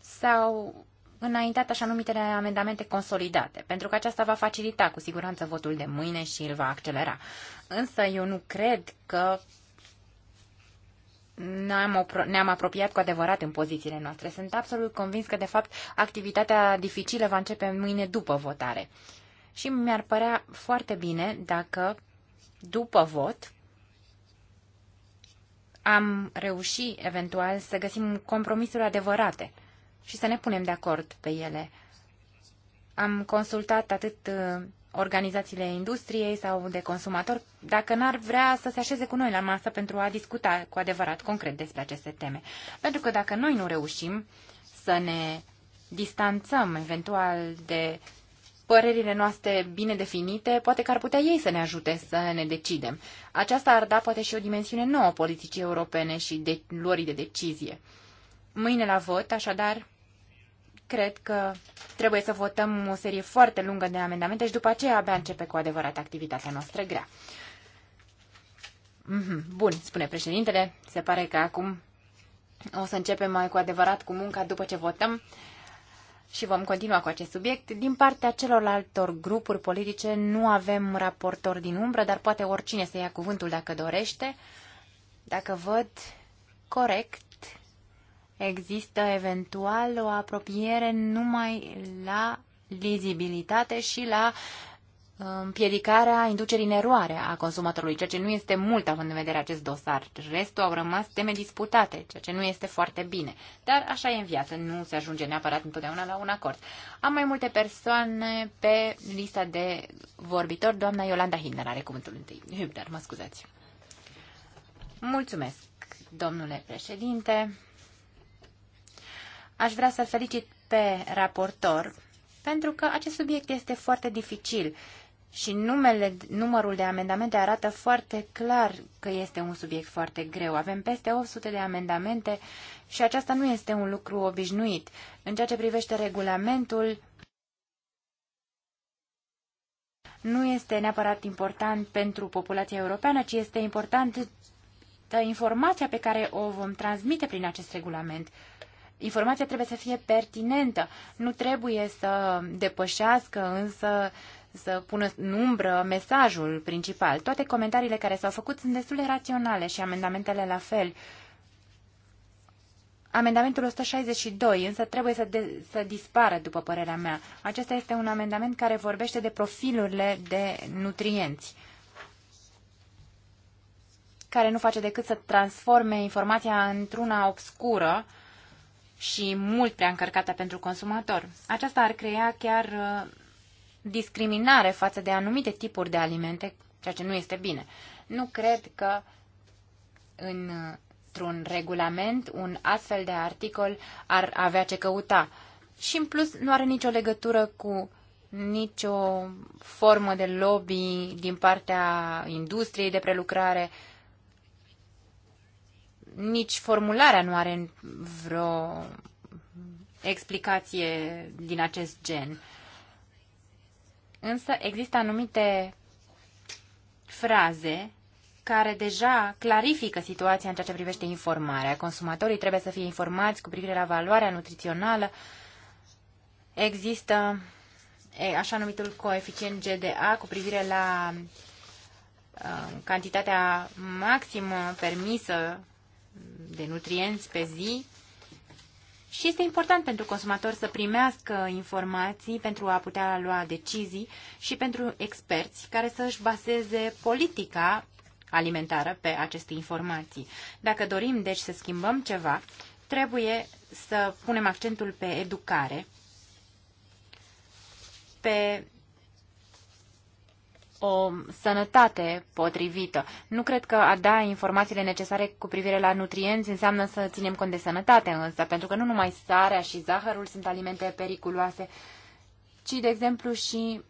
s-au înaintat așa numitele amendamente consolidate, pentru că aceasta va facilita cu siguranță votul de mâine și îl va accelera. Însă eu nu cred că ne-am apropiat cu adevărat în pozițiile noastre. Sunt absolut convins că, de fapt, activitatea dificilă va începe mâine după votare. Și mi-ar părea foarte bine dacă, după vot, am reușit eventual să găsim compromisuri adevărate – și să ne punem de acord pe ele. Am consultat atât uh, organizațiile industriei sau de consumatori, dacă n-ar vrea să se așeze cu noi la masă pentru a discuta cu adevărat concret despre aceste teme. Pentru că dacă noi nu reușim să ne distanțăm eventual de părerile noastre bine definite, poate că ar putea ei să ne ajute să ne decidem. Aceasta ar da poate și o dimensiune nouă politicii europene și de, luării de decizie. Mâine la vot, așadar, Cred că trebuie să votăm o serie foarte lungă de amendamente și după aceea abia începe cu adevărat activitatea noastră grea. Mhm, bun, spune președintele, se pare că acum o să începem mai cu adevărat cu munca după ce votăm și vom continua cu acest subiect. Din partea celorlaltor grupuri politice nu avem raportor din umbră, dar poate oricine să ia cuvântul dacă dorește. Dacă văd corect, există eventual o apropiere numai la lizibilitate și la uh, împiedicarea inducerii în eroare a consumatorului, ceea ce nu este mult având în vedere acest dosar. Restul au rămas teme disputate, ceea ce nu este foarte bine. Dar așa e în viață, nu se ajunge neapărat întotdeauna la un acord. Am mai multe persoane pe lista de vorbitori. Doamna Iolanda Himner are cuvântul întâi. Hübner, mă scuzați. Mulțumesc, domnule președinte. Aș vrea să-l felicit pe raportor, pentru că acest subiect este foarte dificil și numele, numărul de amendamente arată foarte clar că este un subiect foarte greu. Avem peste 800 de amendamente și aceasta nu este un lucru obișnuit. În ceea ce privește regulamentul, nu este neapărat important pentru populația europeană, ci este important informația pe care o vom transmite prin acest regulament informația trebuie să fie pertinentă. Nu trebuie să depășească însă să pună în umbră mesajul principal. Toate comentariile care s-au făcut sunt destul de raționale și amendamentele la fel. Amendamentul 162 însă trebuie să, de, să dispară, după părerea mea. Acesta este un amendament care vorbește de profilurile de nutrienți, care nu face decât să transforme informația într-una obscură și mult prea încărcată pentru consumator. Aceasta ar crea chiar uh, discriminare față de anumite tipuri de alimente, ceea ce nu este bine. Nu cred că într-un regulament un astfel de articol ar avea ce căuta. Și în plus nu are nicio legătură cu nicio formă de lobby din partea industriei de prelucrare nici formularea nu are vreo explicație din acest gen. Însă există anumite fraze care deja clarifică situația în ceea ce privește informarea. Consumatorii trebuie să fie informați cu privire la valoarea nutrițională. Există așa numitul coeficient GDA cu privire la uh, cantitatea maximă permisă de nutrienți pe zi. Și este important pentru consumator să primească informații pentru a putea lua decizii și pentru experți care să își baseze politica alimentară pe aceste informații. Dacă dorim, deci, să schimbăm ceva, trebuie să punem accentul pe educare, pe o sănătate potrivită. Nu cred că a da informațiile necesare cu privire la nutrienți înseamnă să ținem cont de sănătate însă, pentru că nu numai sarea și zahărul sunt alimente periculoase, ci, de exemplu, și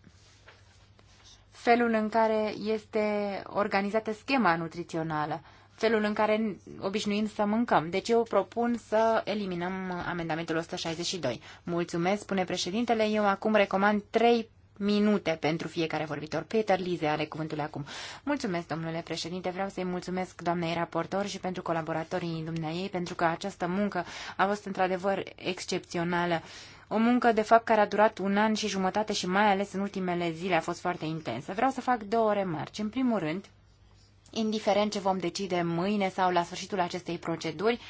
felul în care este organizată schema nutrițională, felul în care obișnuim să mâncăm. Deci eu propun să eliminăm amendamentul 162. Mulțumesc, spune președintele. Eu acum recomand trei minute pentru fiecare vorbitor. Peter Lize are cuvântul acum. Mulțumesc, domnule președinte. Vreau să-i mulțumesc doamnei raportor și pentru colaboratorii dumneai, pentru că această muncă a fost într-adevăr excepțională. O muncă, de fapt, care a durat un an și jumătate și mai ales în ultimele zile a fost foarte intensă. Vreau să fac două remarci. În primul rând, indiferent ce vom decide mâine sau la sfârșitul acestei proceduri, uh,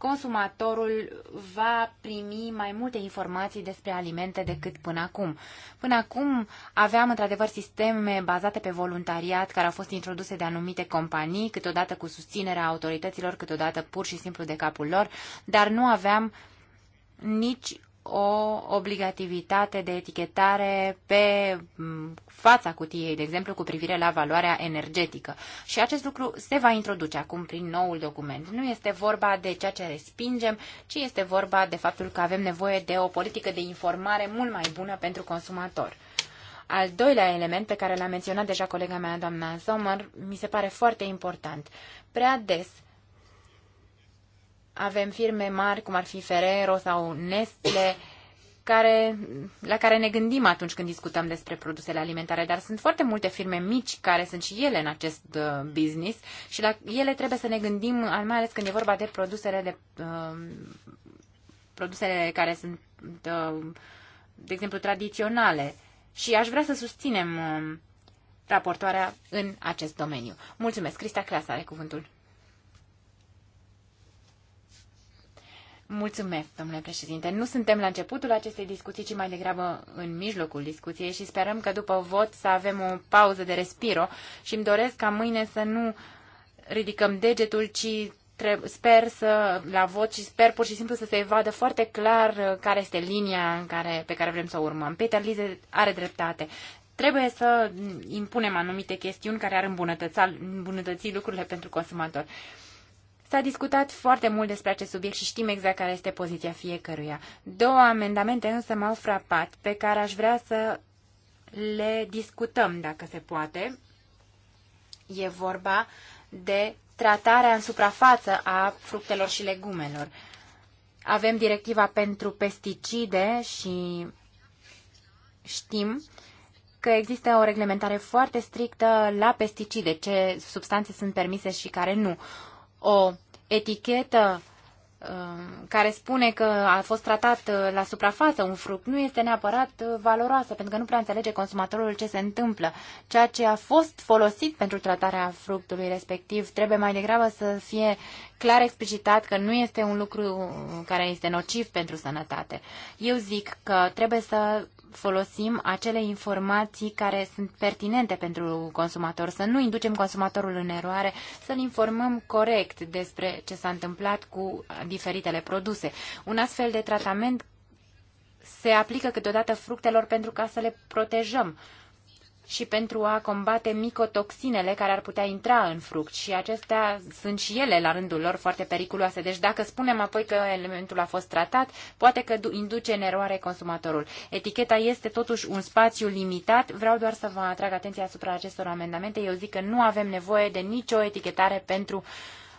consumatorul va primi mai multe informații despre alimente decât până acum. Până acum aveam într-adevăr sisteme bazate pe voluntariat care au fost introduse de anumite companii, câteodată cu susținerea autorităților, câteodată pur și simplu de capul lor, dar nu aveam nici o obligativitate de etichetare pe fața cutiei, de exemplu, cu privire la valoarea energetică. Și acest lucru se va introduce acum prin noul document. Nu este vorba de ceea ce respingem, ci este vorba de faptul că avem nevoie de o politică de informare mult mai bună pentru consumator. Al doilea element pe care l-a menționat deja colega mea, doamna Sommer, mi se pare foarte important. Prea des avem firme mari, cum ar fi Ferrero sau Nestle, care, la care ne gândim atunci când discutăm despre produsele alimentare, dar sunt foarte multe firme mici care sunt și ele în acest uh, business și la ele trebuie să ne gândim, mai ales când e vorba de produsele, de, uh, produsele care sunt, uh, de exemplu, tradiționale. Și aș vrea să susținem uh, raportoarea în acest domeniu. Mulțumesc. Crista Clasa, are cuvântul. Mulțumesc, domnule președinte. Nu suntem la începutul acestei discuții, ci mai degrabă în mijlocul discuției și sperăm că după vot să avem o pauză de respiro și îmi doresc ca mâine să nu ridicăm degetul, ci sper să la vot și sper pur și simplu să se vadă foarte clar uh, care este linia în care, pe care vrem să o urmăm. Peter Lize are dreptate. Trebuie să impunem anumite chestiuni care ar îmbunătăți, îmbunătăți lucrurile pentru consumatori. S-a discutat foarte mult despre acest subiect și știm exact care este poziția fiecăruia. Două amendamente însă m-au frapat, pe care aș vrea să le discutăm, dacă se poate. E vorba de tratarea în suprafață a fructelor și legumelor. Avem directiva pentru pesticide și știm că există o reglementare foarte strictă la pesticide, ce substanțe sunt permise și care nu o etichetă um, care spune că a fost tratat uh, la suprafață un fruct nu este neapărat uh, valoroasă, pentru că nu prea înțelege consumatorul ce se întâmplă. Ceea ce a fost folosit pentru tratarea fructului respectiv trebuie mai degrabă să fie clar explicitat că nu este un lucru care este nociv pentru sănătate. Eu zic că trebuie să folosim acele informații care sunt pertinente pentru consumator, să nu inducem consumatorul în eroare, să-l informăm corect despre ce s-a întâmplat cu diferitele produse. Un astfel de tratament se aplică câteodată fructelor pentru ca să le protejăm și pentru a combate micotoxinele care ar putea intra în fruct și acestea sunt și ele la rândul lor foarte periculoase. Deci dacă spunem apoi că elementul a fost tratat, poate că induce în eroare consumatorul. Eticheta este totuși un spațiu limitat. Vreau doar să vă atrag atenția asupra acestor amendamente. Eu zic că nu avem nevoie de nicio etichetare pentru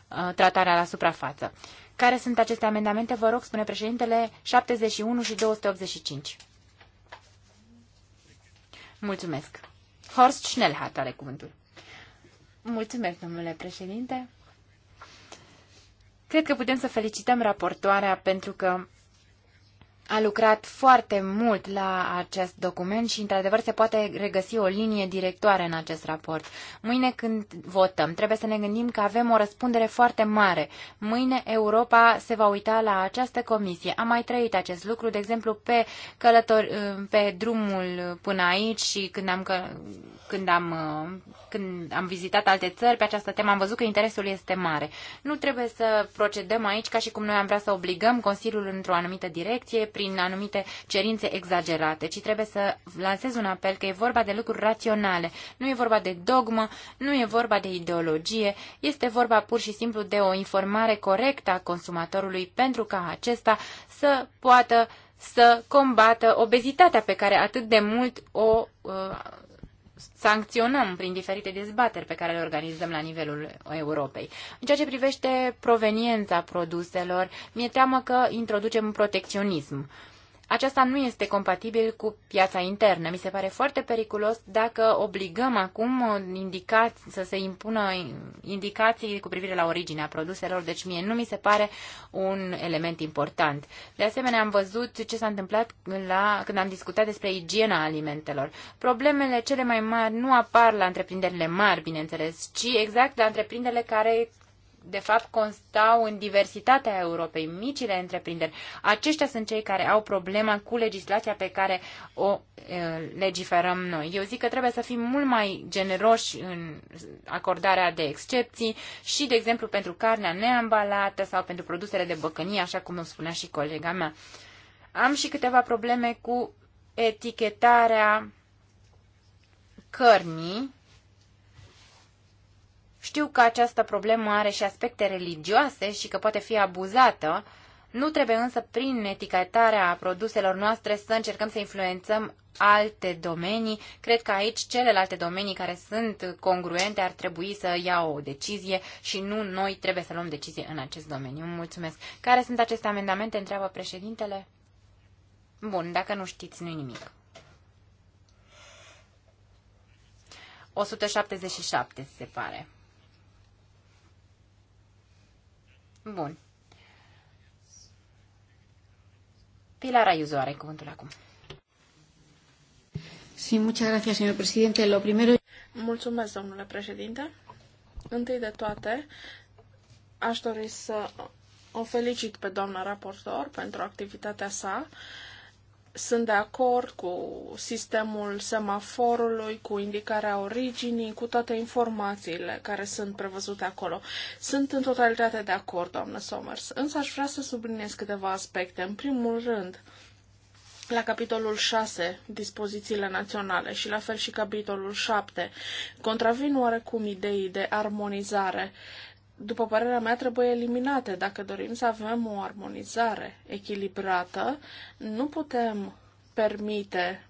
uh, tratarea la suprafață. Care sunt aceste amendamente? Vă rog, spune președintele, 71 și 285. Mulțumesc. Horst Schnellhardt are cuvântul. Mulțumesc, domnule președinte. Cred că putem să felicităm raportoarea pentru că a lucrat foarte mult la acest document și, într-adevăr, se poate regăsi o linie directoare în acest raport. Mâine, când votăm, trebuie să ne gândim că avem o răspundere foarte mare. Mâine, Europa se va uita la această comisie. Am mai trăit acest lucru, de exemplu, pe, călător, pe drumul până aici și când am, când, am, când am vizitat alte țări pe această temă, am văzut că interesul este mare. Nu trebuie să procedăm aici ca și cum noi am vrea să obligăm Consiliul într-o anumită direcție, prin anumite cerințe exagerate, ci trebuie să lansez un apel că e vorba de lucruri raționale, nu e vorba de dogmă, nu e vorba de ideologie, este vorba pur și simplu de o informare corectă a consumatorului pentru ca acesta să poată să combată obezitatea pe care atât de mult o uh, sancționăm prin diferite dezbateri pe care le organizăm la nivelul Europei. În ceea ce privește proveniența produselor, mi-e teamă că introducem un protecționism aceasta nu este compatibil cu piața internă. Mi se pare foarte periculos dacă obligăm acum indicați, să se impună indicații cu privire la originea produselor, deci mie nu mi se pare un element important. De asemenea, am văzut ce s-a întâmplat la, când am discutat despre igiena alimentelor. Problemele cele mai mari nu apar la întreprinderile mari, bineînțeles, ci exact la întreprinderile care de fapt, constau în diversitatea Europei, micile întreprinderi. Aceștia sunt cei care au problema cu legislația pe care o e, legiferăm noi. Eu zic că trebuie să fim mult mai generoși în acordarea de excepții și, de exemplu, pentru carnea neambalată sau pentru produsele de băcănie, așa cum îmi spunea și colega mea. Am și câteva probleme cu etichetarea cărnii știu că această problemă are și aspecte religioase și că poate fi abuzată, nu trebuie însă prin etichetarea produselor noastre să încercăm să influențăm alte domenii. Cred că aici celelalte domenii care sunt congruente ar trebui să ia o decizie și nu noi trebuie să luăm decizie în acest domeniu. Mulțumesc. Care sunt aceste amendamente? Întreabă președintele. Bun, dacă nu știți, nu-i nimic. 177 se pare. Bun. Pilar Ayuso are cuvântul acum. Sí, muchas gracias, señor presidente. Lo primero... Mulțumesc, domnule președinte. Întâi de toate, aș dori să o felicit pe doamna raportor pentru activitatea sa. Uh, sunt de acord cu sistemul semaforului, cu indicarea originii, cu toate informațiile care sunt prevăzute acolo. Sunt în totalitate de acord, doamnă Somers, însă aș vrea să subliniez câteva aspecte. În primul rând, la capitolul 6, dispozițiile naționale, și la fel și capitolul 7, contravin oarecum ideii de armonizare. Uh, după părerea mea, trebuie eliminate. Dacă dorim să avem o armonizare echilibrată, nu putem permite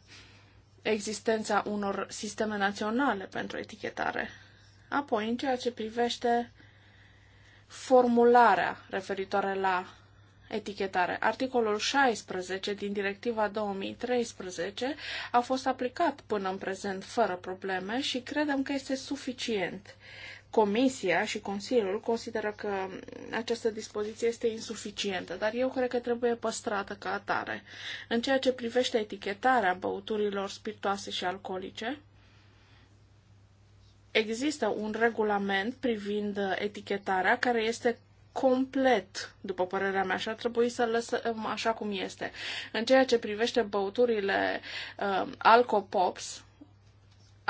existența unor sisteme naționale pentru etichetare. Apoi, în ceea ce privește formularea referitoare la etichetare. Articolul 16 din Directiva 2013 a fost aplicat până în prezent fără probleme și credem că este suficient. Comisia și Consiliul consideră că această dispoziție este insuficientă, dar eu cred că trebuie păstrată ca atare. În ceea ce privește etichetarea băuturilor spiritoase și alcoolice, există un regulament privind etichetarea care este complet, după părerea mea, și ar trebui să lăsăm așa cum este. În ceea ce privește băuturile uh, alcopops,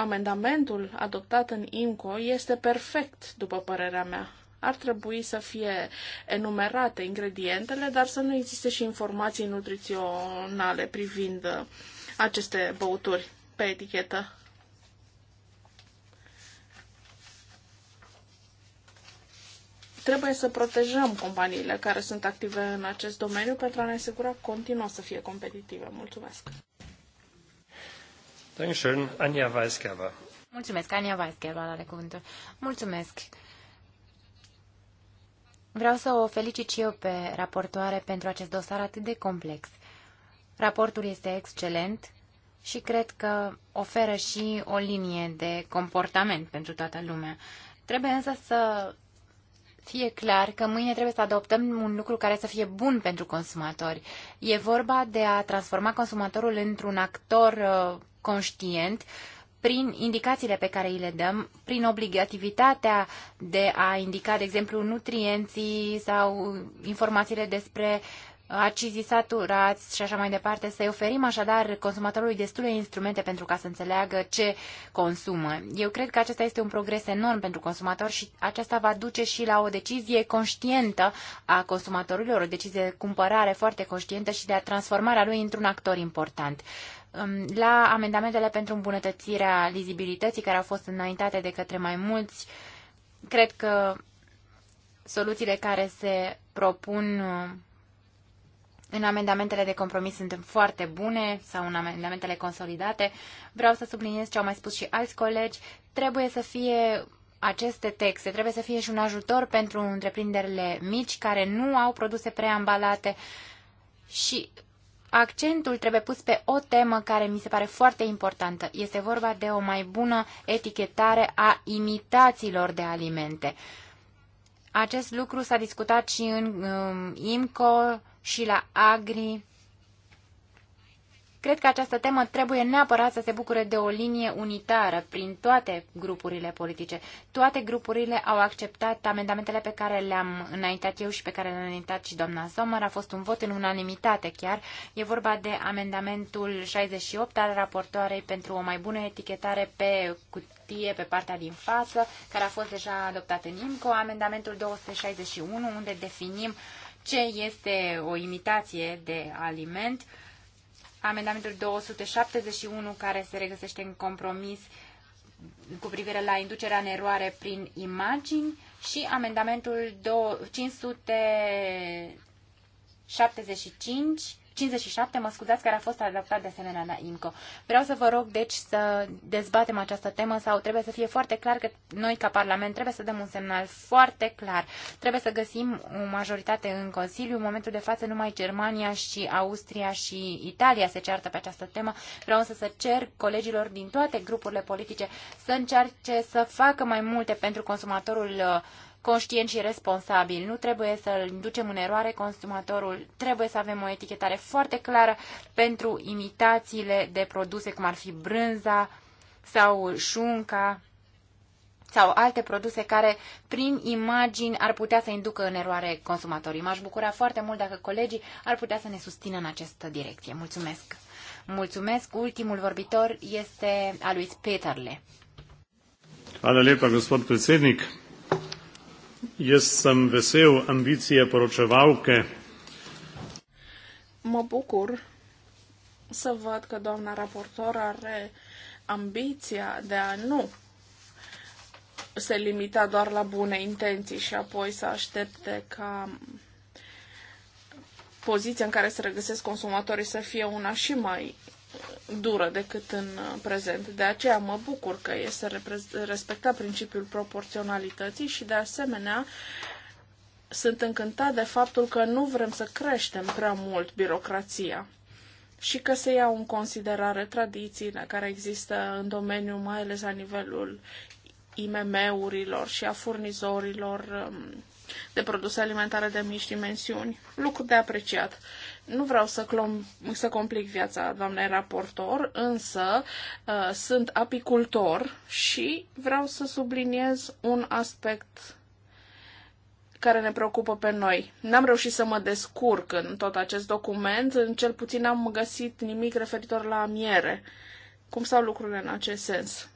amendamentul adoptat în IMCO este perfect, după părerea mea. Ar trebui să fie enumerate ingredientele, dar să nu existe și informații nutriționale privind uh, aceste băuturi pe etichetă. Trebuie să protejăm companiile care sunt active în acest domeniu pentru a ne asigura continuă să fie competitive. Mulțumesc! Mulțumesc, Ania Weisgerber, are cuvântul. Mulțumesc. Vreau să o felicit și eu pe raportoare pentru acest dosar atât de complex. Raportul este excelent și cred că oferă și o linie de comportament pentru toată lumea. Trebuie însă să fie clar că mâine trebuie să adoptăm un lucru care să fie bun pentru consumatori. E vorba de a transforma consumatorul într-un actor uh, conștient prin indicațiile pe care îi le dăm, prin obligativitatea de a indica, de exemplu, nutrienții sau informațiile despre acizii saturați și așa mai departe, să-i oferim așadar consumatorului destule instrumente pentru ca să înțeleagă ce consumă. Eu cred că acesta este un progres enorm pentru consumator și aceasta va duce și la o decizie conștientă a consumatorilor, o decizie de cumpărare foarte conștientă și de a transformarea lui într-un actor important. Um, la amendamentele pentru îmbunătățirea lizibilității care au fost înaintate de către mai mulți. Cred că soluțiile care se propun uh, în amendamentele de compromis sunt foarte bune sau în amendamentele consolidate. Vreau să subliniez ce au mai spus și alți colegi. Trebuie să fie aceste texte, trebuie să fie și un ajutor pentru întreprinderile mici care nu au produse preambalate și Accentul trebuie pus pe o temă care mi se pare foarte importantă. Este vorba de o mai bună etichetare a imitațiilor de alimente. Acest lucru s-a discutat și în um, IMCO și la AGRI Cred că această temă trebuie neapărat să se bucure de o linie unitară prin toate grupurile politice. Toate grupurile au acceptat amendamentele pe care le-am înaintat eu și pe care le-a înaintat și doamna Sommer. A fost un vot în unanimitate chiar. E vorba de amendamentul 68 al raportoarei pentru o mai bună etichetare pe cutie pe partea din față, care a fost deja adoptat în IMCO, amendamentul 261, unde definim ce este o imitație de aliment amendamentul 271 care se regăsește în compromis cu privire la inducerea în eroare prin imagini și amendamentul 575 57, mă scuzați, care a fost adaptat de asemenea la IMCO. Vreau să vă rog, deci, să dezbatem această temă sau trebuie să fie foarte clar că noi, ca Parlament, trebuie să dăm un semnal foarte clar. Trebuie să găsim o majoritate în Consiliu. În momentul de față, numai Germania și Austria și Italia se ceartă pe această temă. Vreau să să cer colegilor din toate grupurile politice să încerce să facă mai multe pentru consumatorul uh, conștient și responsabil. Nu trebuie să inducem în eroare consumatorul. Trebuie să avem o etichetare foarte clară pentru imitațiile de produse, cum ar fi brânza sau șunca sau alte produse care, prin imagini, ar putea să inducă în eroare consumatorii. M-aș bucura foarte mult dacă colegii ar putea să ne susțină în această direcție. Mulțumesc! Mulțumesc! Ultimul vorbitor este a lui Peterle. Hvala lepa, gospod predsednik. Jaz sem vesel ambicije poročevalke. Mă bucur să văd că doamna raportor are ambiția de a nu se limita doar la bune intenții și apoi să aștepte ca poziția în care se regăsesc consumatorii să fie una și mai dură decât în uh, prezent. De aceea mă bucur că este respectat principiul proporționalității și, de asemenea, sunt încântat de faptul că nu vrem să creștem prea mult birocrația și că se iau în considerare tradițiile care există în domeniu, mai ales la nivelul IMM-urilor și a furnizorilor um, de produse alimentare de mici dimensiuni. Lucru de apreciat. Nu vreau să, clom- să complic viața doamnei raportor, însă uh, sunt apicultor și vreau să subliniez un aspect care ne preocupă pe noi. N-am reușit să mă descurc în tot acest document, în cel puțin am găsit nimic referitor la miere. Cum stau lucrurile în acest sens?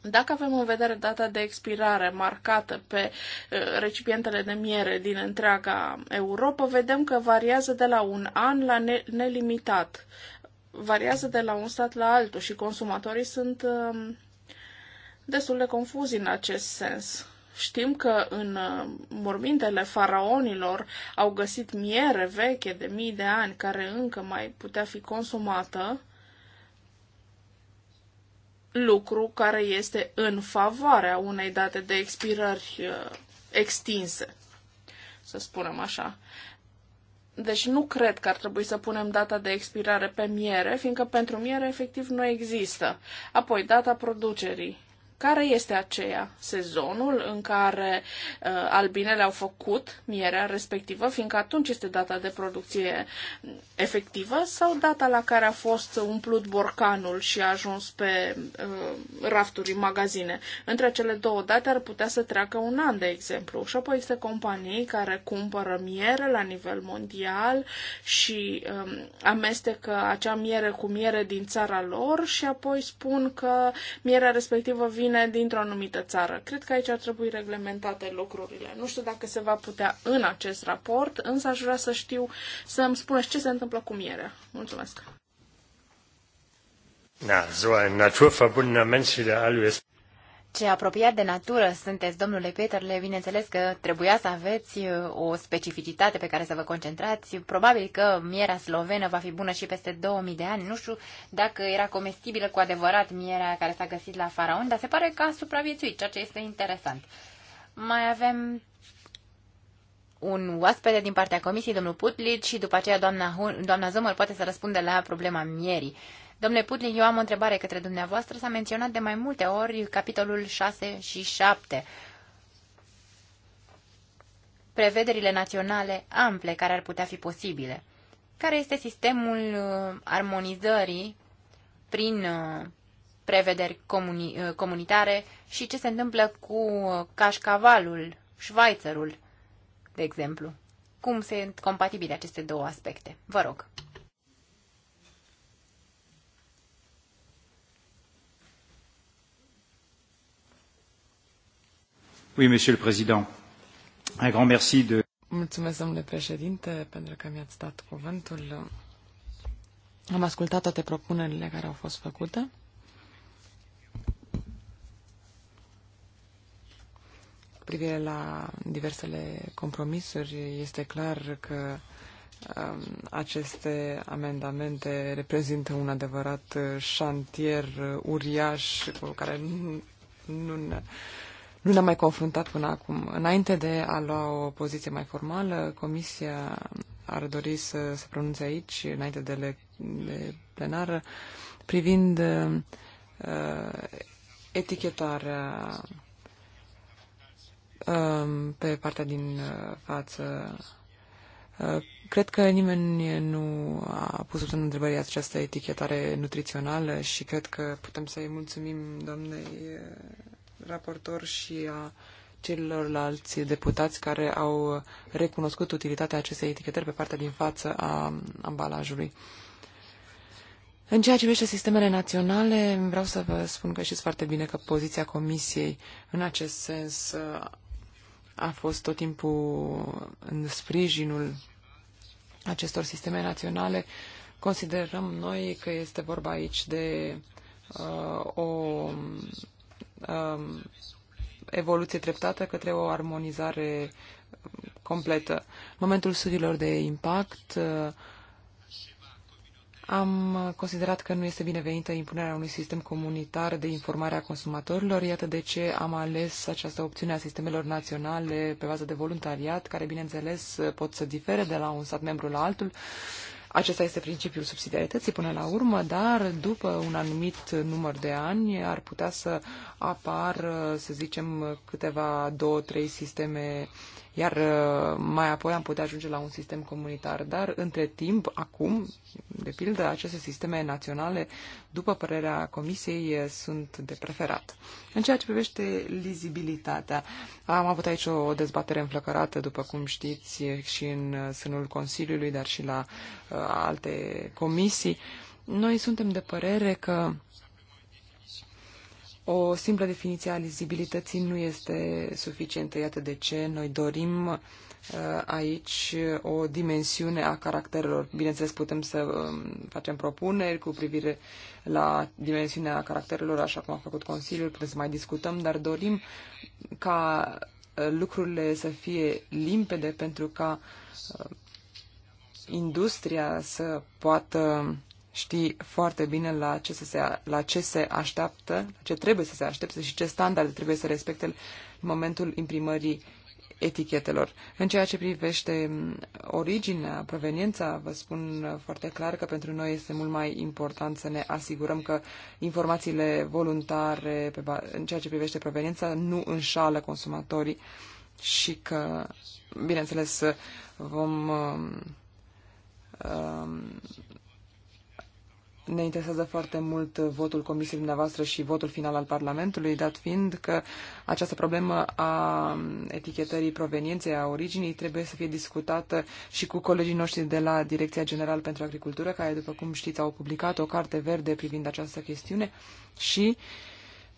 Dacă avem în vedere data de expirare marcată pe uh, recipientele de miere din întreaga Europa, vedem că variază de la un an la nelimitat. Variază de la un stat la altul și consumatorii sunt um, destul de confuzi în acest sens. Știm că în uh, mormintele faraonilor au găsit miere veche de mii de ani care încă mai putea fi consumată lucru care este în favoarea unei date de expirări uh, extinse, să spunem așa. Deci nu cred că ar trebui să punem data de expirare pe miere, fiindcă pentru miere efectiv nu există. Apoi, data producerii care este aceea, sezonul în care uh, albinele au făcut mierea respectivă, fiindcă atunci este data de producție efectivă, sau data la care a fost umplut borcanul și a ajuns pe uh, rafturi în magazine. Între cele două date ar putea să treacă un an, de exemplu. Și apoi există companii care cumpără miere la nivel mondial și um, uh, amestecă acea miere cu miere din țara lor și apoi spun că mierea respectivă vine vine dintr-o anumită țară. Cred că aici ar trebui reglementate lucrurile. Nu știu dacă se va putea în acest raport, însă aș vrea să știu, să-mi spuneți ce se întâmplă cu mierea. Mulțumesc! Na, so ein naturverbundener Mensch wie der Alu ist ce apropiat de natură sunteți, domnule Peterle, bineînțeles că trebuia să aveți uh, o specificitate pe care să vă concentrați. Probabil că mierea slovenă va fi bună și peste 2000 de ani. Nu știu dacă era comestibilă cu adevărat mierea care s-a găsit la faraon, dar se pare că a supraviețuit, ceea ce este interesant. Mai avem un oaspete din partea comisiei, domnul Putlid, și după aceea doamna, doamna Zomăr poate să răspundă la problema mierii. Domnule Putin, eu am o întrebare către dumneavoastră. S-a menționat de mai multe ori capitolul 6 și 7 prevederile naționale ample care ar putea fi posibile. Care este sistemul uh, armonizării prin uh, prevederi comuni uh, comunitare și ce se întâmplă cu cașcavalul, șvaițărul, de exemplu? Cum sunt compatibile aceste două aspecte? Vă rog. Oui, Monsieur le Président. Un grand merci de... Mulțumesc, domnule președinte, pentru că mi-ați dat cuvântul. Am ascultat toate propunerile care au fost făcute. Cu privire la diversele compromisuri, este clar că um, aceste amendamente reprezintă un adevărat șantier uriaș cu care nu, nu ne nu ne-am mai confruntat până acum. Înainte de a lua o poziție mai formală, Comisia ar dori să se pronunțe aici, înainte de, le, de plenară, privind uh, etichetarea uh, pe partea din uh, față. Uh, cred că nimeni nu a pus în întrebări această etichetare nutrițională și cred că putem să-i mulțumim doamnei uh, raportor și a celorlalți deputați care au recunoscut utilitatea acestei etichetări pe partea din față a ambalajului. În ceea ce privește sistemele naționale, vreau să vă spun că știți foarte bine că poziția Comisiei în acest sens uh, a fost tot timpul în sprijinul acestor sisteme naționale. Considerăm noi că este vorba aici de uh, o Um, evoluție treptată către o armonizare um, completă. În momentul studiilor de impact uh, am considerat că nu este binevenită impunerea unui sistem comunitar de informare a consumatorilor. Iată de ce am ales această opțiune a sistemelor naționale pe bază de voluntariat, care, bineînțeles, pot să difere de la un stat membru la altul acesta este principiul subsidiarității până la urmă, dar după un anumit număr de ani ar putea să apar, să zicem, câteva, două, trei sisteme uh, iar uh, mai apoi am putea ajunge la un sistem comunitar. Dar, între timp, acum, de pildă, aceste sisteme naționale, după părerea Comisiei, uh, sunt de preferat. În ceea ce privește lizibilitatea, am avut aici o dezbatere înflăcărată, după cum știți, și în uh, sânul Consiliului, dar și la alte comisii. Noi suntem de părere că o simplă definiție a lizibilității nu este suficientă. Iată de ce noi dorim uh, aici o dimensiune a caracterelor. Bineînțeles, putem să um, facem propuneri cu privire la dimensiunea caracterelor, așa cum a făcut Consiliul, putem să mai discutăm, dar dorim ca uh, lucrurile să fie limpede pentru ca uh, industria să poată ști foarte bine la ce, să se, la ce se așteaptă, la ce trebuie să se aștepte și ce standarde trebuie să respecte în momentul imprimării etichetelor. În ceea ce privește originea, proveniența, vă spun uh, foarte clar că pentru noi este mult mai important să ne asigurăm că informațiile voluntare pe, în ceea ce privește proveniența nu înșală consumatorii și că, bineînțeles, vom uh, um, ne interesează foarte mult votul comisiei dumneavoastră și votul final al Parlamentului, dat fiind că această problemă a etichetării provenienței, a originii, trebuie să fie discutată și cu colegii noștri de la Direcția Generală pentru Agricultură, care, după cum știți, au publicat o carte verde privind această chestiune și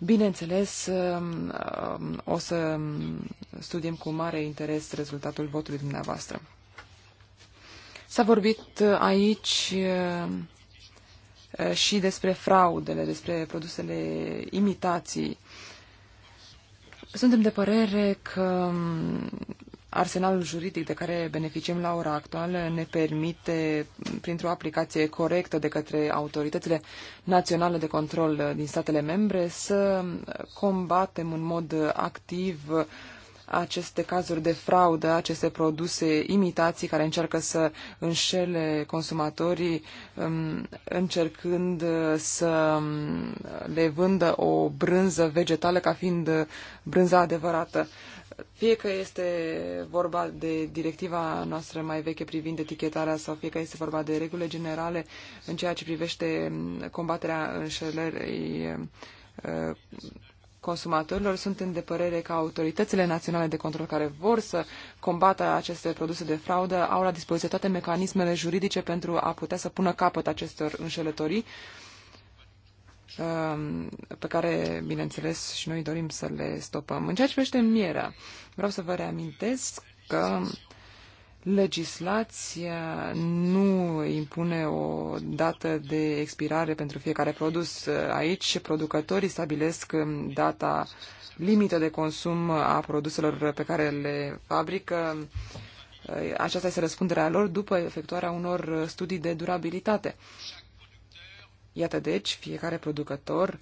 Bineînțeles, um, o să studiem cu mare interes rezultatul votului dumneavoastră. S-a vorbit aici uh, Eh, și despre fraudele, despre produsele imitații. Suntem de părere că mm, arsenalul juridic de care beneficiem la ora actuală ne permite, mm, printr-o aplicație corectă de către autoritățile naționale de control eh, din statele membre, să mm, combatem în mod activ aceste cazuri de fraudă, aceste produse imitații care încearcă să înșele consumatorii um, încercând uh, să um, le vândă o brânză vegetală ca fiind uh, brânza adevărată. Fie că este vorba de directiva noastră mai veche privind etichetarea sau fie că este vorba de regulile generale în ceea ce privește um, combaterea înșelării consumatorilor. sunt în depărere că autoritățile naționale de control care vor să combată aceste produse de fraudă au la dispoziție toate mecanismele juridice pentru a putea să pună capăt acestor înșelătorii um, pe care, bineînțeles, și noi dorim să le stopăm. În ceea ce privește mierea, vreau să vă reamintesc că legislația nu impune o dată de expirare pentru fiecare produs. Aici producătorii stabilesc um, data limită de consum a produselor pe care le fabrică. Uh, aceasta este răspunderea lor după efectuarea unor studii de durabilitate. Iată deci, fiecare producător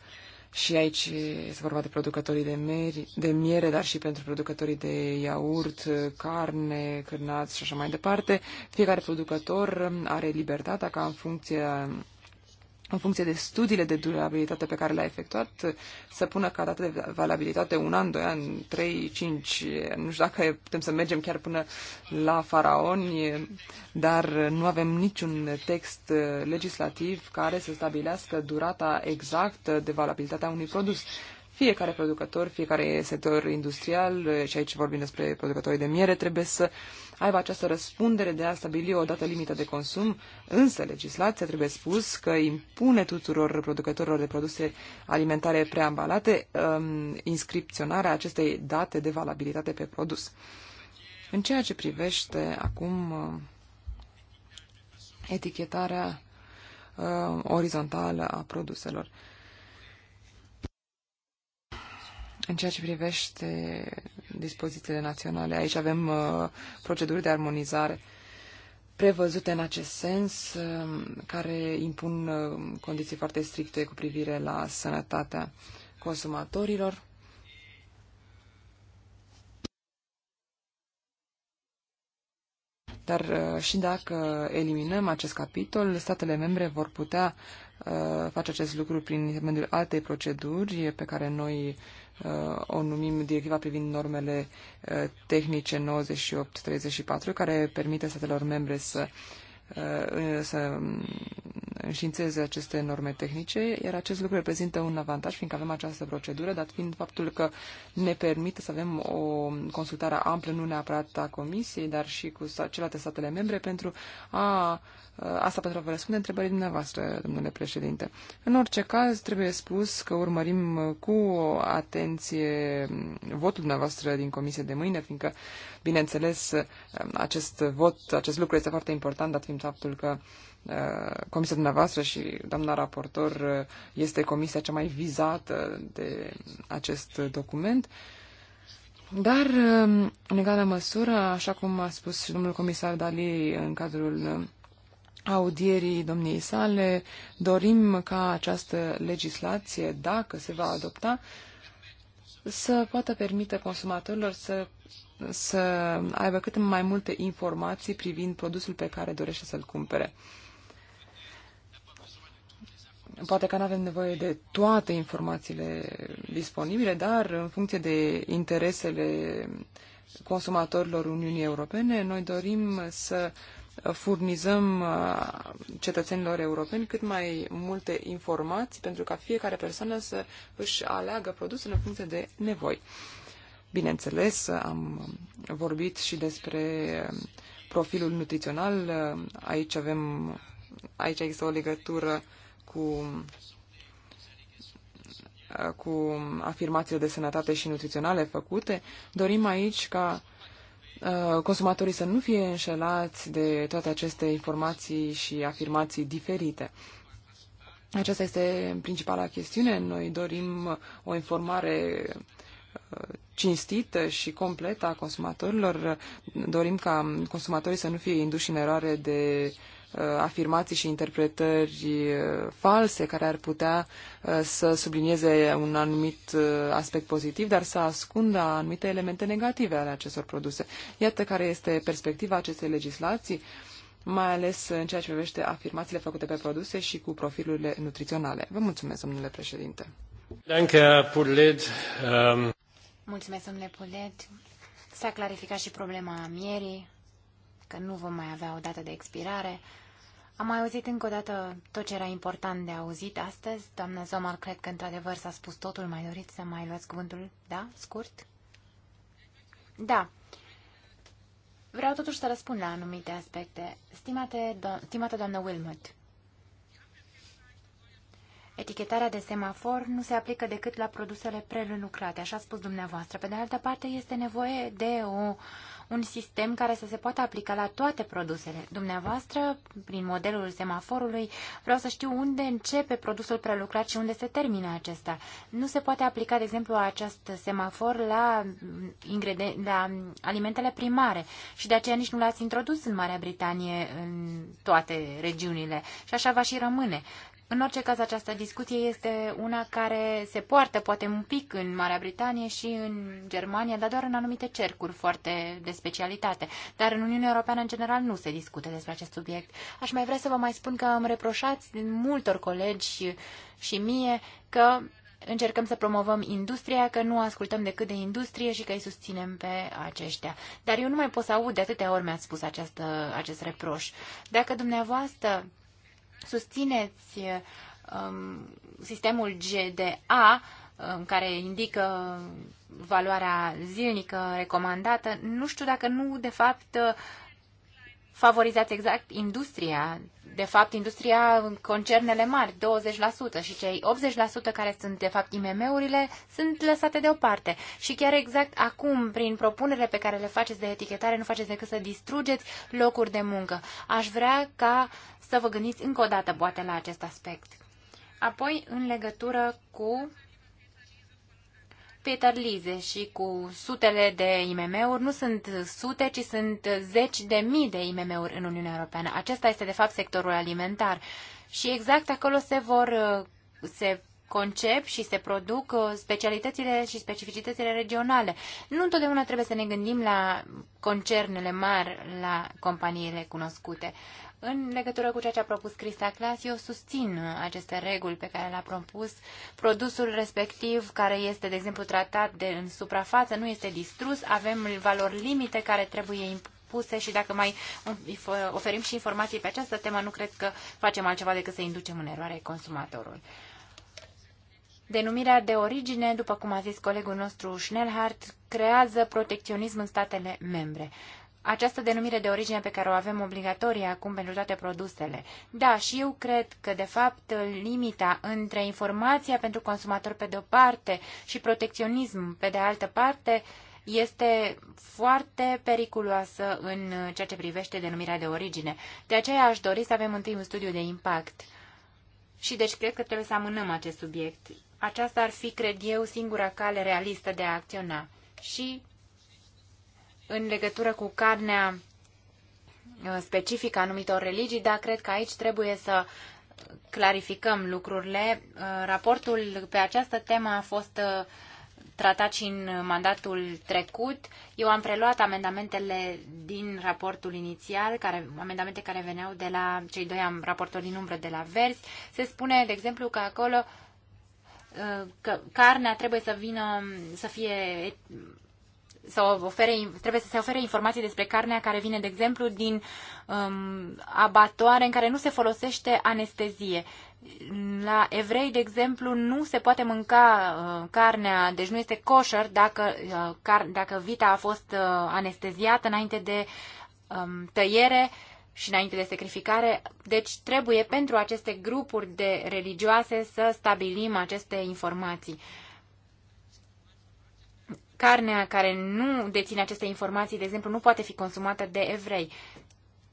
și aici este vorba de producătorii de, meri, de miere, dar și pentru producătorii de iaurt, carne, cârnați și așa mai departe. Fiecare producător are libertatea ca în funcție în funcție de studiile de durabilitate pe care le-a efectuat, să pună ca dată de valabilitate un an, doi ani, trei, cinci, nu știu dacă putem să mergem chiar până la faraoni, dar nu avem niciun text legislativ care să stabilească durata exactă de valabilitatea unui produs. Fiecare producător, fiecare sector industrial, și aici vorbim despre producătorii de miere, trebuie să aibă această răspundere de a stabili o dată limită de consum, însă legislația trebuie spus că impune tuturor producătorilor de produse alimentare preambalate um, inscripționarea acestei date de valabilitate pe produs. În ceea ce privește acum um, etichetarea uh, orizontală a produselor. Uh, În ceea ce privește dispozițiile naționale, aici avem uh, proceduri de armonizare prevăzute în acest sens, uh, care impun uh, condiții foarte stricte cu privire la sănătatea consumatorilor. Dar uh, și dacă eliminăm acest capitol, statele membre vor putea uh, Uh, face acest lucru prin intermediul altei proceduri pe care noi uh, o numim directiva privind normele uh, tehnice 9834, care permite statelor membre să să um, înștiințeze aceste norme tehnice, iar acest lucru reprezintă un avantaj, fiindcă avem această procedură, dat fiind faptul că ne permite să avem o consultare amplă, nu neapărat a Comisiei, dar și cu celelalte statele membre, pentru a Uh, asta pentru a vă răspunde întrebării dumneavoastră, domnule președinte. În orice caz, trebuie spus că urmărim uh, cu atenție mm, votul dumneavoastră din comisie de mâine, fiindcă, bineînțeles, uh, acest vot, acest lucru este foarte important, dat fiind faptul că comisia dumneavoastră și doamna raportor este comisia cea mai vizată de acest document. Dar, în egală măsură, așa cum a spus și domnul comisar Dali în cadrul audierii domniei sale, dorim ca această legislație, dacă se va adopta, să poată permite consumatorilor să, să aibă cât mai multe informații privind produsul pe care dorește să-l cumpere. Poate că nu avem nevoie de toate informațiile disponibile, dar în funcție de interesele consumatorilor Uniunii Europene, noi dorim să uh, furnizăm uh, cetățenilor europeni cât mai multe informații pentru ca fiecare persoană să își aleagă produsele în funcție de nevoi. Bineînțeles, am vorbit și despre profilul nutrițional. Aici avem, aici există o legătură cu cu afirmațiile de sănătate și nutriționale făcute. Dorim aici ca Uh, consumatorii să nu fie înșelați de toate aceste informații și afirmații diferite. Aceasta este principala chestiune. Noi dorim o informare uh, cinstită și completă a consumatorilor. Dorim ca consumatorii să nu fie induși în eroare de uh, Uh, afirmații și interpretări uh, false care ar putea uh, să sublinieze un anumit aspect pozitiv, dar să ascundă anumite elemente negative ale acestor produse. Iată care este perspectiva acestei legislații, mai ales în ceea ce privește afirmațiile făcute pe produse și cu profilurile nutriționale. Vă mulțumesc, domnule președinte. Um, mulțumesc, domnule Pulet. S-a clarificat și problema mierii că nu vom mai avea o dată de expirare. Am mai auzit încă o dată tot ce era important de auzit astăzi. Doamna Zomar, cred că într-adevăr s-a spus totul. Mai doriți să mai luați cuvântul? Da? Scurt? Da. Vreau totuși să răspund la anumite aspecte. Stimate, do stimată doamnă Wilmot, Etichetarea de semafor nu se aplică decât la produsele prelucrate, așa a spus dumneavoastră. Pe de altă parte, este nevoie de o un sistem care să se poată aplica la toate produsele. Dumneavoastră, prin modelul semaforului, vreau să știu unde începe produsul prelucrat și unde se termină acesta. Nu se poate aplica, de exemplu, acest semafor la, mm, la alimentele primare și de aceea nici nu l-ați introdus în Marea Britanie în toate regiunile și așa va și rămâne. În orice caz, această discuție este una care se poartă poate un pic în Marea Britanie și în Germania, dar doar în anumite cercuri foarte de specialitate. Dar în Uniunea Europeană, în general, nu se discute despre acest subiect. Aș mai vrea să vă mai spun că am reproșați multor colegi și, și mie că încercăm să promovăm industria, că nu ascultăm decât de industrie și că îi susținem pe aceștia. Dar eu nu mai pot să aud de atâtea ori mi-ați spus această, acest reproș. Dacă dumneavoastră susțineți um, sistemul GDA um, care indică valoarea zilnică recomandată, nu știu dacă nu, de fapt, favorizați exact industria, de fapt industria în concernele mari, 20% și cei 80% care sunt de fapt IMM-urile sunt lăsate deoparte. Și chiar exact acum, prin propunerile pe care le faceți de etichetare, nu faceți decât să distrugeți locuri de muncă. Aș vrea ca să vă gândiți încă o dată, poate, la acest aspect. Apoi, în legătură cu Peter Lize și cu sutele de IMM-uri, nu sunt sute, ci sunt zeci de mii de IMM-uri în Uniunea Europeană. Acesta este, de fapt, sectorul alimentar. Și exact acolo se vor, uh, se concep și se produc uh, specialitățile și specificitățile regionale. Nu întotdeauna trebuie să ne gândim la concernele mari, la companiile cunoscute. În legătură cu ceea ce a propus Crista Clas, eu susțin aceste reguli pe care le-a propus. Produsul respectiv, care este, de exemplu, tratat de în suprafață, nu este distrus, avem valori limite care trebuie impuse și dacă mai oferim și informații pe această temă, nu cred că facem altceva decât să inducem în eroare consumatorul. Denumirea de origine, după cum a zis colegul nostru Schnellhardt, creează protecționism în statele membre această denumire de origine pe care o avem obligatorie acum pentru toate produsele. Da, și eu cred că, de fapt, limita între informația pentru consumator pe de-o parte și protecționism pe de altă parte este foarte periculoasă în ceea ce privește denumirea de origine. De aceea aș dori să avem întâi un studiu de impact. Și deci cred că trebuie să amânăm acest subiect. Aceasta ar fi, cred eu, singura cale realistă de a acționa. Și în legătură cu carnea uh, specifică anumitor religii, dar cred că aici trebuie să clarificăm lucrurile. Uh, raportul pe această temă a fost uh, tratat și în mandatul trecut. Eu am preluat amendamentele din raportul inițial, care, amendamente care veneau de la cei doi am raportori din umbră de la Verzi. Se spune, de exemplu, că acolo că carnea trebuie să vină, să fie să ofere, trebuie să se ofere informații despre carnea care vine, de exemplu, din um, abatoare în care nu se folosește anestezie. La evrei, de exemplu, nu se poate mânca uh, carnea, deci nu este kosher dacă, uh, car, dacă vita a fost uh, anesteziată înainte de um, tăiere și înainte de sacrificare. Deci trebuie pentru aceste grupuri de religioase să stabilim aceste informații. Uh, carnea care nu deține aceste informații, de exemplu, nu poate fi consumată de evrei.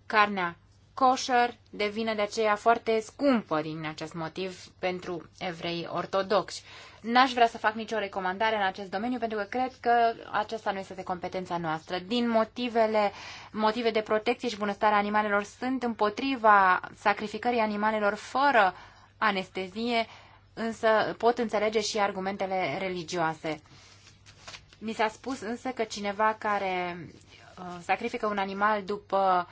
Carnea kosher devine de aceea foarte scumpă din acest motiv pentru evrei ortodoxi. N-aș vrea să fac nicio recomandare în acest domeniu pentru că cred că aceasta nu este de competența noastră. Din motivele, motive de protecție și bunăstare a animalelor sunt împotriva sacrificării animalelor fără anestezie, însă pot înțelege și argumentele religioase. Mi s-a spus însă că cineva care uh, sacrifică un animal după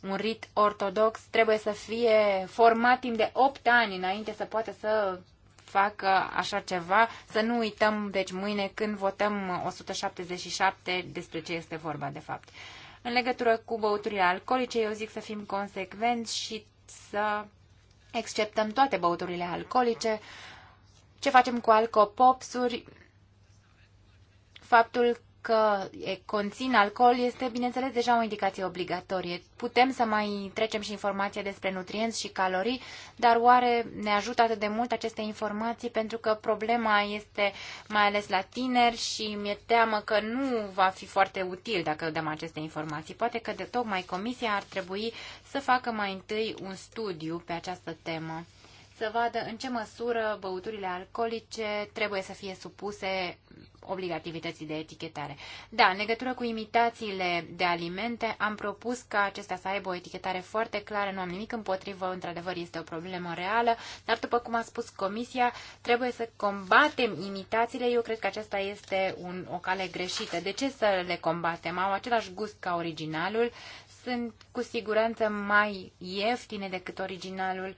un rit ortodox trebuie să fie format timp de 8 ani înainte să poată să facă așa ceva. Să nu uităm, deci, mâine când votăm 177 despre ce este vorba, de fapt. În legătură cu băuturile alcoolice, eu zic să fim consecvenți și să exceptăm toate băuturile alcoolice. Ce facem cu alcopopsuri? Faptul că conțin alcool este, bineînțeles, deja o indicație obligatorie. Putem să mai trecem și informația despre nutrienți și calorii, dar oare ne ajută atât de mult aceste informații? Pentru că problema este mai ales la tineri și mi-e teamă că nu va fi foarte util dacă dăm aceste informații. Poate că de tocmai comisia ar trebui să facă mai întâi un studiu pe această temă să vadă în ce măsură băuturile alcoolice trebuie să fie supuse obligativității de etichetare. Da, în legătură cu imitațiile de alimente, am propus ca acestea să aibă o etichetare foarte clară, nu am nimic împotrivă, într-adevăr este o problemă reală, dar după cum a spus Comisia, trebuie să combatem imitațiile, eu cred că aceasta este un, o cale greșită. De ce să le combatem? Au același gust ca originalul, sunt cu siguranță mai ieftine decât originalul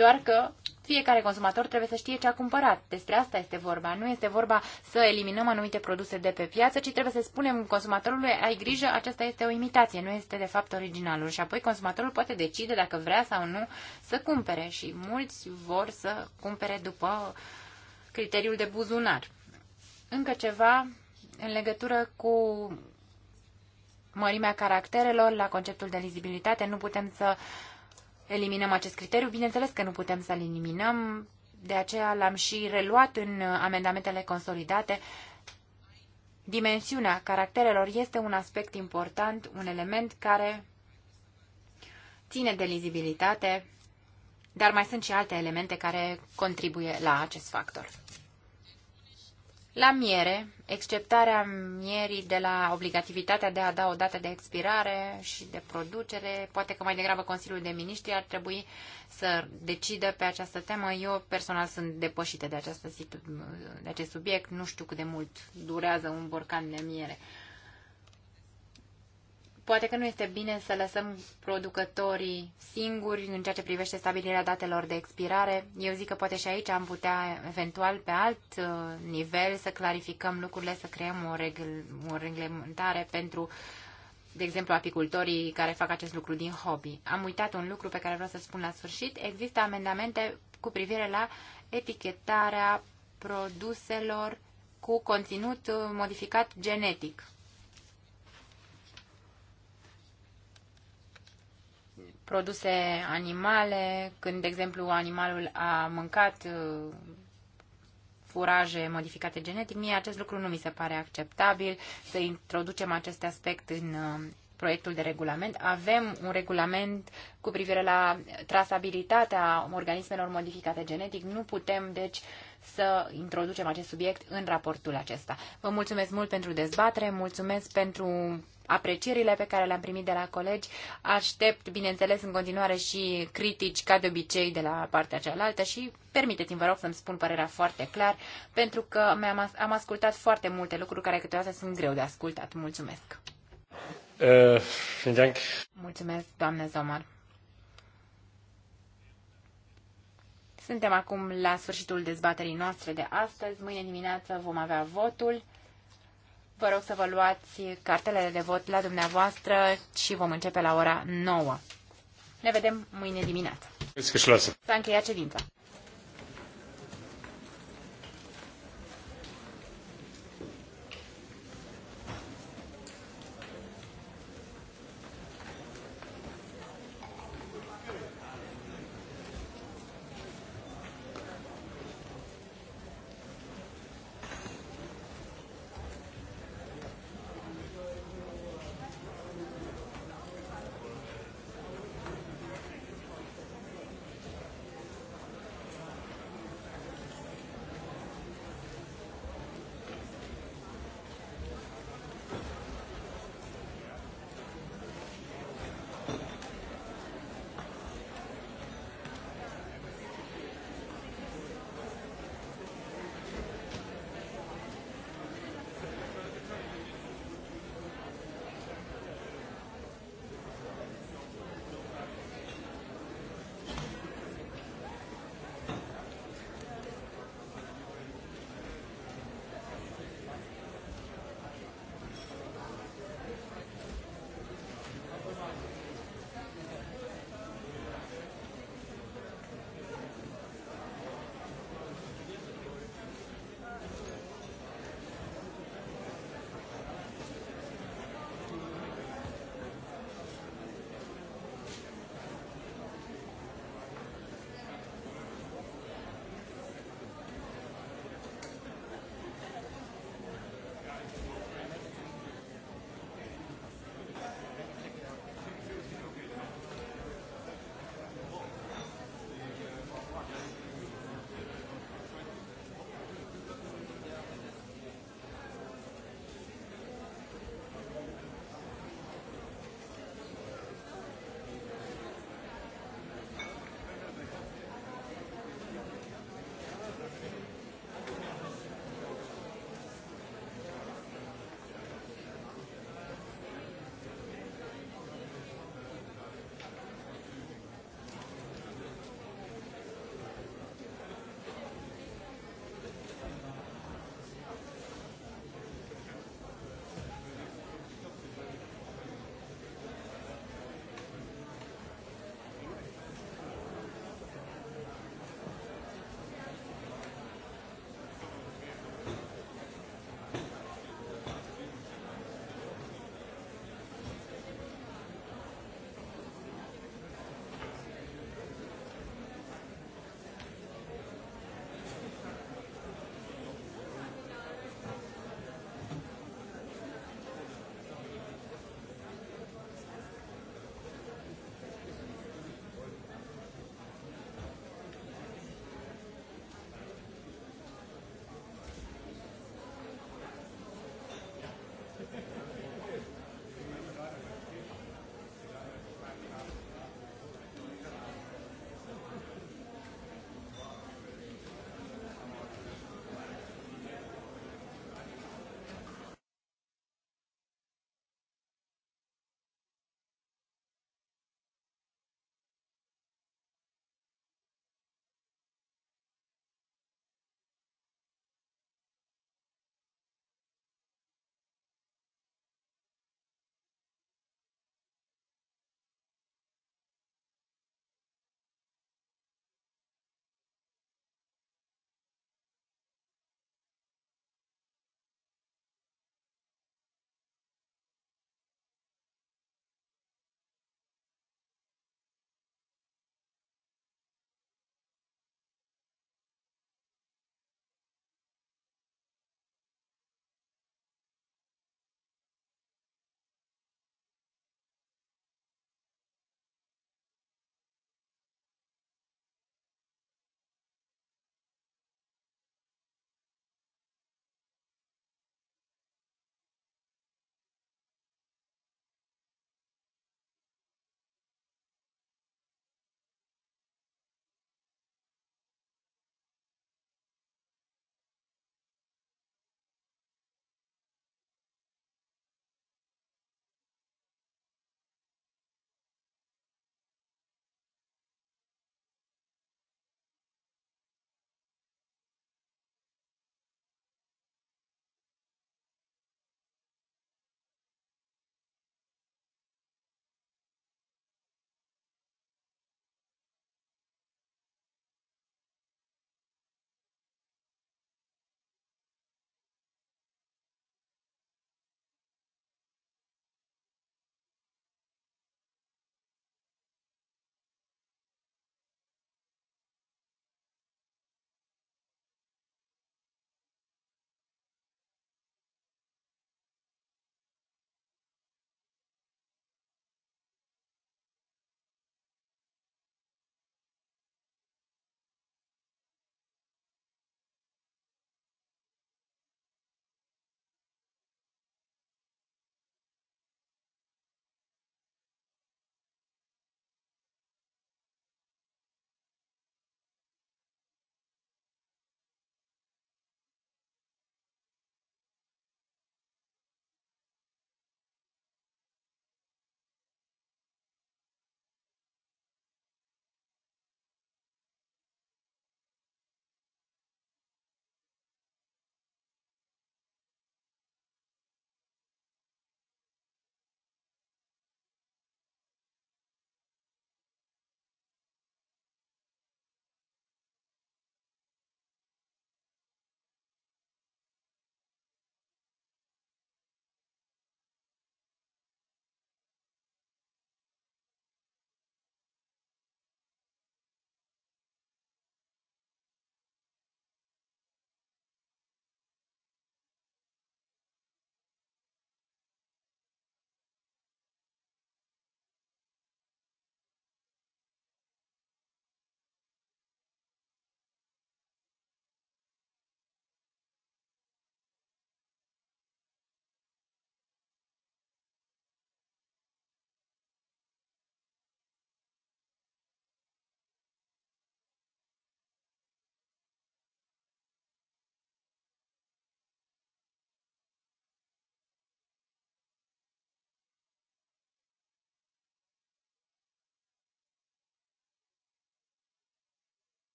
doar că fiecare consumator trebuie să știe ce a cumpărat. Despre asta este vorba. Nu este vorba să eliminăm anumite produse de pe piață, ci trebuie să spunem consumatorului, ai grijă, aceasta este o imitație, nu este de fapt originalul. Și apoi consumatorul poate decide dacă vrea sau nu să cumpere. Și mulți vor să cumpere după criteriul de buzunar. Încă ceva în legătură cu mărimea caracterelor, la conceptul de lizibilitate, nu putem să uh, eliminăm acest criteriu. Bineînțeles că nu putem să-l eliminăm, de aceea l-am și reluat în amendamentele consolidate. Dimensiunea caracterelor este un aspect important, un element care ține de lizibilitate, dar mai sunt și alte elemente care contribuie la acest factor. La miere, exceptarea mierii de la obligativitatea de a da o dată de expirare și de producere, poate că mai degrabă Consiliul de Miniștri ar trebui să decidă pe această temă. Eu personal sunt depășită de, această, de acest subiect, nu știu cât de mult durează un borcan de miere. Poate că nu este bine să lăsăm producătorii singuri în ceea ce privește stabilirea datelor de expirare. Eu zic că poate și aici am putea eventual pe alt uh, nivel să clarificăm lucrurile, să creăm o, regl- o reglementare pentru, de exemplu, apicultorii care fac acest lucru din hobby. Am uitat un lucru pe care vreau să spun la sfârșit. Există amendamente cu privire la etichetarea produselor cu conținut uh, modificat genetic. produse animale, când, de exemplu, animalul a mâncat uh, furaje modificate genetic, mie acest lucru nu mi se pare acceptabil, să introducem acest aspect în uh, proiectul de regulament. Avem un regulament cu privire la trasabilitatea organismelor modificate genetic, nu putem, deci, uh, să introducem acest subiect în raportul acesta. Vă mulțumesc mult pentru dezbatere, mulțumesc pentru aprecierile pe care le-am primit de la colegi. Aștept, bineînțeles, în continuare și critici, ca de obicei, de la partea cealaltă și permiteți-mi, vă rog, să-mi spun părerea foarte clar, pentru că am am ascultat foarte multe lucruri care câteodată sunt greu de ascultat. Mulțumesc! Uh, Mulțumesc, doamne Zomar! Suntem acum la sfârșitul dezbaterii noastre de astăzi. Mâine dimineață vom avea votul. Vă rog să vă luați cartelele de vot la dumneavoastră și vom începe la ora 9. Ne vedem mâine dimineață. S-a încheiat ședința.